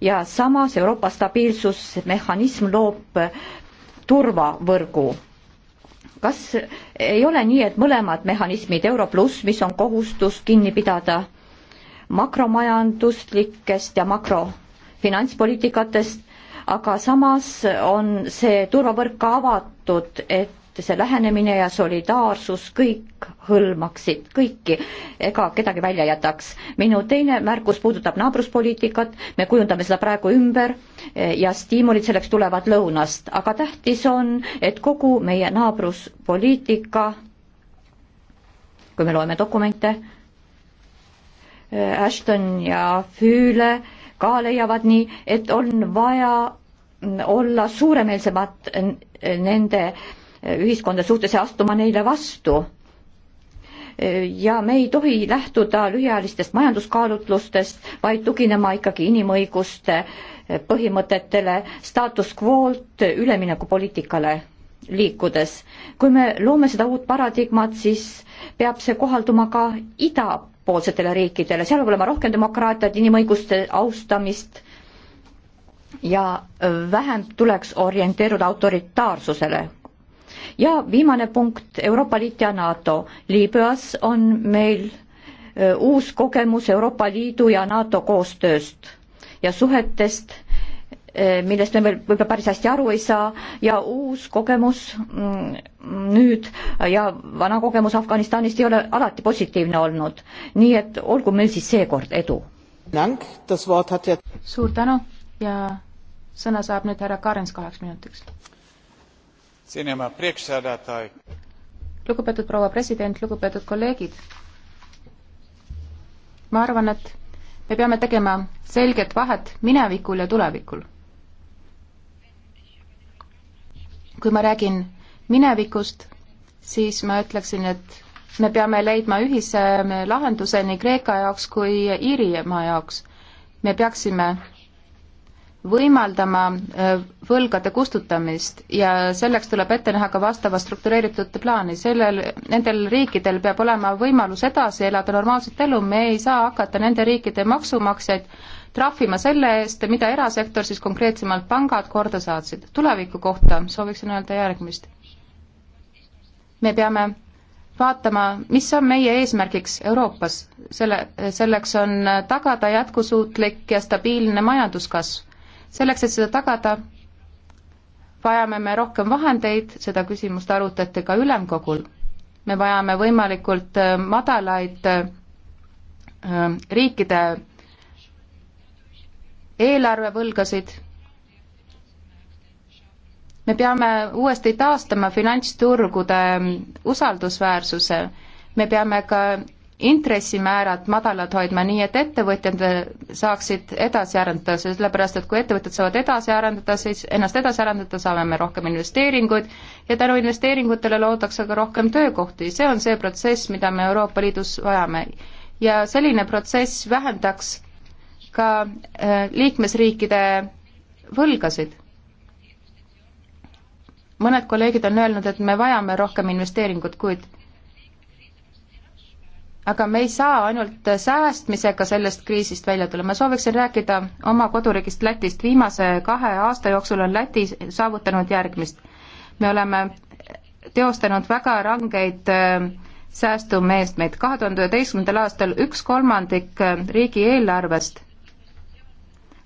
ja samas Euroopa stabiilsusmehhanism loob turvavõrgu. kas ei ole nii, et mõlemad mehhanismid, Euro pluss, mis on kohustus kinni pidada makromajanduslikest ja makrofinantspoliitikatest, aga samas on see turvavõrk ka avatud, et ühtse lähenemine ja solidaarsus kõik hõlmaksid kõiki ega kedagi välja jätaks. minu teine märkus puudutab naabruspoliitikat, me kujundame seda praegu ümber ja stiimulid selleks tulevad lõunast, aga tähtis on, et kogu meie naabruspoliitika, kui me loeme dokumente, Ashton ja Füüle ka leiavad nii, et on vaja olla suuremeelsemad nende ühiskonda suhtes ja astuma neile vastu. ja me ei tohi lähtuda lühiajalistest majanduskaalutlustest, vaid tuginema ikkagi inimõiguste põhimõtetele, staatus quo'lt üleminekupoliitikale liikudes. kui me loome seda uut paradigmat, siis peab see kohalduma ka idapoolsetele riikidele, seal peab olema rohkem demokraatiat, inimõiguste austamist ja vähem tuleks orienteeruda autoritaarsusele ja viimane punkt, Euroopa Liit ja NATO. Liibüas on meil uus kogemus Euroopa Liidu ja NATO koostööst ja suhetest, millest me veel võib-olla päris hästi aru ei saa ja uus kogemus mm, nüüd ja vana kogemus Afganistanist ei ole alati positiivne olnud. nii et olgu meil siis seekord edu. suur tänu ja sõna saab nüüd härra Karens kaheks minutiks lugupeetud proua president, lugupeetud kolleegid. ma arvan, et me peame tegema selget vahet minevikul ja tulevikul. kui ma räägin minevikust, siis ma ütleksin, et me peame leidma ühise lahenduse nii Kreeka jaoks kui Iirimaa jaoks. me peaksime võimaldama äh, võlgade kustutamist ja selleks tuleb ette näha ka vastava struktureeritud plaani. sellel, nendel riikidel peab olema võimalus edasi elada normaalset elu, me ei saa hakata nende riikide maksumaksjaid trahvima selle eest, mida erasektor siis konkreetsemalt pangad korda saatsid. tuleviku kohta sooviksin öelda järgmist. me peame vaatama, mis on meie eesmärgiks Euroopas. selle, selleks on tagada jätkusuutlik ja stabiilne majanduskasv selleks, et seda tagada, vajame me rohkem vahendeid, seda küsimust arutati ka ülemkogul. me vajame võimalikult äh, madalaid äh, riikide eelarvevõlgasid, me peame uuesti taastama finantsturgude usaldusväärsuse, me peame ka intressimäärad madalad hoidma, nii et ettevõtjad saaksid edasi arendada, sellepärast et kui ettevõtted saavad edasi arendada, siis ennast edasi arendada, saame me rohkem investeeringuid ja tänu investeeringutele loodakse ka rohkem töökohti, see on see protsess, mida me Euroopa Liidus vajame. ja selline protsess vähendaks ka äh, liikmesriikide võlgasid. mõned kolleegid on öelnud, et me vajame rohkem investeeringut, kuid aga me ei saa ainult säästmisega sellest kriisist välja tulla, ma sooviksin rääkida oma koduriigist Lätist, viimase kahe aasta jooksul on Läti saavutanud järgmist. me oleme teostanud väga rangeid äh, säästumeestmeid, kahe tuhande üheteistkümnendal aastal üks kolmandik äh, riigieelarvest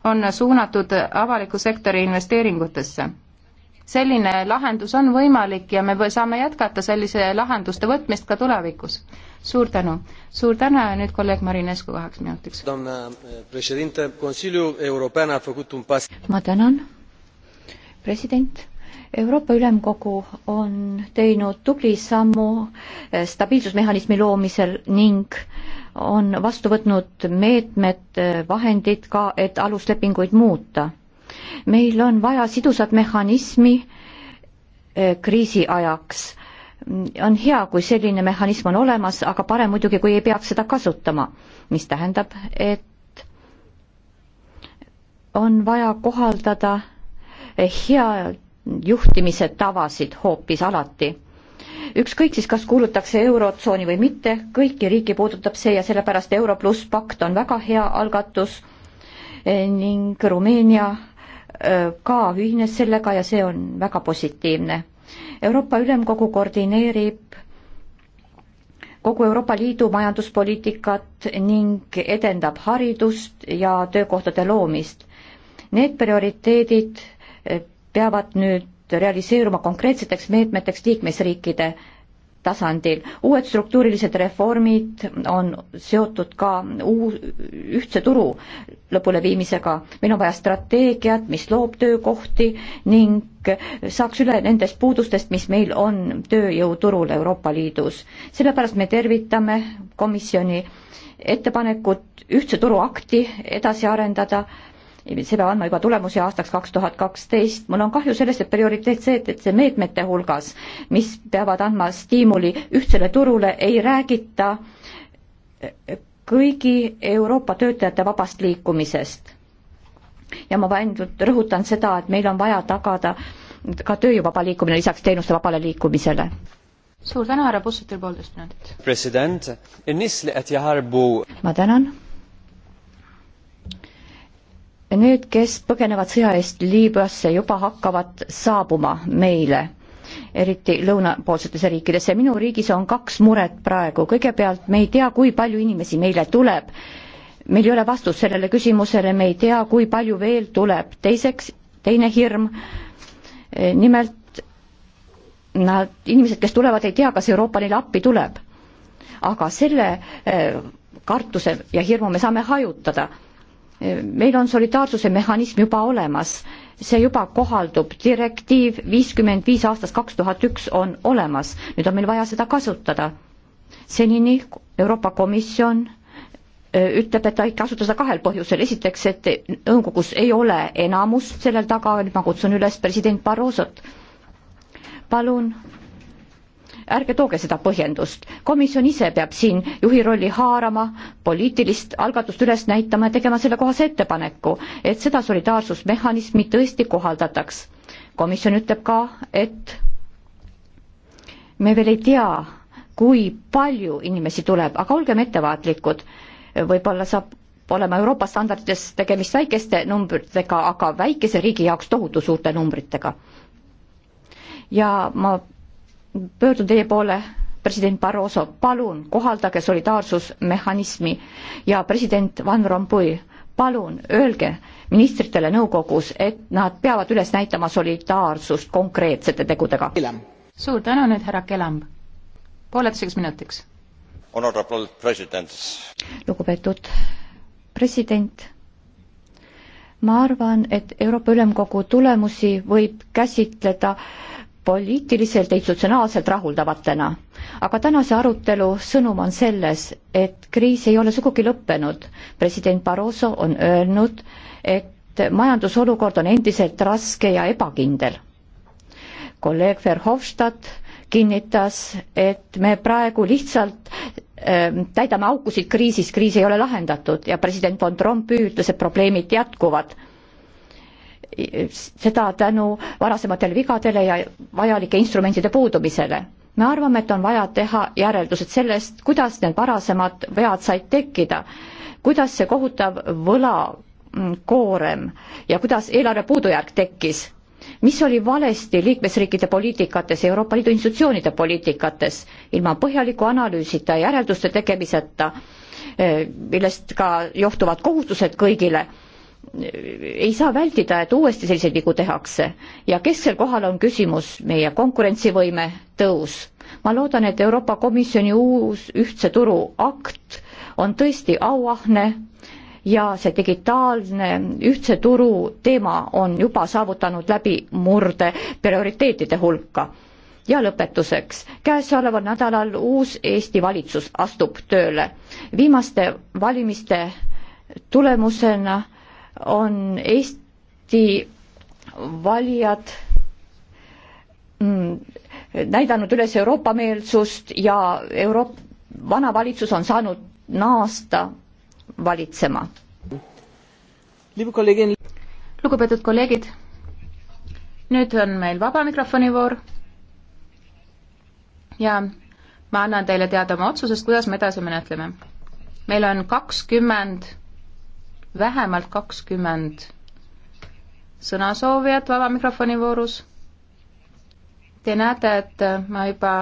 on suunatud avaliku sektori investeeringutesse selline lahendus on võimalik ja me saame jätkata sellise lahenduste võtmist ka tulevikus. suur tänu. suur tänu ja nüüd kolleeg Marinescu kaheks minutiks. Eh, ma tänan, president. Euroopa Ülemkogu on teinud tubli sammu eh, stabiilsusmehhanismi loomisel ning on vastu võtnud meetmed, eh, vahendid ka, et aluslepinguid muuta meil on vaja sidusat mehhanismi eh, kriisi ajaks. on hea, kui selline mehhanism on olemas, aga parem muidugi, kui ei peaks seda kasutama, mis tähendab, et on vaja kohaldada eh, hea juhtimise tavasid hoopis alati. ükskõik siis, kas kuulutakse Eurotsooni või mitte, kõiki riike puudutab see ja sellepärast Euro pluss pakt on väga hea algatus eh, ning Rumeenia ka ühines sellega ja see on väga positiivne. Euroopa Ülemkogu koordineerib kogu Euroopa Liidu majanduspoliitikat ning edendab haridust ja töökohtade loomist. Need prioriteedid äh, peavad nüüd realiseeruma konkreetseteks meetmeteks liikmesriikide tasandil. uued struktuurilised reformid on seotud ka uu-, ühtse turu lõpuleviimisega. meil on vaja strateegiat, mis loob töökohti ning saaks üle nendest puudustest, mis meil on tööjõuturul Euroopa Liidus. sellepärast me tervitame komisjoni ettepanekut ühtse turu akti edasi arendada see peab andma juba tulemusi aastaks kaks tuhat kaksteist. mul on kahju sellest, et prioriteet see, et, et see meetmete hulgas, mis peavad andma stiimuli ühtsele turule, ei räägita kõigi Euroopa töötajate vabast liikumisest. ja ma ainult rõhutan seda, et meil on vaja tagada ka tööjõu vaba liikumine lisaks teenuste vabale liikumisele suur tänu, härra Pussutil, poolteist minutit. president, ma tänan Need, kes põgenevad sõja eest Liibüasse, juba hakkavad saabuma meile, eriti lõunapoolsetesse riikidesse. minu riigis on kaks muret praegu. kõigepealt me ei tea, kui palju inimesi meile tuleb. meil ei ole vastust sellele küsimusele, me ei tea, kui palju veel tuleb. teiseks, teine hirm, eh, nimelt nad, inimesed, kes tulevad, ei tea, kas Euroopa neile appi tuleb. aga selle eh, kartuse ja hirmu me saame hajutada meil on solidaarsuse mehhanism juba olemas, see juba kohaldub, direktiiv viiskümmend viis aastast kaks tuhat üks on olemas, nüüd on meil vaja seda kasutada. senini Euroopa Komisjon ütleb, et ta ei kasuta seda kahel põhjusel, esiteks, et nõukogus ei ole enamust sellel taga, nüüd ma kutsun üles president Barrosot, palun ärge tooge seda põhjendust. komisjon ise peab siin juhi rolli haarama, poliitilist algatust üles näitama ja tegema sellekohase ettepaneku, et seda solidaarsusmehhanismi tõesti kohaldataks. komisjon ütleb ka, et me veel ei tea, kui palju inimesi tuleb, aga olgem ettevaatlikud, võib-olla saab olema Euroopa standardites tegemist väikeste numbritega, aga väikese riigi jaoks tohutu suurte numbritega. ja ma pöördun teie poole, president Barroso, palun kohaldage solidaarsusmehhanismi ja president Van Rompuy, palun öelge ministritele nõukogus, et nad peavad üles näitama solidaarsust konkreetsete tegudega. suur tänu nüüd, härra Kelamb. pooleteiseks minutiks. lugupeetud president ma arvan, et Euroopa Ülemkogu tulemusi võib käsitleda poliitiliselt ja institutsionaalselt rahuldavatena. aga tänase arutelu sõnum on selles, et kriis ei ole sugugi lõppenud. president Barroso on öelnud, et majandusolukord on endiselt raske ja ebakindel. kolleeg Verhofstadt kinnitas, et me praegu lihtsalt ähm, täidame aukusid kriisis, kriis ei ole lahendatud ja president von Trump ütles, et probleemid jätkuvad seda tänu varasematele vigadele ja vajalike instrumentide puudumisele. me arvame, et on vaja teha järeldused sellest, kuidas need varasemad vead said tekkida, kuidas see kohutav võlakoorem mm, ja kuidas eelarve puudujääk tekkis, mis oli valesti liikmesriikide poliitikates ja Euroopa Liidu institutsioonide poliitikates, ilma põhjaliku analüüsita ja järelduste tegemiseta, eh, millest ka johtuvad kohustused kõigile ei saa vältida, et uuesti selliseid vigu tehakse ja kesksel kohal on küsimus meie konkurentsivõime tõus. ma loodan, et Euroopa Komisjoni uus ühtse turu akt on tõesti auahne ja see digitaalne ühtse turu teema on juba saavutanud läbimurde prioriteetide hulka. ja lõpetuseks, käesoleval nädalal uus Eesti valitsus astub tööle. viimaste valimiste tulemusena on Eesti valijad mm, näidanud üles Euroopa meelsust ja Euro-, vana valitsus on saanud naasta valitsema. lugupeetud kolleegid, nüüd on meil vaba mikrofoni voor ja ma annan teile teada oma otsusest, kuidas me edasi menetleme. meil on kakskümmend 20 vähemalt kakskümmend sõnasoovijat vaba mikrofoni voorus. Te näete, et ma juba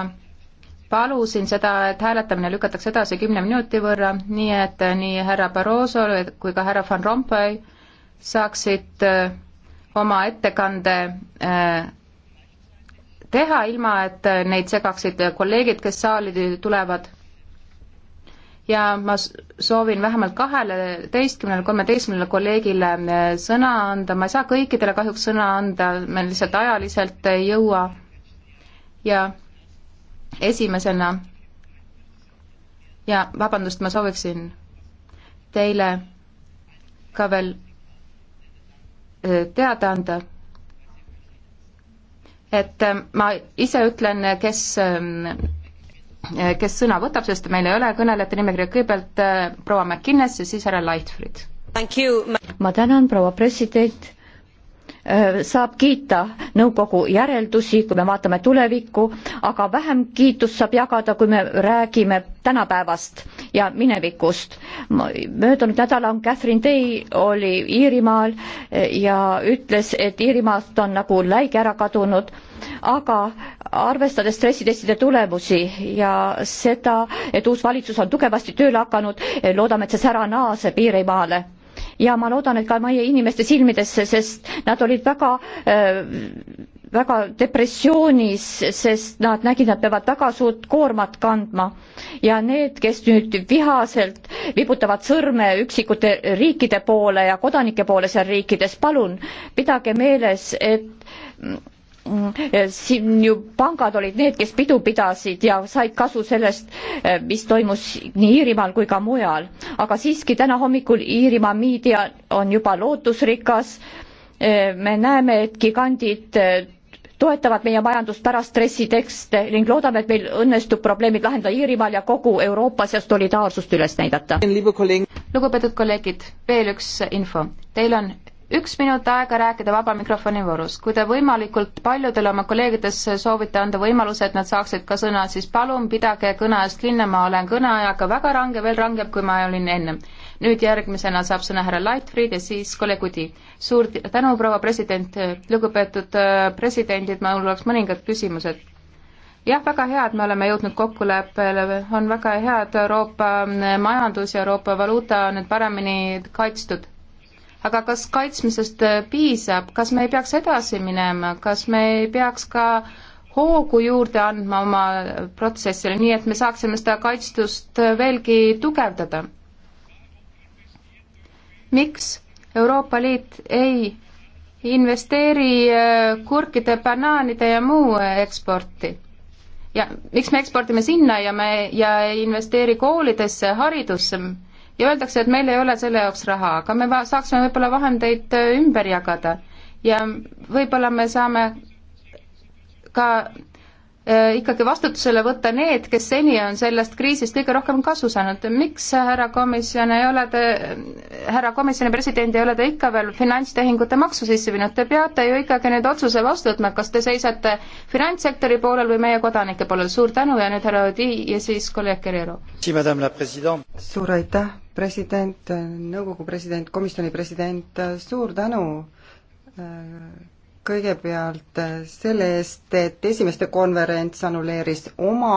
palusin seda, et hääletamine lükatakse edasi kümne minuti võrra, nii et nii härra Barroso kui ka härra Van Rompuy saaksid äh, oma ettekande äh, teha, ilma et neid segaksid kolleegid, kes saali tulevad ja ma soovin vähemalt kahele, teistkümnele, kolmeteistkümnele kolleegile äh, sõna anda, ma ei saa kõikidele kahjuks sõna anda, me lihtsalt ajaliselt ei jõua. ja esimesena ja vabandust, ma sooviksin teile ka veel äh, teada anda, et äh, ma ise ütlen, kes ähm, Äh, kes sõna võtab, sest meil ei ole kõnelejate nimekirja, kõigepealt äh, proua McInnes ja siis härra Lightfrid. ma tänan, proua president, äh, saab kiita nõukogu järeldusi, kui me vaatame tulevikku, aga vähem kiitust saab jagada, kui me räägime tänapäevast ja minevikust. möödunud nädalal on Catherine Day oli Iirimaal ja ütles, et Iirimaalt on nagu läige ära kadunud aga arvestades stressitestide tulemusi ja seda, et uus valitsus on tugevasti tööle hakanud, eh, loodame, et see sära naaseb Iirimaale ja ma loodan, et ka meie inimeste silmidesse, sest nad olid väga eh, väga depressioonis, sest nad nägid, nad peavad väga suurt koormat kandma ja need, kes nüüd vihaselt vibutavad sõrme üksikute riikide poole ja kodanike poole seal riikides, palun pidage meeles, et mm, Mm, siin ju pangad olid need, kes pidu pidasid ja said kasu sellest, eh, mis toimus nii Iirimaal kui ka mujal. aga siiski täna hommikul Iirimaa meedia on juba lootusrikas. Eh, me näeme, et gigandid eh, toetavad meie majandust pärast stressitekste ning loodame, et meil õnnestub probleemid lahendada Iirimaal ja kogu Euroopas ja solidaarsust üles näidata. lugupeetud kolleegid, veel üks info. Teil on üks minut aega rääkida vaba mikrofoni voorus. kui te võimalikult paljudele oma kolleegidesse soovite anda võimaluse, et nad saaksid ka sõna, siis palun pidage kõne eest kinni, ma olen kõneajaga väga range, veel rangem, kui ma olin ennem. nüüd järgmisena saab sõna härra Lightfried ja siis kolleeg Udi. suur tänu, proua president, lugupeetud äh, presidendid, mul oleks mõningad küsimused jah, väga hea, et me oleme jõudnud kokkuleppele, on väga hea, et Euroopa äh, majandus ja Euroopa valuuta on nüüd paremini kaitstud aga kas kaitsmisest äh, piisab, kas me ei peaks edasi minema, kas me ei peaks ka hoogu juurde andma oma protsessile, nii et me saaksime seda kaitstust äh, veelgi tugevdada? miks Euroopa Liit ei investeeri äh, kurkide, banaanide ja muu eksporti? ja miks me ekspordime sinna ja me, ja ei investeeri koolidesse, haridusse? ja öeldakse, et meil ei ole selle jaoks raha, aga me saaksime võib-olla vahendeid äh, ümber jagada ja võib-olla me saame ka äh, ikkagi vastutusele võtta need, kes seni on sellest kriisist kõige rohkem kasu saanud. miks härra komisjon ei ole te, härra komisjoni president ei ole te ikka veel finantstehingute maksu sisse viinud, te peate ju ikkagi nüüd otsuse vastu võtma, kas te seisate finantssektori poolel või meie kodanike poolel. suur tänu ja nüüd härra Odi ja siis kolleeg Kerero. suur aitäh president, nõukogu president, komisjoni president, suur tänu äh, kõigepealt äh, selle eest, et esimeste konverents annuleeris oma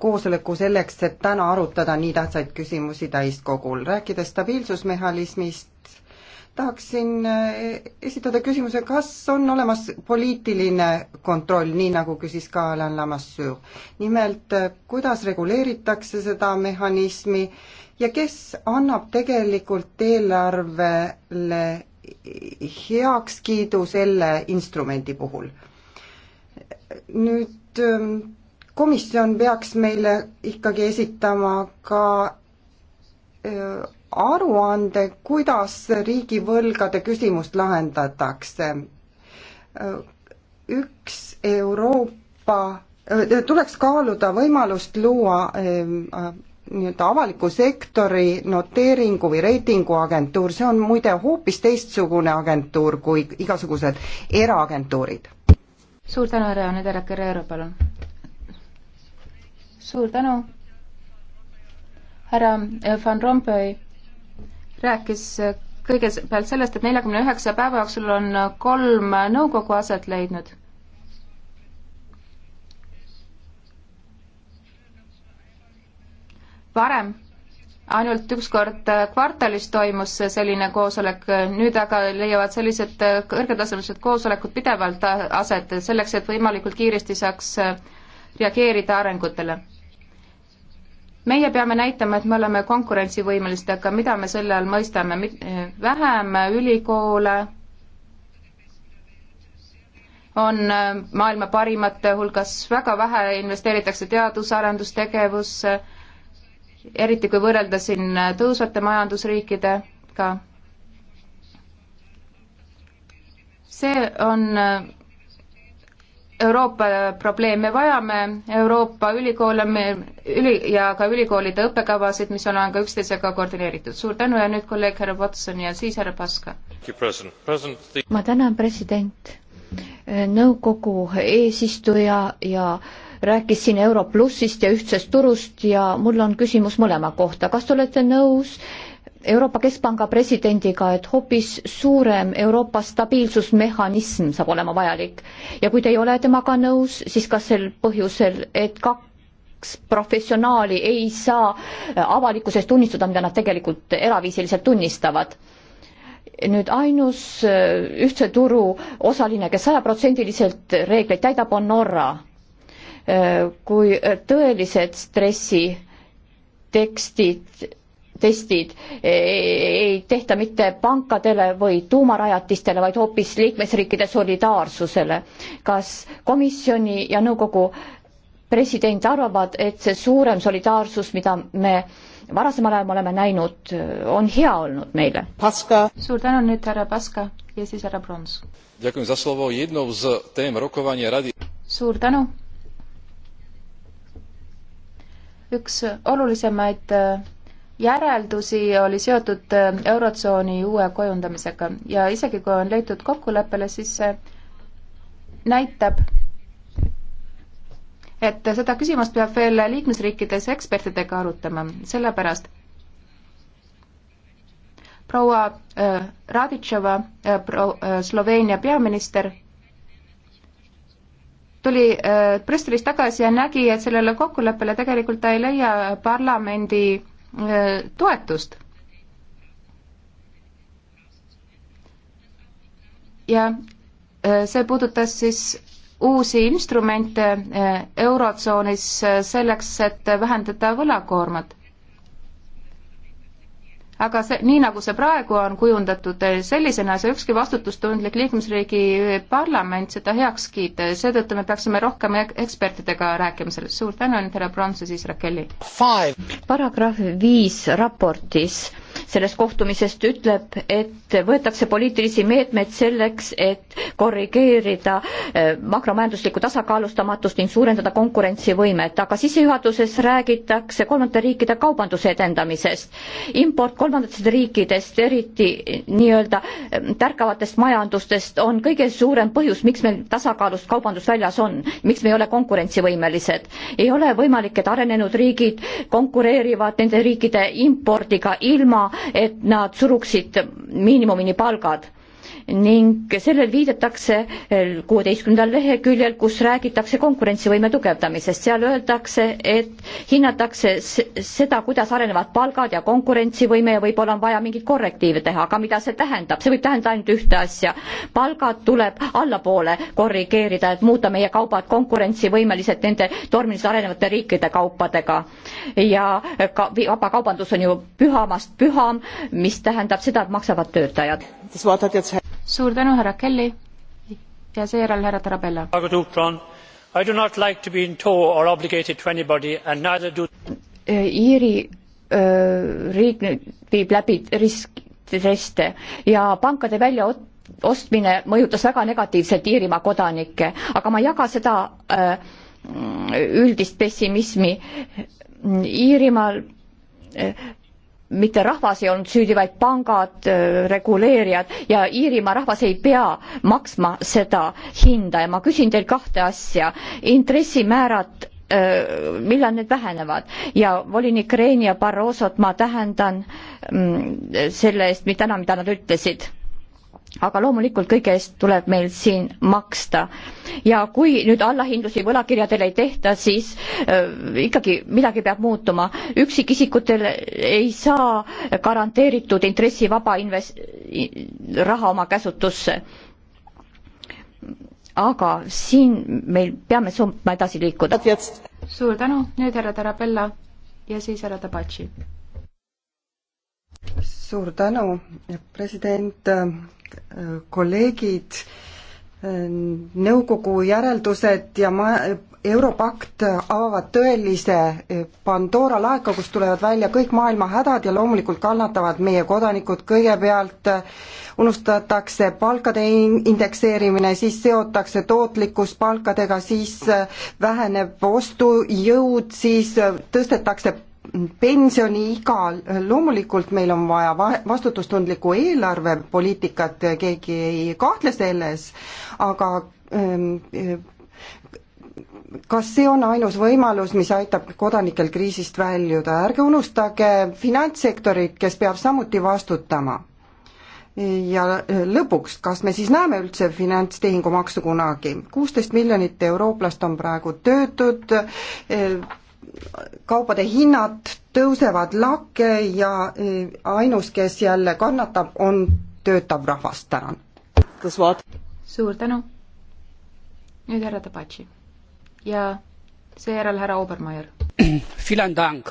koosoleku selleks, et täna arutada nii tähtsaid küsimusi täiskogul. rääkides stabiilsusmehhanismist, tahaksin äh, esitada küsimuse, kas on olemas poliitiline kontroll, nii nagu küsis ka Alain Lamassoure. nimelt, kuidas reguleeritakse seda mehhanismi, ja kes annab tegelikult eelarvele heakskiidu selle instrumendi puhul. nüüd ähm, komisjon peaks meile ikkagi esitama ka äh, aruande, kuidas riigivõlgade küsimust lahendatakse. Äh, üks Euroopa, äh, tuleks kaaluda võimalust luua nii-öelda avaliku sektori noteeringu või reitinguagentuur, see on muide hoopis teistsugune agentuur kui igasugused eraagentuurid. suur tänu, härra Anedela Guerrero, palun. suur tänu. härra äh, Van Rompuy rääkis äh, kõigepealt sellest, et neljakümne üheksa päeva jooksul on äh, kolm nõukogu aset leidnud varem ainult üks kord äh, kvartalis toimus selline koosolek, äh, nüüd aga leiavad sellised äh, kõrgetasemelised koosolekud pidevalt aset, selleks et võimalikult kiiresti saaks reageerida arengutele. meie peame näitama, et me oleme konkurentsivõimelised, aga mida me selle all mõistame, vähem ülikoole on maailma parimate hulgas, väga vähe investeeritakse teadus-arendustegevusse eriti kui võrrelda siin tõusvate majandusriikidega. see on Euroopa probleem, me vajame Euroopa ülikoole me, üli, ja ka ülikoolide õppekavasid, mis on ka üksteisega koordineeritud. suur tänu ja nüüd kolleeg härra Watson ja siis härra Paska. ma tänan president, nõukogu eesistuja ja, ja rääkis siin Euro plussist ja ühtsest turust ja mul on küsimus mõlema kohta. kas te olete nõus Euroopa Keskpanga presidendiga, et hoopis suurem Euroopa stabiilsusmehhanism saab olema vajalik ja kui te ei ole temaga nõus, siis kas sel põhjusel, et kaks professionaali ei saa avalikkuses tunnistada, mida nad tegelikult eraviisiliselt tunnistavad nüüd ainus ühtse turu osaline kes, kes sajaprotsendiliselt reegleid täidab, on Norra. Äh, kui tõelised stressi tekstid, testid äh, ei tehta mitte pankadele või tuumarajatistele, vaid hoopis liikmesriikide solidaarsusele. kas komisjoni ja nõukogu president arvavad, et see suurem solidaarsus, mida me varasemal ajal me oleme näinud, äh, on hea olnud meile? suur tänu nüüd, härra Paska ja siis härra Prons. suur tänu üks olulisemaid äh, järeldusi oli seotud äh, Eurotsooni uue kujundamisega ja isegi kui on leitud kokkuleppele, siis see näitab, et seda küsimust peab veel liikmesriikides ekspertidega arutama, sellepärast proua äh, Raditšova äh,, pro- äh,, Sloveenia peaminister tuli äh, Brüsselist tagasi ja nägi, et sellele kokkuleppele tegelikult ta ei leia parlamendi äh, toetust. ja äh, see puudutas siis uusi instrumente Eurotsoonis selleks, et vähendada võlakoormat aga see, nii nagu see praegu on kujundatud eh, sellisena, see ükski vastutustundlik liikmesriigi eh, parlament seda heaks kiita, seetõttu me peaksime rohkem ekspertidega rääkima sellest. suur tänu, härra Prants ja siis Rakeli. paragrahv viis raportis sellest kohtumisest ütleb, et võetakse poliitilisi meetmeid selleks, et korrigeerida eh, makromajanduslikku tasakaalustamatust ning suurendada konkurentsivõimet, aga sissejuhatuses räägitakse kolmandate riikide kaubanduse edendamisest. import kolmandatest riikidest, eriti nii-öelda eh, tärkavatest majandustest, on kõige suurem põhjus, miks meil tasakaalust kaubandus väljas on, miks me ei ole konkurentsivõimelised. ei ole võimalik, et arenenud riigid konkureerivad nende riikide impordiga ilma ilma, et nad suruksid miinimumini palgad ning sellel viidetakse eh, kuueteistkümnendal leheküljel, kus räägitakse konkurentsivõime tugevdamisest, seal öeldakse, et hinnatakse seda, kuidas arenevad palgad ja konkurentsivõime ja võib-olla on vaja mingeid korrektiive teha, aga mida see tähendab, see võib tähendada ainult ühte asja, palgad tuleb allapoole korrigeerida, et muuta meie kaubad konkurentsivõimelised nende tormiliselt arenevate riikide kaupadega. ja ka vabakaubandus on ju pühamast püham, mis tähendab seda, et maksavad töötajad suur tänu, härra Kelly ja seejärel härra Tarabella. I do not like to be in tow or obligated to anybody and neither do äh, Iiri öö, äh, riik nüüd viib läbi riskiteste ja pankade väljaostmine mõjutas väga negatiivselt Iirimaa kodanikke, aga ma ei jaga seda öö, äh, üldist pessimismi. Iirimaal mitte rahvas ei olnud süüdi, vaid pangad, äh, reguleerijad ja Iirimaa rahvas ei pea maksma seda hinda ja ma küsin teilt kahte asja. intressimäärad äh, millal need vähenevad ja volinik Rein ja Barrosot ma tähendan mm, selle eest, mida täna, mida nad ütlesid aga loomulikult kõige eest tuleb meil siin maksta. ja kui nüüd allahindlusi võlakirjadele ei tehta, siis äh, ikkagi midagi peab muutuma. üksikisikutel ei saa garanteeritud intressivaba inves-, raha oma käsutusse. aga siin meil peame suutma edasi liikuda. suur tänu, nüüd härra Tarabella ja siis härra Tabatši. suur tänu, president Äh, kolleegid, äh, nõukogu järeldused ja ma-, Europakt avavad tõelise äh, Pandora laeka, kust tulevad välja kõik maailma hädad ja loomulikult kannatavad meie kodanikud kõigepealt, unustatakse palkade indekseerimine, siis seotakse tootlikkus palkadega, siis väheneb ostujõud, siis tõstetakse pensioniiga, loomulikult meil on vaja va-, vastutustundlikku eelarvepoliitikat, keegi ei kahtle selles, aga ähm, kas see on ainus võimalus, mis aitab kodanikel kriisist väljuda, ärge unustage finantssektorit, kes peab samuti vastutama. ja lõpuks, kas me siis näeme üldse finantstehingumaksu kunagi? kuusteist miljonit eurooplast on praegu töötud, kaupade hinnad tõusevad lakke ja e, ainus, kes jälle kannatab, on töötav rahvas, tänan. suur tänu. nüüd härra Tabatši ja seejärel härra Obermeier. <clears throat> Vielen Dank.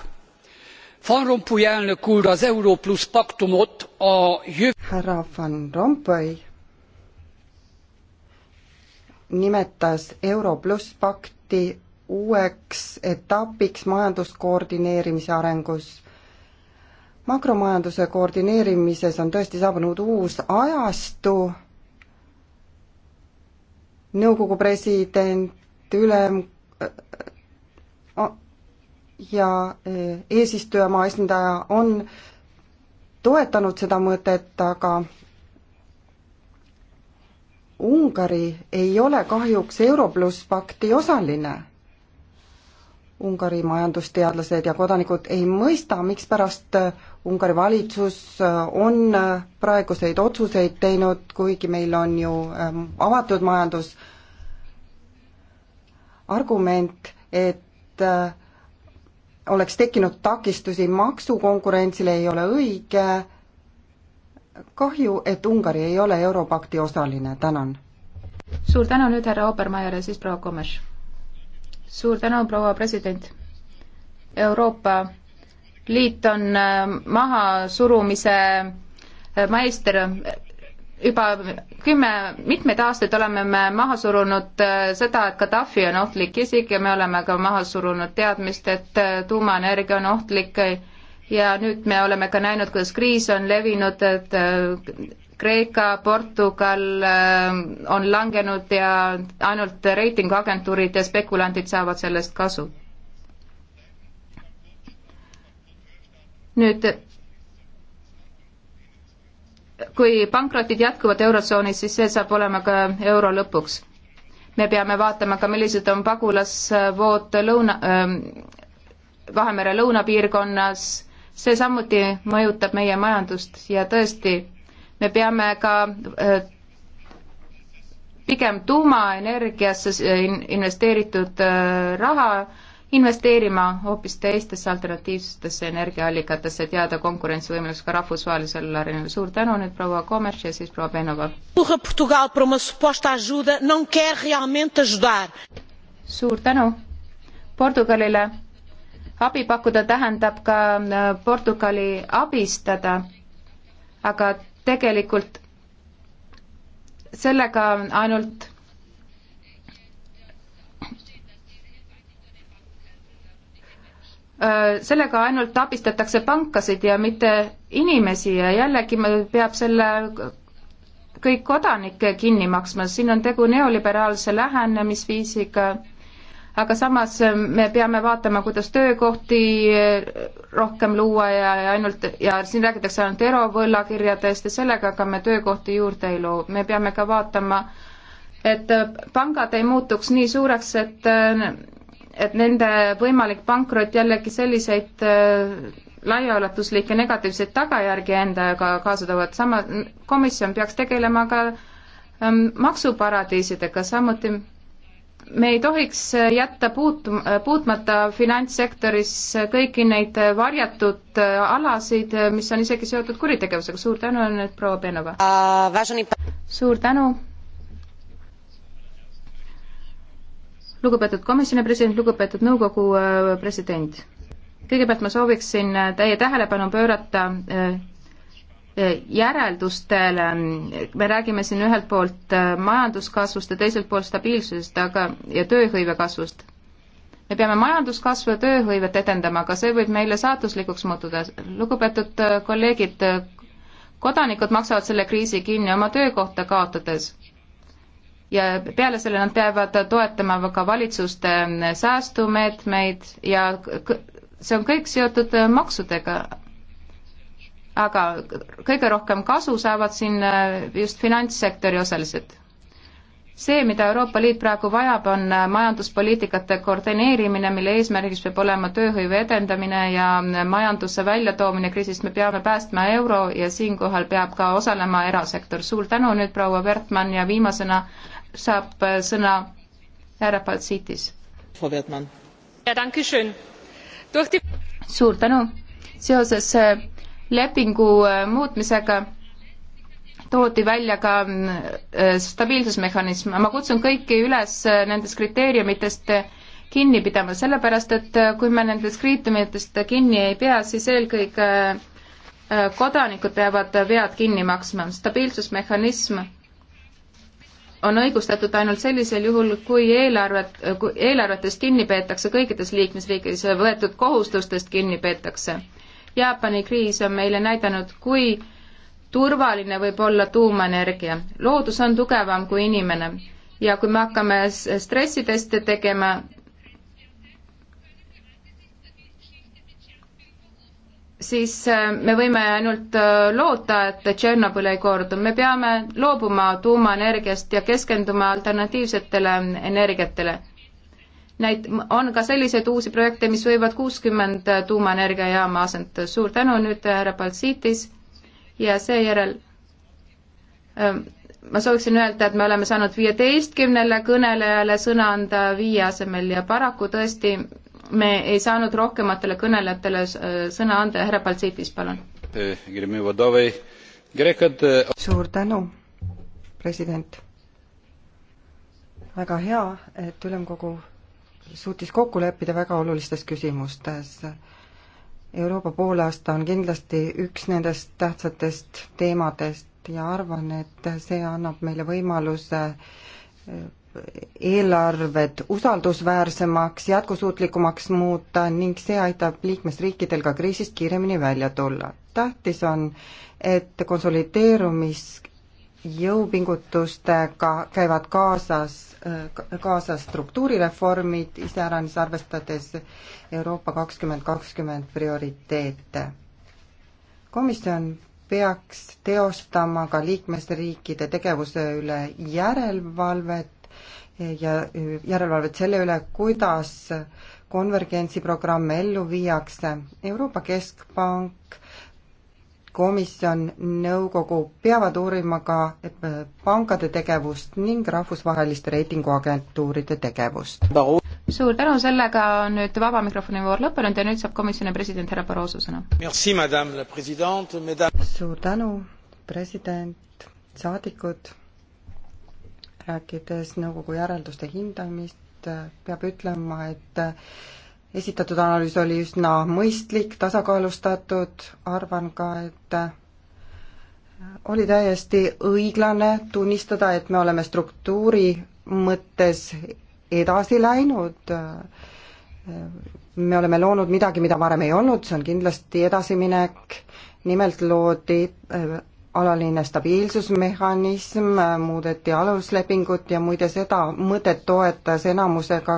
Van Rompuy elnök úr az Euró plusz paktumot a jövő... Härra Van Rompuy nimetas Euro pluss pakti uueks etapiks majanduskoordineerimise arengus. makromajanduse koordineerimises on tõesti saabunud uus ajastu, nõukogu president, ülem- äh, äh, ja äh, eesistujamaa esindaja on toetanud seda mõtet, aga Ungari ei ole kahjuks Euro pluss pakti osaline. Ungari majandusteadlased ja kodanikud ei mõista, mikspärast äh, Ungari valitsus äh, on äh, praeguseid otsuseid teinud, kuigi meil on ju ähm, avatud majandus. argument, et oleks tekkinud takistusi maksukonkurentsile, ei ole õige. kahju, et Ungari ei ole Europakti osaline, tänan. suur tänu nüüd, härra Obermeier ja siis proua Komes suur tänu, proua president. Euroopa Liit on äh, mahasurumise äh, meister, juba kümme, mitmeid aastaid oleme me maha surunud äh, seda, et Gaddafi on ohtlik isik ja me oleme ka maha surunud teadmist, et tuumaenergia on ohtlik ja nüüd me oleme ka näinud, kuidas kriis on levinud, et Kreeka, Portugal äh, on langenud ja ainult reitinguagentuurid ja spekulandid saavad sellest kasu. nüüd kui pankrotid jätkuvad Eurotsoonis, siis see saab olema ka euro lõpuks. me peame vaatama ka, millised on pagulasvood lõuna äh,, Vahemere lõunapiirkonnas, see samuti mõjutab meie majandust ja tõesti, me peame ka äh, pigem tuumaenergiasse äh, investeeritud äh, raha investeerima hoopis teistesse alternatiivsetesse energiaallikatesse, et jääda konkurentsivõimeliseks ka rahvusvahelisel arenil. suur tänu nüüd proua Komerš ja siis proua Penova. suur tänu Portugalile. abi pakkuda tähendab ka Portugali abistada, aga tegelikult sellega ainult äh, sellega ainult abistatakse pankasid ja mitte inimesi ja jällegi peab selle kõik kodanike kinni maksma, siin on tegu neoliberaalse lähenemisviisiga aga samas äh, me peame vaatama, kuidas töökohti äh, rohkem luua ja, ja ainult, ja siin räägitakse ainult erovõllakirjadest ja sellega aga me töökohti juurde ei loo. me peame ka vaatama, et äh, pangad ei muutuks nii suureks, et et nende võimalik pankrot jällegi selliseid laiaulatuslikke negatiivseid tagajärgi endaga kaasa toovad, sama komisjon peaks tegelema ka ähm, maksuparadiisidega, samuti me ei tohiks äh, jätta puutum-, äh, puutmata finantssektoris äh, kõiki neid varjatud alasid, mis on isegi seotud kuritegevusega, suur tänu nüüd proua Benova uh,. suur tänu. lugupeetud komisjoni president, lugupeetud nõukogu president. kõigepealt ma sooviksin teie tähelepanu pöörata järeldustele, me räägime siin ühelt poolt äh, majanduskasvust ja teiselt poolt stabiilsusest, aga, ja tööhõive kasvust. me peame majanduskasvu ja tööhõivet edendama, aga see võib meile saatuslikuks muutuda. lugupeetud äh, kolleegid, äh, kodanikud maksavad selle kriisi kinni oma töökohta kaotades. ja peale selle nad peavad toetama ka valitsuste säästumeetmeid ja see on kõik seotud maksudega, aga kõige rohkem kasu saavad siin äh, just finantssektori osalised. see, mida Euroopa Liit praegu vajab, on äh, majanduspoliitikate koordineerimine, mille eesmärgiks peab olema tööhõive edendamine ja äh, majanduse väljatoomine kriisist, me peame päästma euro ja siinkohal peab ka osalema erasektor. suur tänu nüüd, proua Wertmann, ja viimasena saab sõna härra Paltsiitis. proua Wertmann. suur tänu. seoses lepingu äh, muutmisega toodi välja ka äh, stabiilsusmehhanism. ma kutsun kõiki üles äh, nendest kriteeriumitest kinni pidama, sellepärast et kui me nendest kriitiumitest kinni ei pea, siis eelkõige kodanikud peavad vead kinni maksma. stabiilsusmehhanism on õigustatud ainult sellisel juhul, kui eelarvet, eelarvetest kinni peetakse kõikides liikmesriikides ja võetud kohustustest kinni peetakse Jaapani kriis on meile näidanud, kui turvaline võib olla tuumaenergia. loodus on tugevam kui inimene ja kui me hakkame stressiteste tegema, siis äh, me võime ainult äh, loota, et Tšernobõl ei kordu. me peame loobuma tuumaenergiast ja keskenduma alternatiivsetele energiatele näit-, on ka selliseid uusi projekte, mis võivad kuuskümmend tuumaenergiajaama asendada. suur tänu nüüd härra Baltsiitis ja seejärel ähm, ma sooviksin öelda, et me oleme saanud viieteistkümnele kõnelejale sõna anda viie asemel ja paraku tõesti me ei saanud rohkematele kõnelejatele äh, sõna anda. härra Baltsiitis, palun. suur tänu, president. väga hea, et ülemkogu suutis kokku leppida väga olulistes küsimustes. Euroopa poolaasta on kindlasti üks nendest tähtsatest teemadest ja arvan, et see annab meile võimaluse eh, eelarved usaldusväärsemaks, jätkusuutlikumaks muuta ning see aitab liikmesriikidel ka kriisist kiiremini välja tulla. tähtis on, et konsolideerumis jõupingutustega käivad kaasas, kaasas struktuurireformid, iseäranis arvestades Euroopa kakskümmend kakskümmend prioriteete. komisjon peaks teostama ka liikmesriikide tegevuse üle järelevalvet ja järelevalvet selle üle, kuidas konvergentsiprogramme ellu viiakse. Euroopa Keskpank komisjon, nõukogu peavad uurima ka äh, pankade tegevust ning rahvusvaheliste reitinguagentuuride tegevust. suur tänu, sellega on nüüd vaba mikrofoni voor lõppenud ja nüüd saab komisjoni president härra Barroso sõna. suur tänu, president, saadikud, rääkides nõukogu järelduste hindamist, peab ütlema, et äh, esitatud analüüs oli üsna mõistlik, tasakaalustatud, arvan ka, et äh, oli täiesti õiglane tunnistada, et me oleme struktuuri mõttes edasi läinud, äh, me oleme loonud midagi, mida varem ei olnud, see on kindlasti edasiminek, nimelt loodi äh, alaline stabiilsusmehhanism, muudeti aluslepingut ja muide seda mõtet toetas enamusega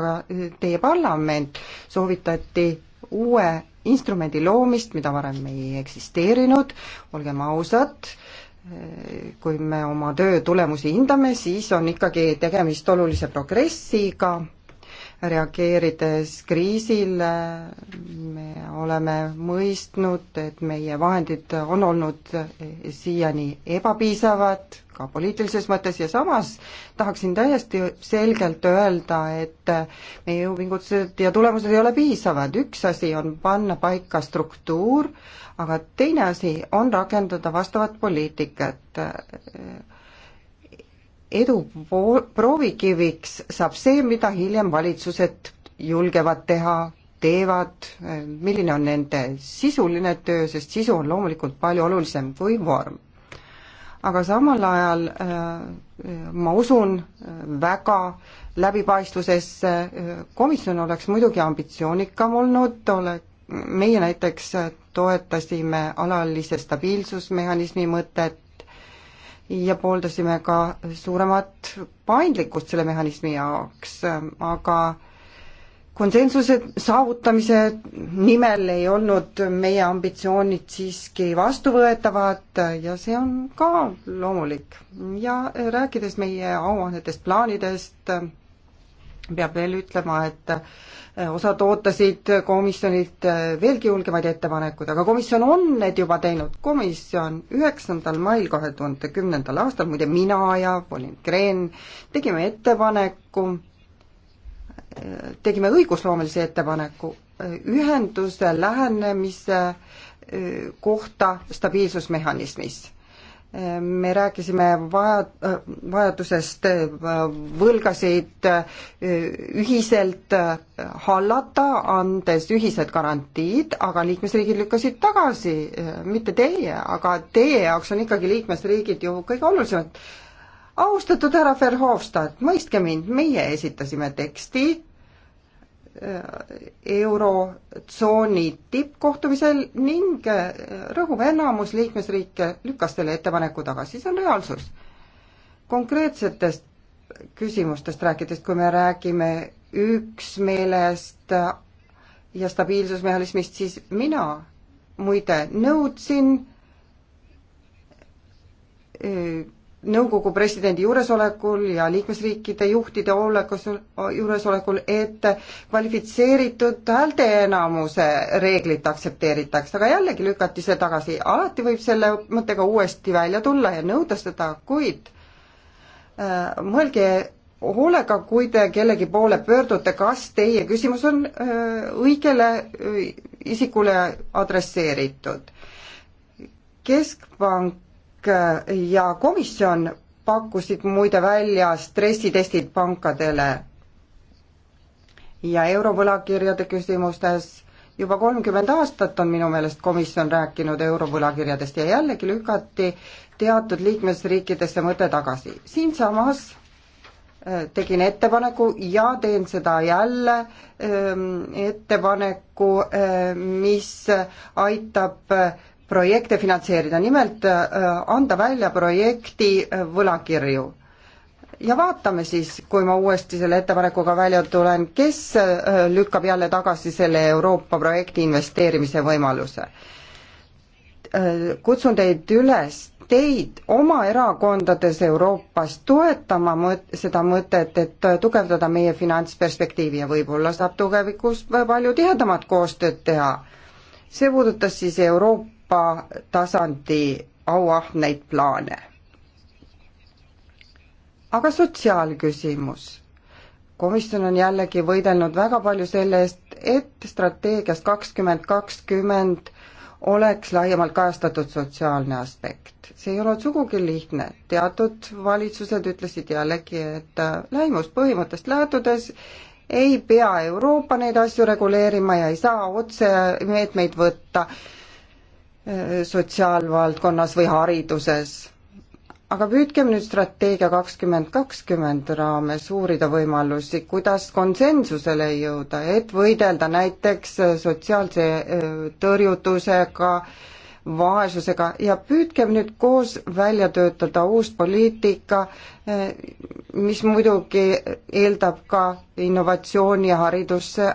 teie parlament, soovitati uue instrumendi loomist, mida varem ei eksisteerinud, olgem ausad, kui me oma töö tulemusi hindame, siis on ikkagi tegemist olulise progressiga reageerides kriisile, me oleme mõistnud, et meie vahendid on olnud siiani ebapiisavad, ka poliitilises mõttes, ja samas tahaksin täiesti selgelt öelda, et meie jõupingutused ja tulemused ei ole piisavad, üks asi on panna paika struktuur, aga teine asi on rakendada vastavat poliitikat edu proovikiviks saab see, mida hiljem valitsused julgevad teha, teevad, milline on nende sisuline töö, sest sisu on loomulikult palju olulisem kui vorm. aga samal ajal äh, ma usun äh, väga läbipaistvusesse, äh, komisjon oleks muidugi ambitsioonikam olnud, ole-, meie näiteks toetasime alalise stabiilsusmehhanismi mõtet, ja pooldasime ka suuremat paindlikkust selle mehhanismi jaoks, aga konsensuse saavutamise nimel ei olnud meie ambitsioonid siiski vastuvõetavad ja see on ka loomulik. ja rääkides meie auahnetest plaanidest, peab veel ütlema, et äh, osad ootasid komisjonilt äh, veelgi julgemaid ettepanekuid, aga komisjon on need juba teinud. komisjon üheksandal mail kahe tuhande kümnendal aastal, muide mina ja Pauline Kreen tegime ettepaneku, äh, tegime õigusloomelise ettepaneku ühenduse lähenemise kohta stabiilsusmehhanismis me rääkisime vaja, vajadusest äh, võlgasid äh, ühiselt äh, hallata, andes ühised garantiid, aga liikmesriigid lükkasid tagasi, mitte teie, aga teie jaoks on ikkagi liikmesriigid ju kõige olulisemad. austatud härra Verhofstadt, mõistke mind, meie esitasime teksti, Äh, eurotsooni tippkohtumisel ning äh, rõhuv enamus liikmesriike lükkas selle ettepaneku tagasi, see on reaalsus. konkreetsetest küsimustest rääkides, kui me räägime üksmeelest ja stabiilsusmehhanismist, siis mina muide nõudsin öö, äh, nõukogu presidendi juuresolekul ja liikmesriikide juhtide juuresolekul, et kvalifitseeritud häälteenamuse reeglit aktsepteeritakse, aga jällegi lükati see tagasi. alati võib selle mõttega uuesti välja tulla ja nõuda seda, kuid äh, mõelge hoolega, kui te kellegi poole pöördute, kas teie küsimus on äh, õigele äh, isikule adresseeritud. keskpank Äh, ja komisjon pakkusid muide välja stressitestid pankadele ja eurovõlakirjade küsimustes juba kolmkümmend aastat on minu meelest komisjon rääkinud eurovõlakirjadest ja jällegi lükati teatud liikmesriikidesse mõte tagasi. siinsamas äh, tegin ettepaneku ja teen seda jälle, ähm, ettepaneku, äh, mis aitab projekte finantseerida, nimelt äh, anda välja projekti äh, võlakirju. ja vaatame siis, kui ma uuesti selle ettepanekuga välja tulen, kes äh, lükkab jälle tagasi selle Euroopa projekti investeerimise võimaluse. kutsun teid üles teid oma erakondades Euroopas toetama mõt-, seda mõtet, et tugevdada meie finantsperspektiivi ja võib-olla saab tulevikus palju tihedamat koostööd teha. see puudutas siis Euroopa Euroopa tasandi auahneid plaane. aga sotsiaalküsimus. komisjon on jällegi võidelnud väga palju selle eest, et strateegiast kakskümmend kakskümmend oleks laiemalt kajastatud sotsiaalne aspekt. see ei olnud sugugi lihtne, teatud valitsused ütlesid jällegi, et äh, lähimuspõhimõttest lähtudes ei pea Euroopa neid asju reguleerima ja ei saa otsemeetmeid võtta sotsiaalvaldkonnas või hariduses. aga püüdkem nüüd strateegia kakskümmend kakskümmend raames uurida võimalusi, kuidas konsensusele jõuda, et võidelda näiteks sotsiaalse tõrjutusega, vaesusega ja püüdkem nüüd koos välja töötada uus poliitika, mis muidugi eeldab ka innovatsiooni ja haridusse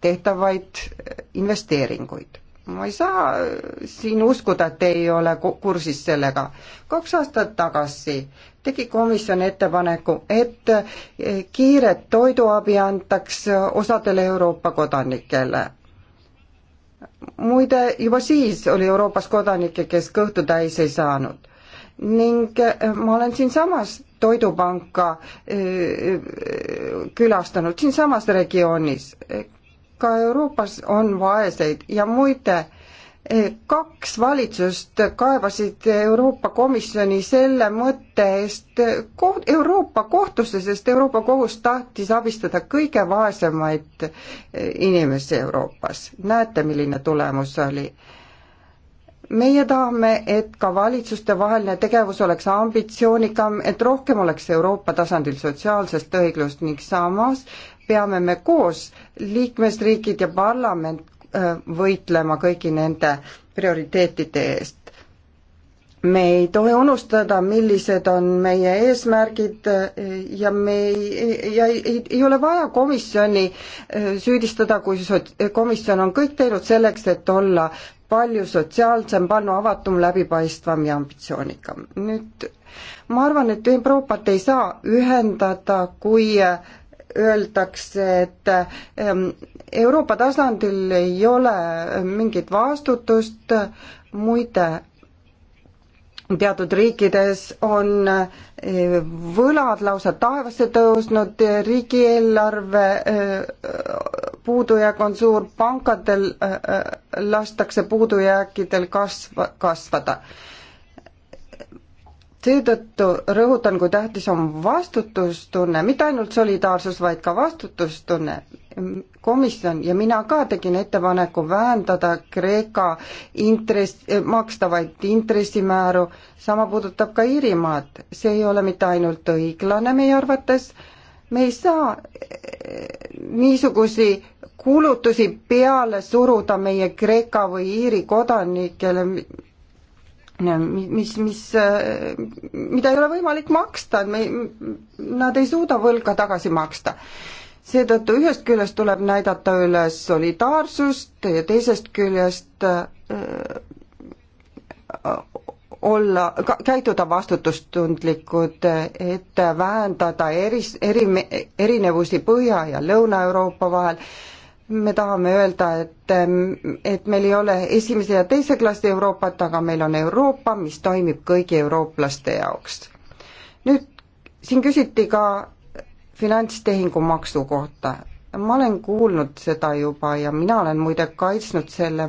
tehtavaid investeeringuid ma ei saa äh, siin uskuda, et te ei ole kursis sellega. kaks aastat tagasi tegi komisjon ettepaneku, et äh, kiiret toiduabi antaks äh, osadele Euroopa kodanikele. muide, juba siis oli Euroopas kodanikke, kes kõhtu täis ei saanud. ning ma olen siinsamas Toidupanka külastanud, siinsamas regioonis ka Euroopas on vaeseid ja muide, eh, kaks valitsust kaebasid Euroopa Komisjoni selle mõtte eest eh, koht-, Euroopa kohtusse, sest Euroopa Kohus tahtis abistada kõige vaesemaid eh, inimesi Euroopas. näete, milline tulemus oli? meie tahame, et ka valitsustevaheline tegevus oleks ambitsioonikam, et rohkem oleks Euroopa tasandil sotsiaalsest õiglust ning samas peame me koos, liikmesriigid ja parlament, äh, võitlema kõigi nende prioriteetide eest. me ei tohi unustada, millised on meie eesmärgid äh, ja me ei, ja ei, ei, ei ole vaja komisjoni äh, süüdistada, kui komisjon on kõik teinud selleks, et olla palju sotsiaalsem, palju avatum, läbipaistvam ja ambitsioonikam. nüüd ma arvan, et Euroopat ei saa ühendada, kui öeldakse, et ehm, Euroopa tasandil ei ole mingit vastutust, muide, teatud riikides on eh, võlad lausa taevasse tõusnud, riigieelarve eh, puudujääk on suur, pankadel eh, lastakse puudujääkidel kasva, kasvada seetõttu rõhutan, kui tähtis on vastutustunne, mitte ainult solidaarsus, vaid ka vastutustunne. komisjon ja mina ka tegin ettepaneku vähendada Kreeka intress, makstavaid intressimääru, sama puudutab ka Iirimaad. see ei ole mitte ainult õiglane meie arvates, me ei saa eh, niisugusi kulutusi peale suruda meie Kreeka või Iiri kodanikele, mis, mis, mida ei ole võimalik maksta, me, nad ei suuda võlga tagasi maksta. seetõttu ühest küljest tuleb näidata üles solidaarsust ja teisest küljest äh, olla, käituda vastutustundlikud, et vähendada eri, eri, erinevusi Põhja- ja Lõuna-Euroopa vahel äh,, me tahame öelda, et, et meil ei ole esimese ja teise klassi Euroopat, aga meil on Euroopa, mis toimib kõigi eurooplaste jaoks. nüüd siin küsiti ka finantstehingumaksu kohta. ma olen kuulnud seda juba ja mina olen muide kaitsnud selle,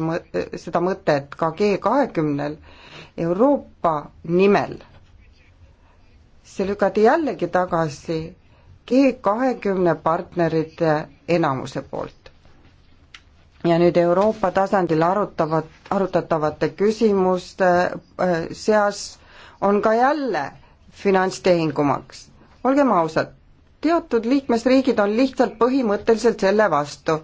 seda mõtet ka G kahekümnel Euroopa nimel. see lükati jällegi tagasi G kahekümne partnerite enamuse poolt ja nüüd Euroopa tasandil arutavad, arutatavate küsimuste äh, seas on ka jälle finantstehingumaks. olgem ausad, teatud liikmesriigid on lihtsalt põhimõtteliselt selle vastu.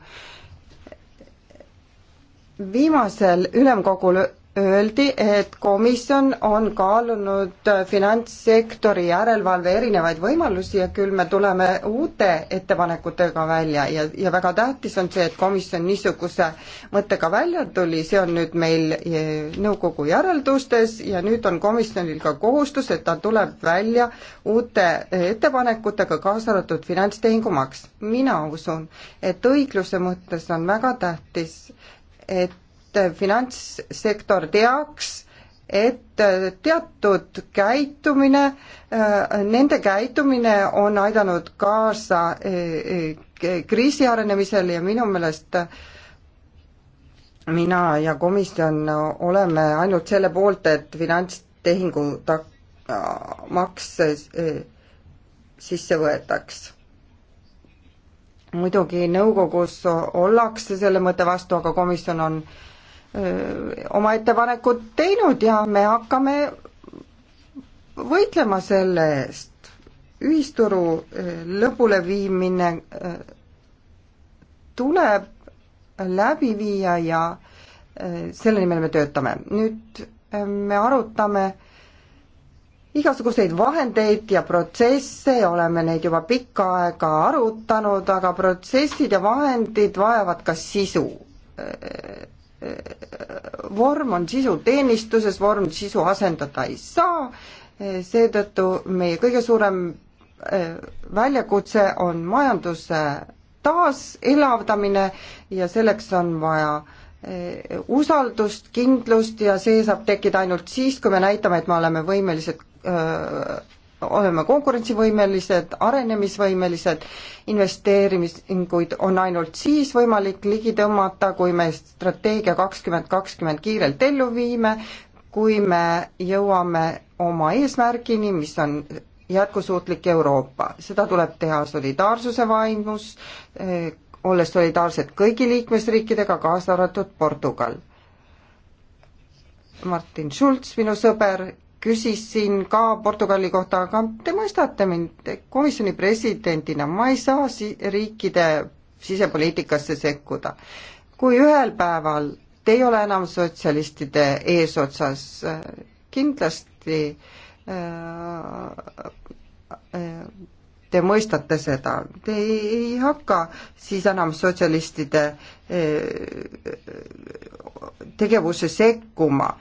viimasel ülemkogul öeldi, et komisjon on kaalunud finantssektori järelevalve erinevaid võimalusi ja küll me tuleme uute ettepanekutega välja ja, ja väga tähtis on see, et komisjon niisuguse mõttega välja tuli, see on nüüd meil e, nõukogu järeldustes ja nüüd on komisjonil ka kohustus, et ta tuleb välja uute ettepanekutega, kaasa arvatud finantstehingumaks. mina usun, et õigluse mõttes on väga tähtis, et et finantssektor teaks, et teatud käitumine, nende käitumine on aidanud kaasa eh, eh, kriisi arenemisele ja minu meelest mina ja komisjon oleme ainult selle poolt, et finantstehingu tak-, maks eh, sisse võetaks muidugi nõukogus ollakse selle mõtte vastu, aga komisjon on oma ettepanekud teinud ja me hakkame võitlema selle eest. ühisturu lõpuleviimine tuleb läbi viia ja selle nimel me töötame. nüüd me arutame igasuguseid vahendeid ja protsesse ja oleme neid juba pikka aega arutanud, aga protsessid ja vahendid vajavad ka sisu vorm on sisu teenistuses, vorm sisu asendada ei saa, seetõttu meie kõige suurem eh, väljakutse on majanduse taaselavdamine ja selleks on vaja eh, usaldust, kindlust ja see saab tekkida ainult siis, kui me näitame, et me oleme võimelised eh, oleme konkurentsivõimelised, arenemisvõimelised, investeeringuid on ainult siis võimalik ligi tõmmata, kui me strateegia kakskümmend kakskümmend kiirelt ellu viime, kui me jõuame oma eesmärgini, mis on jätkusuutlik Euroopa. seda tuleb teha solidaarsuse vaimus, eh, olles solidaarsed kõigi liikmesriikidega, kaasa arvatud Portugal. Martin Schulz, minu sõber, küsisin ka Portugali kohta, aga te mõistate mind komisjoni presidendina, ma ei saa si-, riikide sisepoliitikasse sekkuda. kui ühel päeval te ei ole enam sotsialistide eesotsas, kindlasti äh, äh, te mõistate seda, te ei hakka siis enam sotsialistide äh, tegevusse sekkuma,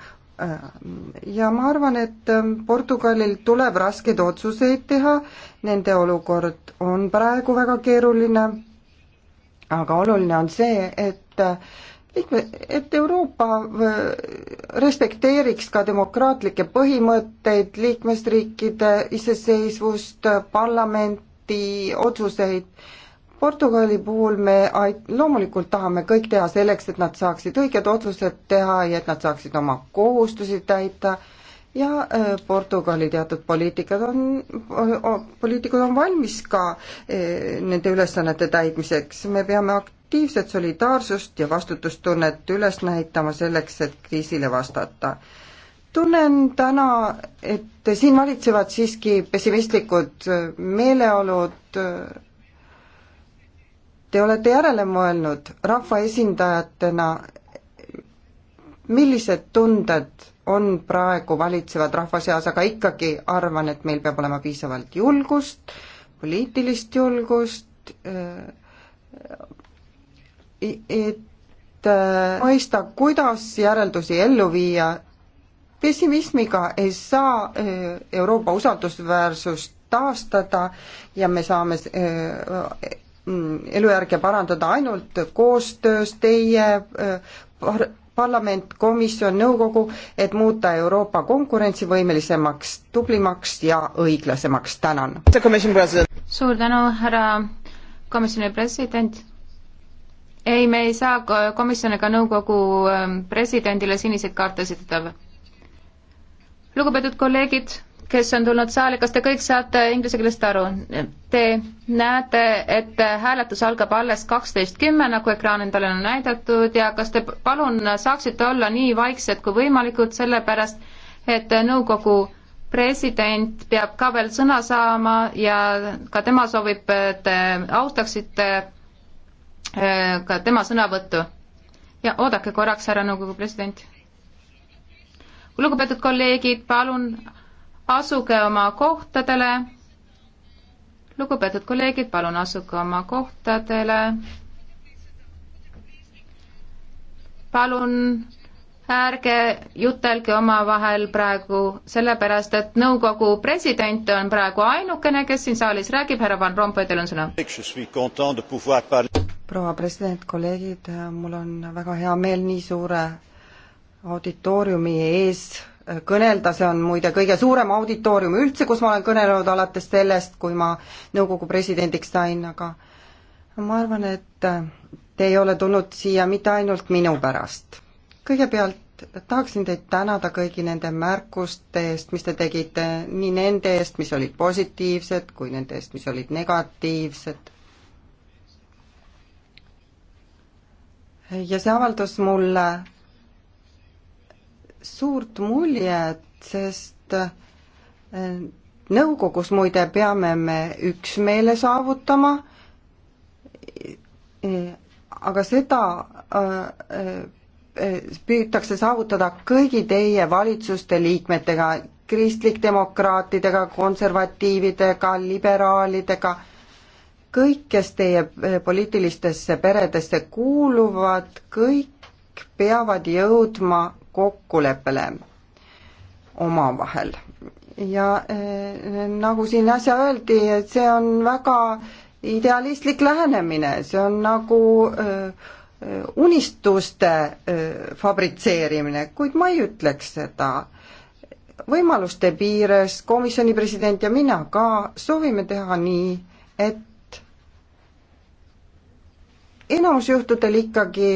ja ma arvan, et ähm, Portugalil tuleb raskeid otsuseid teha, nende olukord on praegu väga keeruline, aga oluline on see, et liikme, äh, et Euroopa äh, respekteeriks ka demokraatlikke põhimõtteid, liikmesriikide iseseisvust, parlamenti otsuseid Portugali puhul me ait-, loomulikult tahame kõik teha selleks, et nad saaksid õiged otsused teha ja et nad saaksid oma kohustusi täita ja äh, Portugali teatud poliitikad on, poliitikud on valmis ka äh, nende ülesannete täitmiseks, me peame aktiivset solidaarsust ja vastutustunnet üles näitama selleks, et kriisile vastata. tunnen täna, et siin valitsevad siiski pessimistlikud äh, meeleolud, Te olete järele mõelnud rahvaesindajatena, millised tunded on praegu valitsevad rahva seas, aga ikkagi arvan, et meil peab olema piisavalt julgust, poliitilist julgust, äh, et äh, mõista, kuidas järeldusi ellu viia. pessimismiga ei saa äh, Euroopa usaldusväärsust taastada ja me saame Mm, elujärge parandada ainult koostöös teie äh, par-, parlament, komisjon, nõukogu, et muuta Euroopa konkurentsivõimelisemaks, tublimaks ja õiglasemaks, tänan. suur tänu, härra komisjoni president. ei, me ei saa komisjon ega nõukogu ähm, presidendile siniseid kaarte esitada. lugupeetud kolleegid kes on tulnud saali, kas te kõik saate inglise keelest aru? Te näete, et hääletus algab alles kaksteist kümme, nagu ekraanidel on näidatud ja kas te palun saaksite olla nii vaiksed kui võimalikud, sellepärast et nõukogu president peab ka veel sõna saama ja ka tema soovib, et te austaksite äh, ka tema sõnavõttu. ja oodake korraks, härra nõukogu president. lugupeetud kolleegid, palun asuge oma kohtadele. lugupeetud kolleegid, palun asuge oma kohtadele. palun ärge jutelge omavahel praegu, sellepärast et nõukogu president on praegu ainukene, kes siin saalis räägib, härra Van Rompuy, teil on sõna. proua president, kolleegid, mul on väga hea meel nii suure auditooriumi ees kõnelda, see on muide kõige suurem auditoorium üldse, kus ma olen kõnelenud alates sellest, kui ma nõukogu presidendiks sain, aga ma arvan, et te ei ole tulnud siia mitte ainult minu pärast. kõigepealt tahaksin teid tänada kõigi nende märkuste eest, mis te tegite, nii nende eest, mis olid positiivsed, kui nende eest, mis olid negatiivsed. ja see avaldas mulle suurt muljet, sest äh, nõukogus muide peame me üksmeele saavutama, äh, aga seda äh, püütakse saavutada kõigi teie valitsuste liikmetega, kristlik-demokraatidega, konservatiividega, liberaalidega, kõik, kes teie poliitilistesse peredesse kuuluvad, kõik peavad jõudma kokkuleppele omavahel. ja e, nagu siin äsja öeldi, et see on väga idealistlik lähenemine, see on nagu e, e, unistuste fabritseerimine, kuid ma ei ütleks seda. võimaluste piires komisjoni president ja mina ka soovime teha nii, et enamus juhtudel ikkagi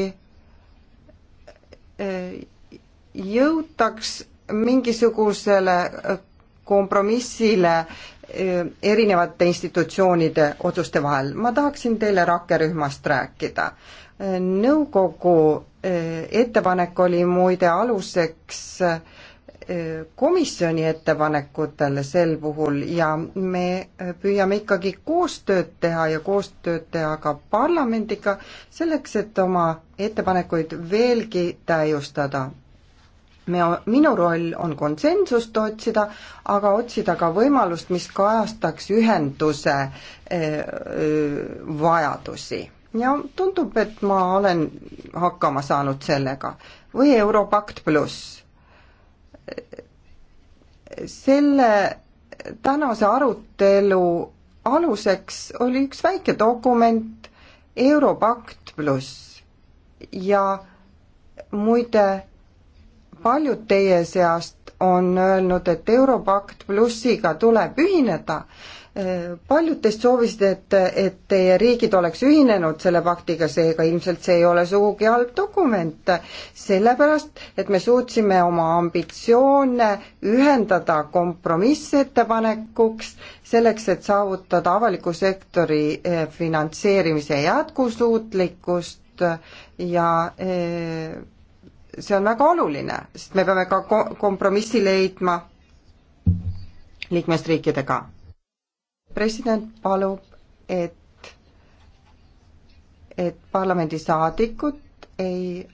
jõutaks mingisugusele kompromissile e, erinevate institutsioonide otsuste vahel. ma tahaksin teile rakkerühmast rääkida. E, nõukogu e, ettepanek oli muide aluseks komisjoni ettepanekutele sel puhul ja me püüame ikkagi koostööd teha ja koostööd teha ka parlamendiga selleks, et oma ettepanekuid veelgi täiustada me, minu roll on konsensust otsida, aga otsida ka võimalust, mis kajastaks ühenduse eh, eh, vajadusi. ja tundub, et ma olen hakkama saanud sellega. või Europakt pluss. selle tänase arutelu aluseks oli üks väike dokument, Europakt pluss ja muide paljud teie seast on öelnud, et Europakt plussiga tuleb ühineda. paljud teist soovisid, et, et teie riigid oleks ühinenud selle paktiga, seega ilmselt see ei ole sugugi halb dokument, sellepärast et me suutsime oma ambitsioone ühendada kompromissettepanekuks, selleks, et saavutada avaliku sektori eh, finantseerimise jätkusuutlikkust ja eh, see on väga oluline, sest me peame ka ko-, kompromissi leidma liikmesriikidega. president palub, et et parlamendisaadikud ei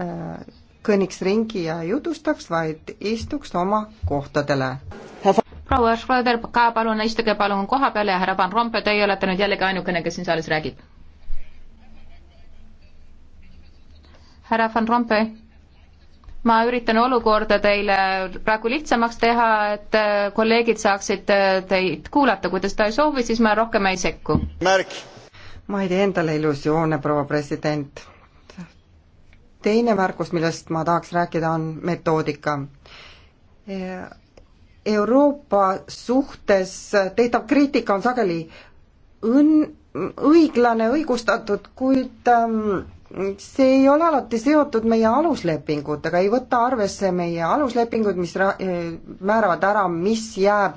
äh, kõnniks ringi ja ei jutustaks, vaid istuks oma kohtadele. proua Schröder, ka palun istuge palun koha peale ja härra Van Rompuy, teie olete nüüd jällegi ainukene, kes siin saalis räägib härra Van Rompuy, ma üritan olukorda teile praegu lihtsamaks teha, et äh, kolleegid saaksid äh, teid kuulata, kui te seda ei soovi, siis ma rohkem ei sekku. ma ei tee endale illusioone, proua president. teine märkus, millest ma tahaks rääkida, on metoodika. E, Euroopa suhtes tehtav kriitika on sageli õn-, õiglane, õigustatud, kuid ähm, see ei ole alati seotud meie aluslepingutega, ei võta arvesse meie aluslepingud, mis ra-, eh, määravad ära, mis jääb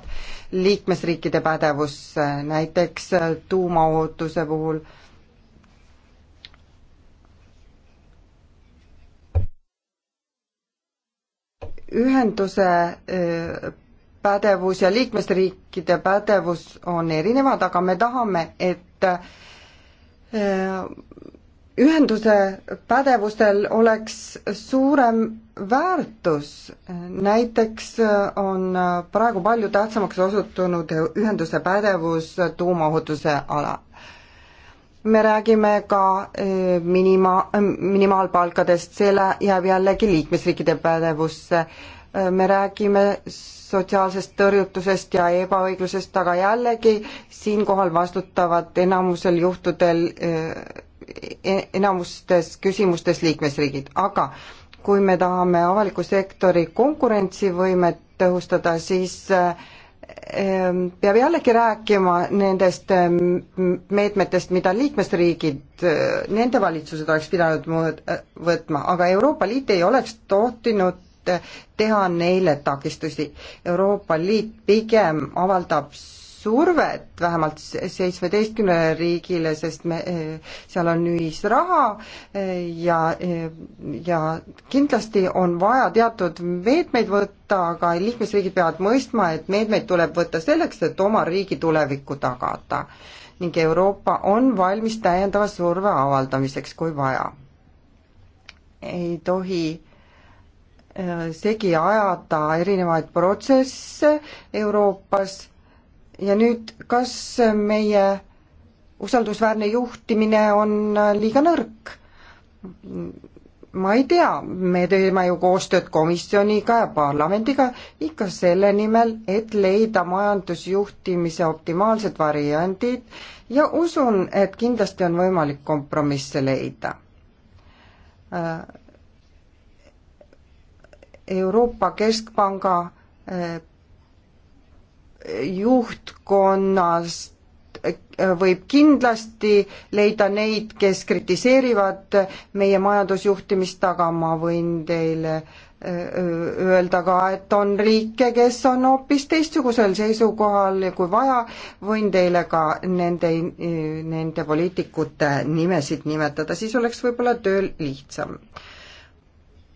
liikmesriikide pädevusse, näiteks eh, tuumaohutuse puhul. ühenduse eh, pädevus ja liikmesriikide pädevus on erinevad, aga me tahame, et ühenduse pädevustel oleks suurem väärtus, näiteks äh, on äh, praegu palju tähtsamaks osutunud e-, ühenduse pädevus tuumaohutuse alal. me räägime ka äh, minima-, minimaalpalkadest, see lä-, jääb jällegi liikmesriikide pädevusse, me räägime sotsiaalsest tõrjutusest ja ebaõiglusest, aga jällegi siinkohal vastutavad enamusel juhtudel E-, enamustes küsimustes liikmesriigid, aga kui me tahame avaliku sektori konkurentsivõimet tõhustada, siis ehm, peab jällegi rääkima nendest ehm, meetmetest, mida liikmesriigid, nende valitsused oleks pidanud võtma, aga Euroopa Liit ei oleks tohtinud teha neile takistusi. Euroopa Liit pigem avaldab survet vähemalt seitsmeteistkümnele riigile, sest me, seal on ühisraha ja, ja kindlasti on vaja teatud meetmeid võtta, aga liikmesriigid peavad mõistma, et meetmeid tuleb võtta selleks, et oma riigi tulevikku tagada. ning Euroopa on valmis täiendava surve avaldamiseks, kui vaja. ei tohi äh, segi ajada erinevaid protsesse Euroopas ja nüüd, kas meie usaldusväärne juhtimine on liiga nõrk? ma ei tea, me teeme ju koostööd komisjoniga ja parlamendiga ikka selle nimel, et leida majandusjuhtimise optimaalsed variandid ja usun, et kindlasti on võimalik kompromisse leida. Äh, Euroopa Keskpanga äh, juhtkonnast eh, võib kindlasti leida neid, kes kritiseerivad meie majandusjuhtimist, aga ma võin teile eh, öelda ka, et on riike, kes on hoopis teistsugusel seisukohal ja kui vaja, võin teile ka nende, eh, nende poliitikute nimesid nimetada, siis oleks võib-olla tööl lihtsam.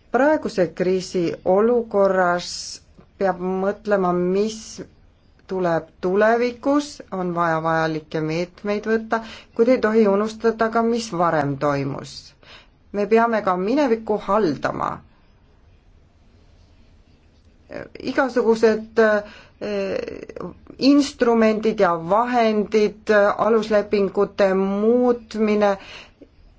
praeguse kriisi olukorras peab mõtlema, mis tuleb tulevikus, on vaja vajalikke meetmeid võtta, kuid ei tohi unustada ka, mis varem toimus. me peame ka minevikku haldama. igasugused eh, instrumendid ja vahendid, aluslepingute muutmine,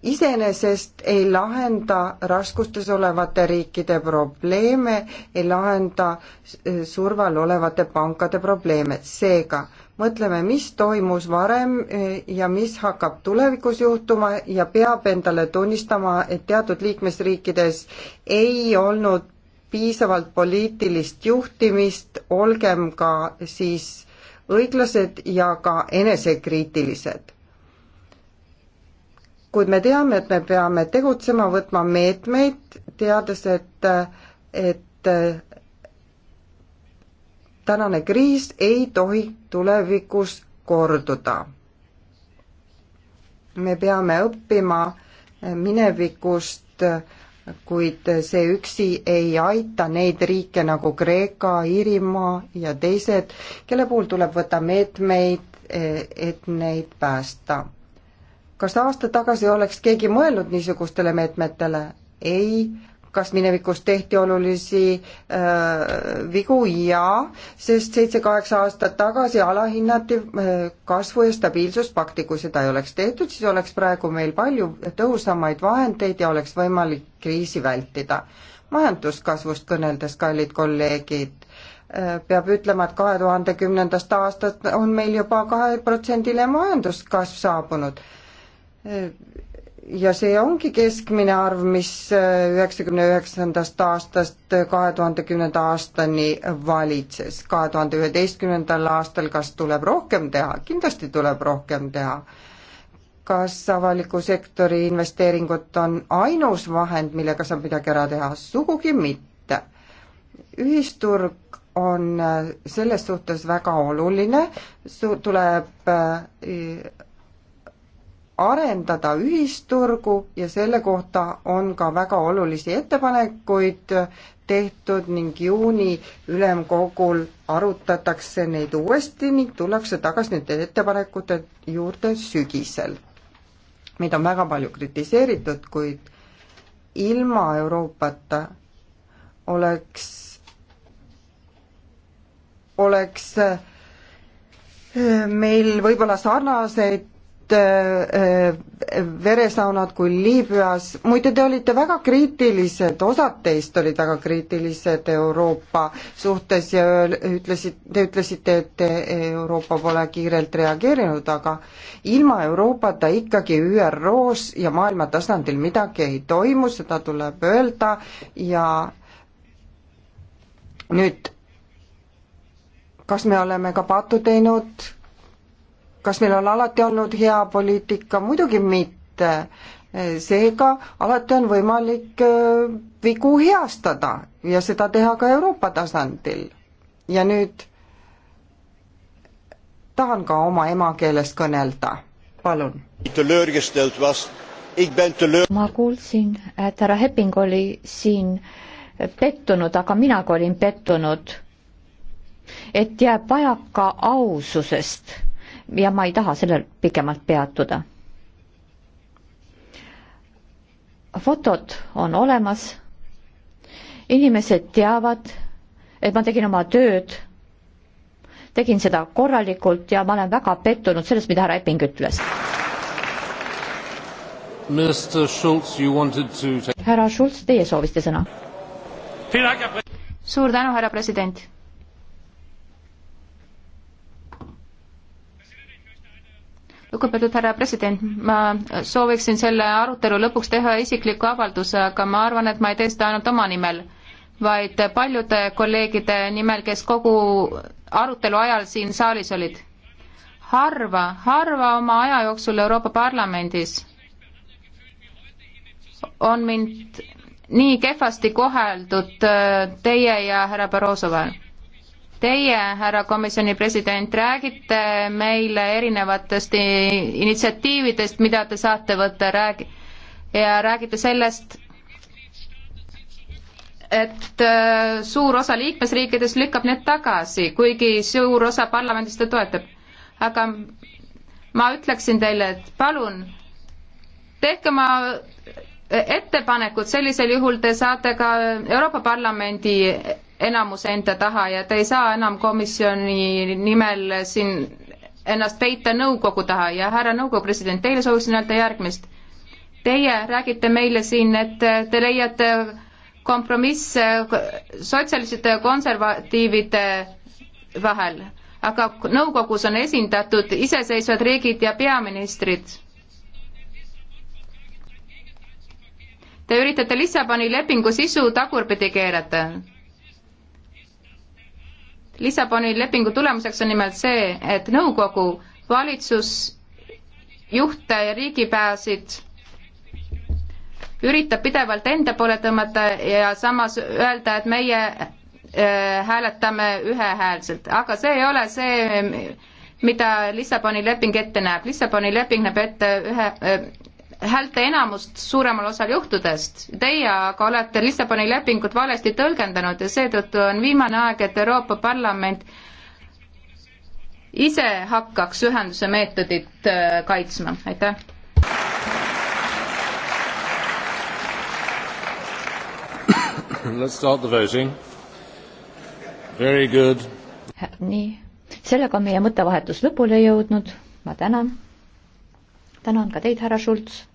iseenesest ei lahenda raskustes olevate riikide probleeme, ei lahenda eh, surval olevate pankade probleeme, seega mõtleme, mis toimus varem eh, ja mis hakkab tulevikus juhtuma ja peab endale tunnistama, et teatud liikmesriikides ei olnud piisavalt poliitilist juhtimist, olgem ka siis õiglased ja ka enesekriitilised kuid me teame, et me peame tegutsema, võtma meetmeid, teades, et, et tänane kriis ei tohi tulevikus korduda. me peame õppima minevikust, kuid see üksi ei aita neid riike nagu Kreeka, Iirimaa ja teised, kelle puhul tuleb võtta meetmeid, et neid päästa kas aasta tagasi oleks keegi mõelnud niisugustele meetmetele? ei. kas minevikus tehti olulisi äh, vigu? jaa, sest seitse-kaheksa aastat tagasi alahinnati äh, kasvu- ja stabiilsuspakti, kui seda ei oleks tehtud, siis oleks praegu meil palju tõhusamaid vahendeid ja oleks võimalik kriisi vältida. majanduskasvust kõneldes, kallid kolleegid äh, peab ütlema, et kahe tuhande kümnendast aastast on meil juba kaheprotsendine majanduskasv saabunud ja see ongi keskmine arv, mis äh, üheksakümne üheksandast aastast äh, kahe tuhande kümnenda aastani valitses. kahe tuhande üheteistkümnendal aastal kas tuleb rohkem teha? kindlasti tuleb rohkem teha. kas avaliku sektori investeeringud on ainus vahend, millega saab midagi ära teha? sugugi mitte. ühisturg on äh, selles suhtes väga oluline, tuleb arendada ühisturgu ja selle kohta on ka väga olulisi ettepanekuid tehtud ning juuni ülemkogul arutatakse neid uuesti ning tullakse tagasi nende ettepanekute juurde sügisel. meid on väga palju kritiseeritud, kuid ilma Euroopata oleks, oleks äh, meil võib-olla sarnaseid Äh, veresaunad kui Liibüas, muide te olite väga kriitilised, osad teist olid väga kriitilised Euroopa suhtes ja ütlesid, te ütlesite, et Euroopa pole kiirelt reageerinud, aga ilma Euroopata ikkagi ÜRO-s ja maailma tasandil midagi ei toimu, seda tuleb öelda ja nüüd kas me oleme ka patu teinud kas meil on alati olnud hea poliitika, muidugi mitte. seega alati on võimalik äh, vigu heastada ja seda teha ka Euroopa tasandil. ja nüüd tahan ka oma emakeeles kõnelda, palun. ma kuulsin, et härra Hepping oli siin pettunud, aga minagi olin pettunud, et jääb vajaka aususest ja ma ei taha sellel pikemalt peatuda. fotod on olemas, inimesed teavad, et ma tegin oma tööd, tegin seda korralikult ja ma olen väga pettunud sellest, mida härra Epping ütles. härra Schulz, teie soovisite sõna? suur tänu, härra president lugupeetud härra president, ma sooviksin selle arutelu lõpuks teha isikliku avalduse, aga ma arvan, et ma ei tee seda ainult oma nimel, vaid paljude kolleegide nimel, kes kogu arutelu ajal siin saalis olid. harva, harva oma aja jooksul Euroopa Parlamendis on mind nii kehvasti koheldud äh, teie ja härra Barroso vahel Teie, härra komisjoni president, räägite meile erinevatest initsiatiividest, mida te saate võtta, räägi- ja räägite sellest, et äh, suur osa liikmesriikidest lükkab need tagasi, kuigi suur osa parlamendist seda toetab. aga ma ütleksin teile, et palun tehke oma äh, ettepanekud, sellisel juhul te saate ka Euroopa Parlamendi enamuse enda taha ja te ei saa enam komisjoni nimel siin ennast peita nõukogu taha ja härra nõukogu president, teile sooviksin öelda järgmist. Teie räägite meile siin, et te leiate kompromisse sotsialistide ja konservatiivide vahel, aga nõukogus on esindatud iseseisvad riigid ja peaministrid. Te üritate Lissaboni lepingu sisu tagurpidi keerata Lissaboni lepingu tulemuseks on nimelt see, et nõukogu, valitsus, juhte ja riigipääsid üritab pidevalt enda poole tõmmata ja samas öelda, et meie äh, hääletame ühehäälselt, aga see ei ole see, mida Lissaboni leping ette näeb. Lissaboni leping näeb ette ühe, äh, häälte enamust suuremal osal juhtudest. Teie aga olete Lissaboni lepingut valesti tõlgendanud ja seetõttu on viimane aeg, et Euroopa Parlament ise hakkaks ühenduse meetodit äh, kaitsma, aitäh. <coughs> Let's start the voting. Very good. nii, sellega on meie mõttevahetus lõpule jõudnud, ma tänan. tänan ka teid, härra Schultz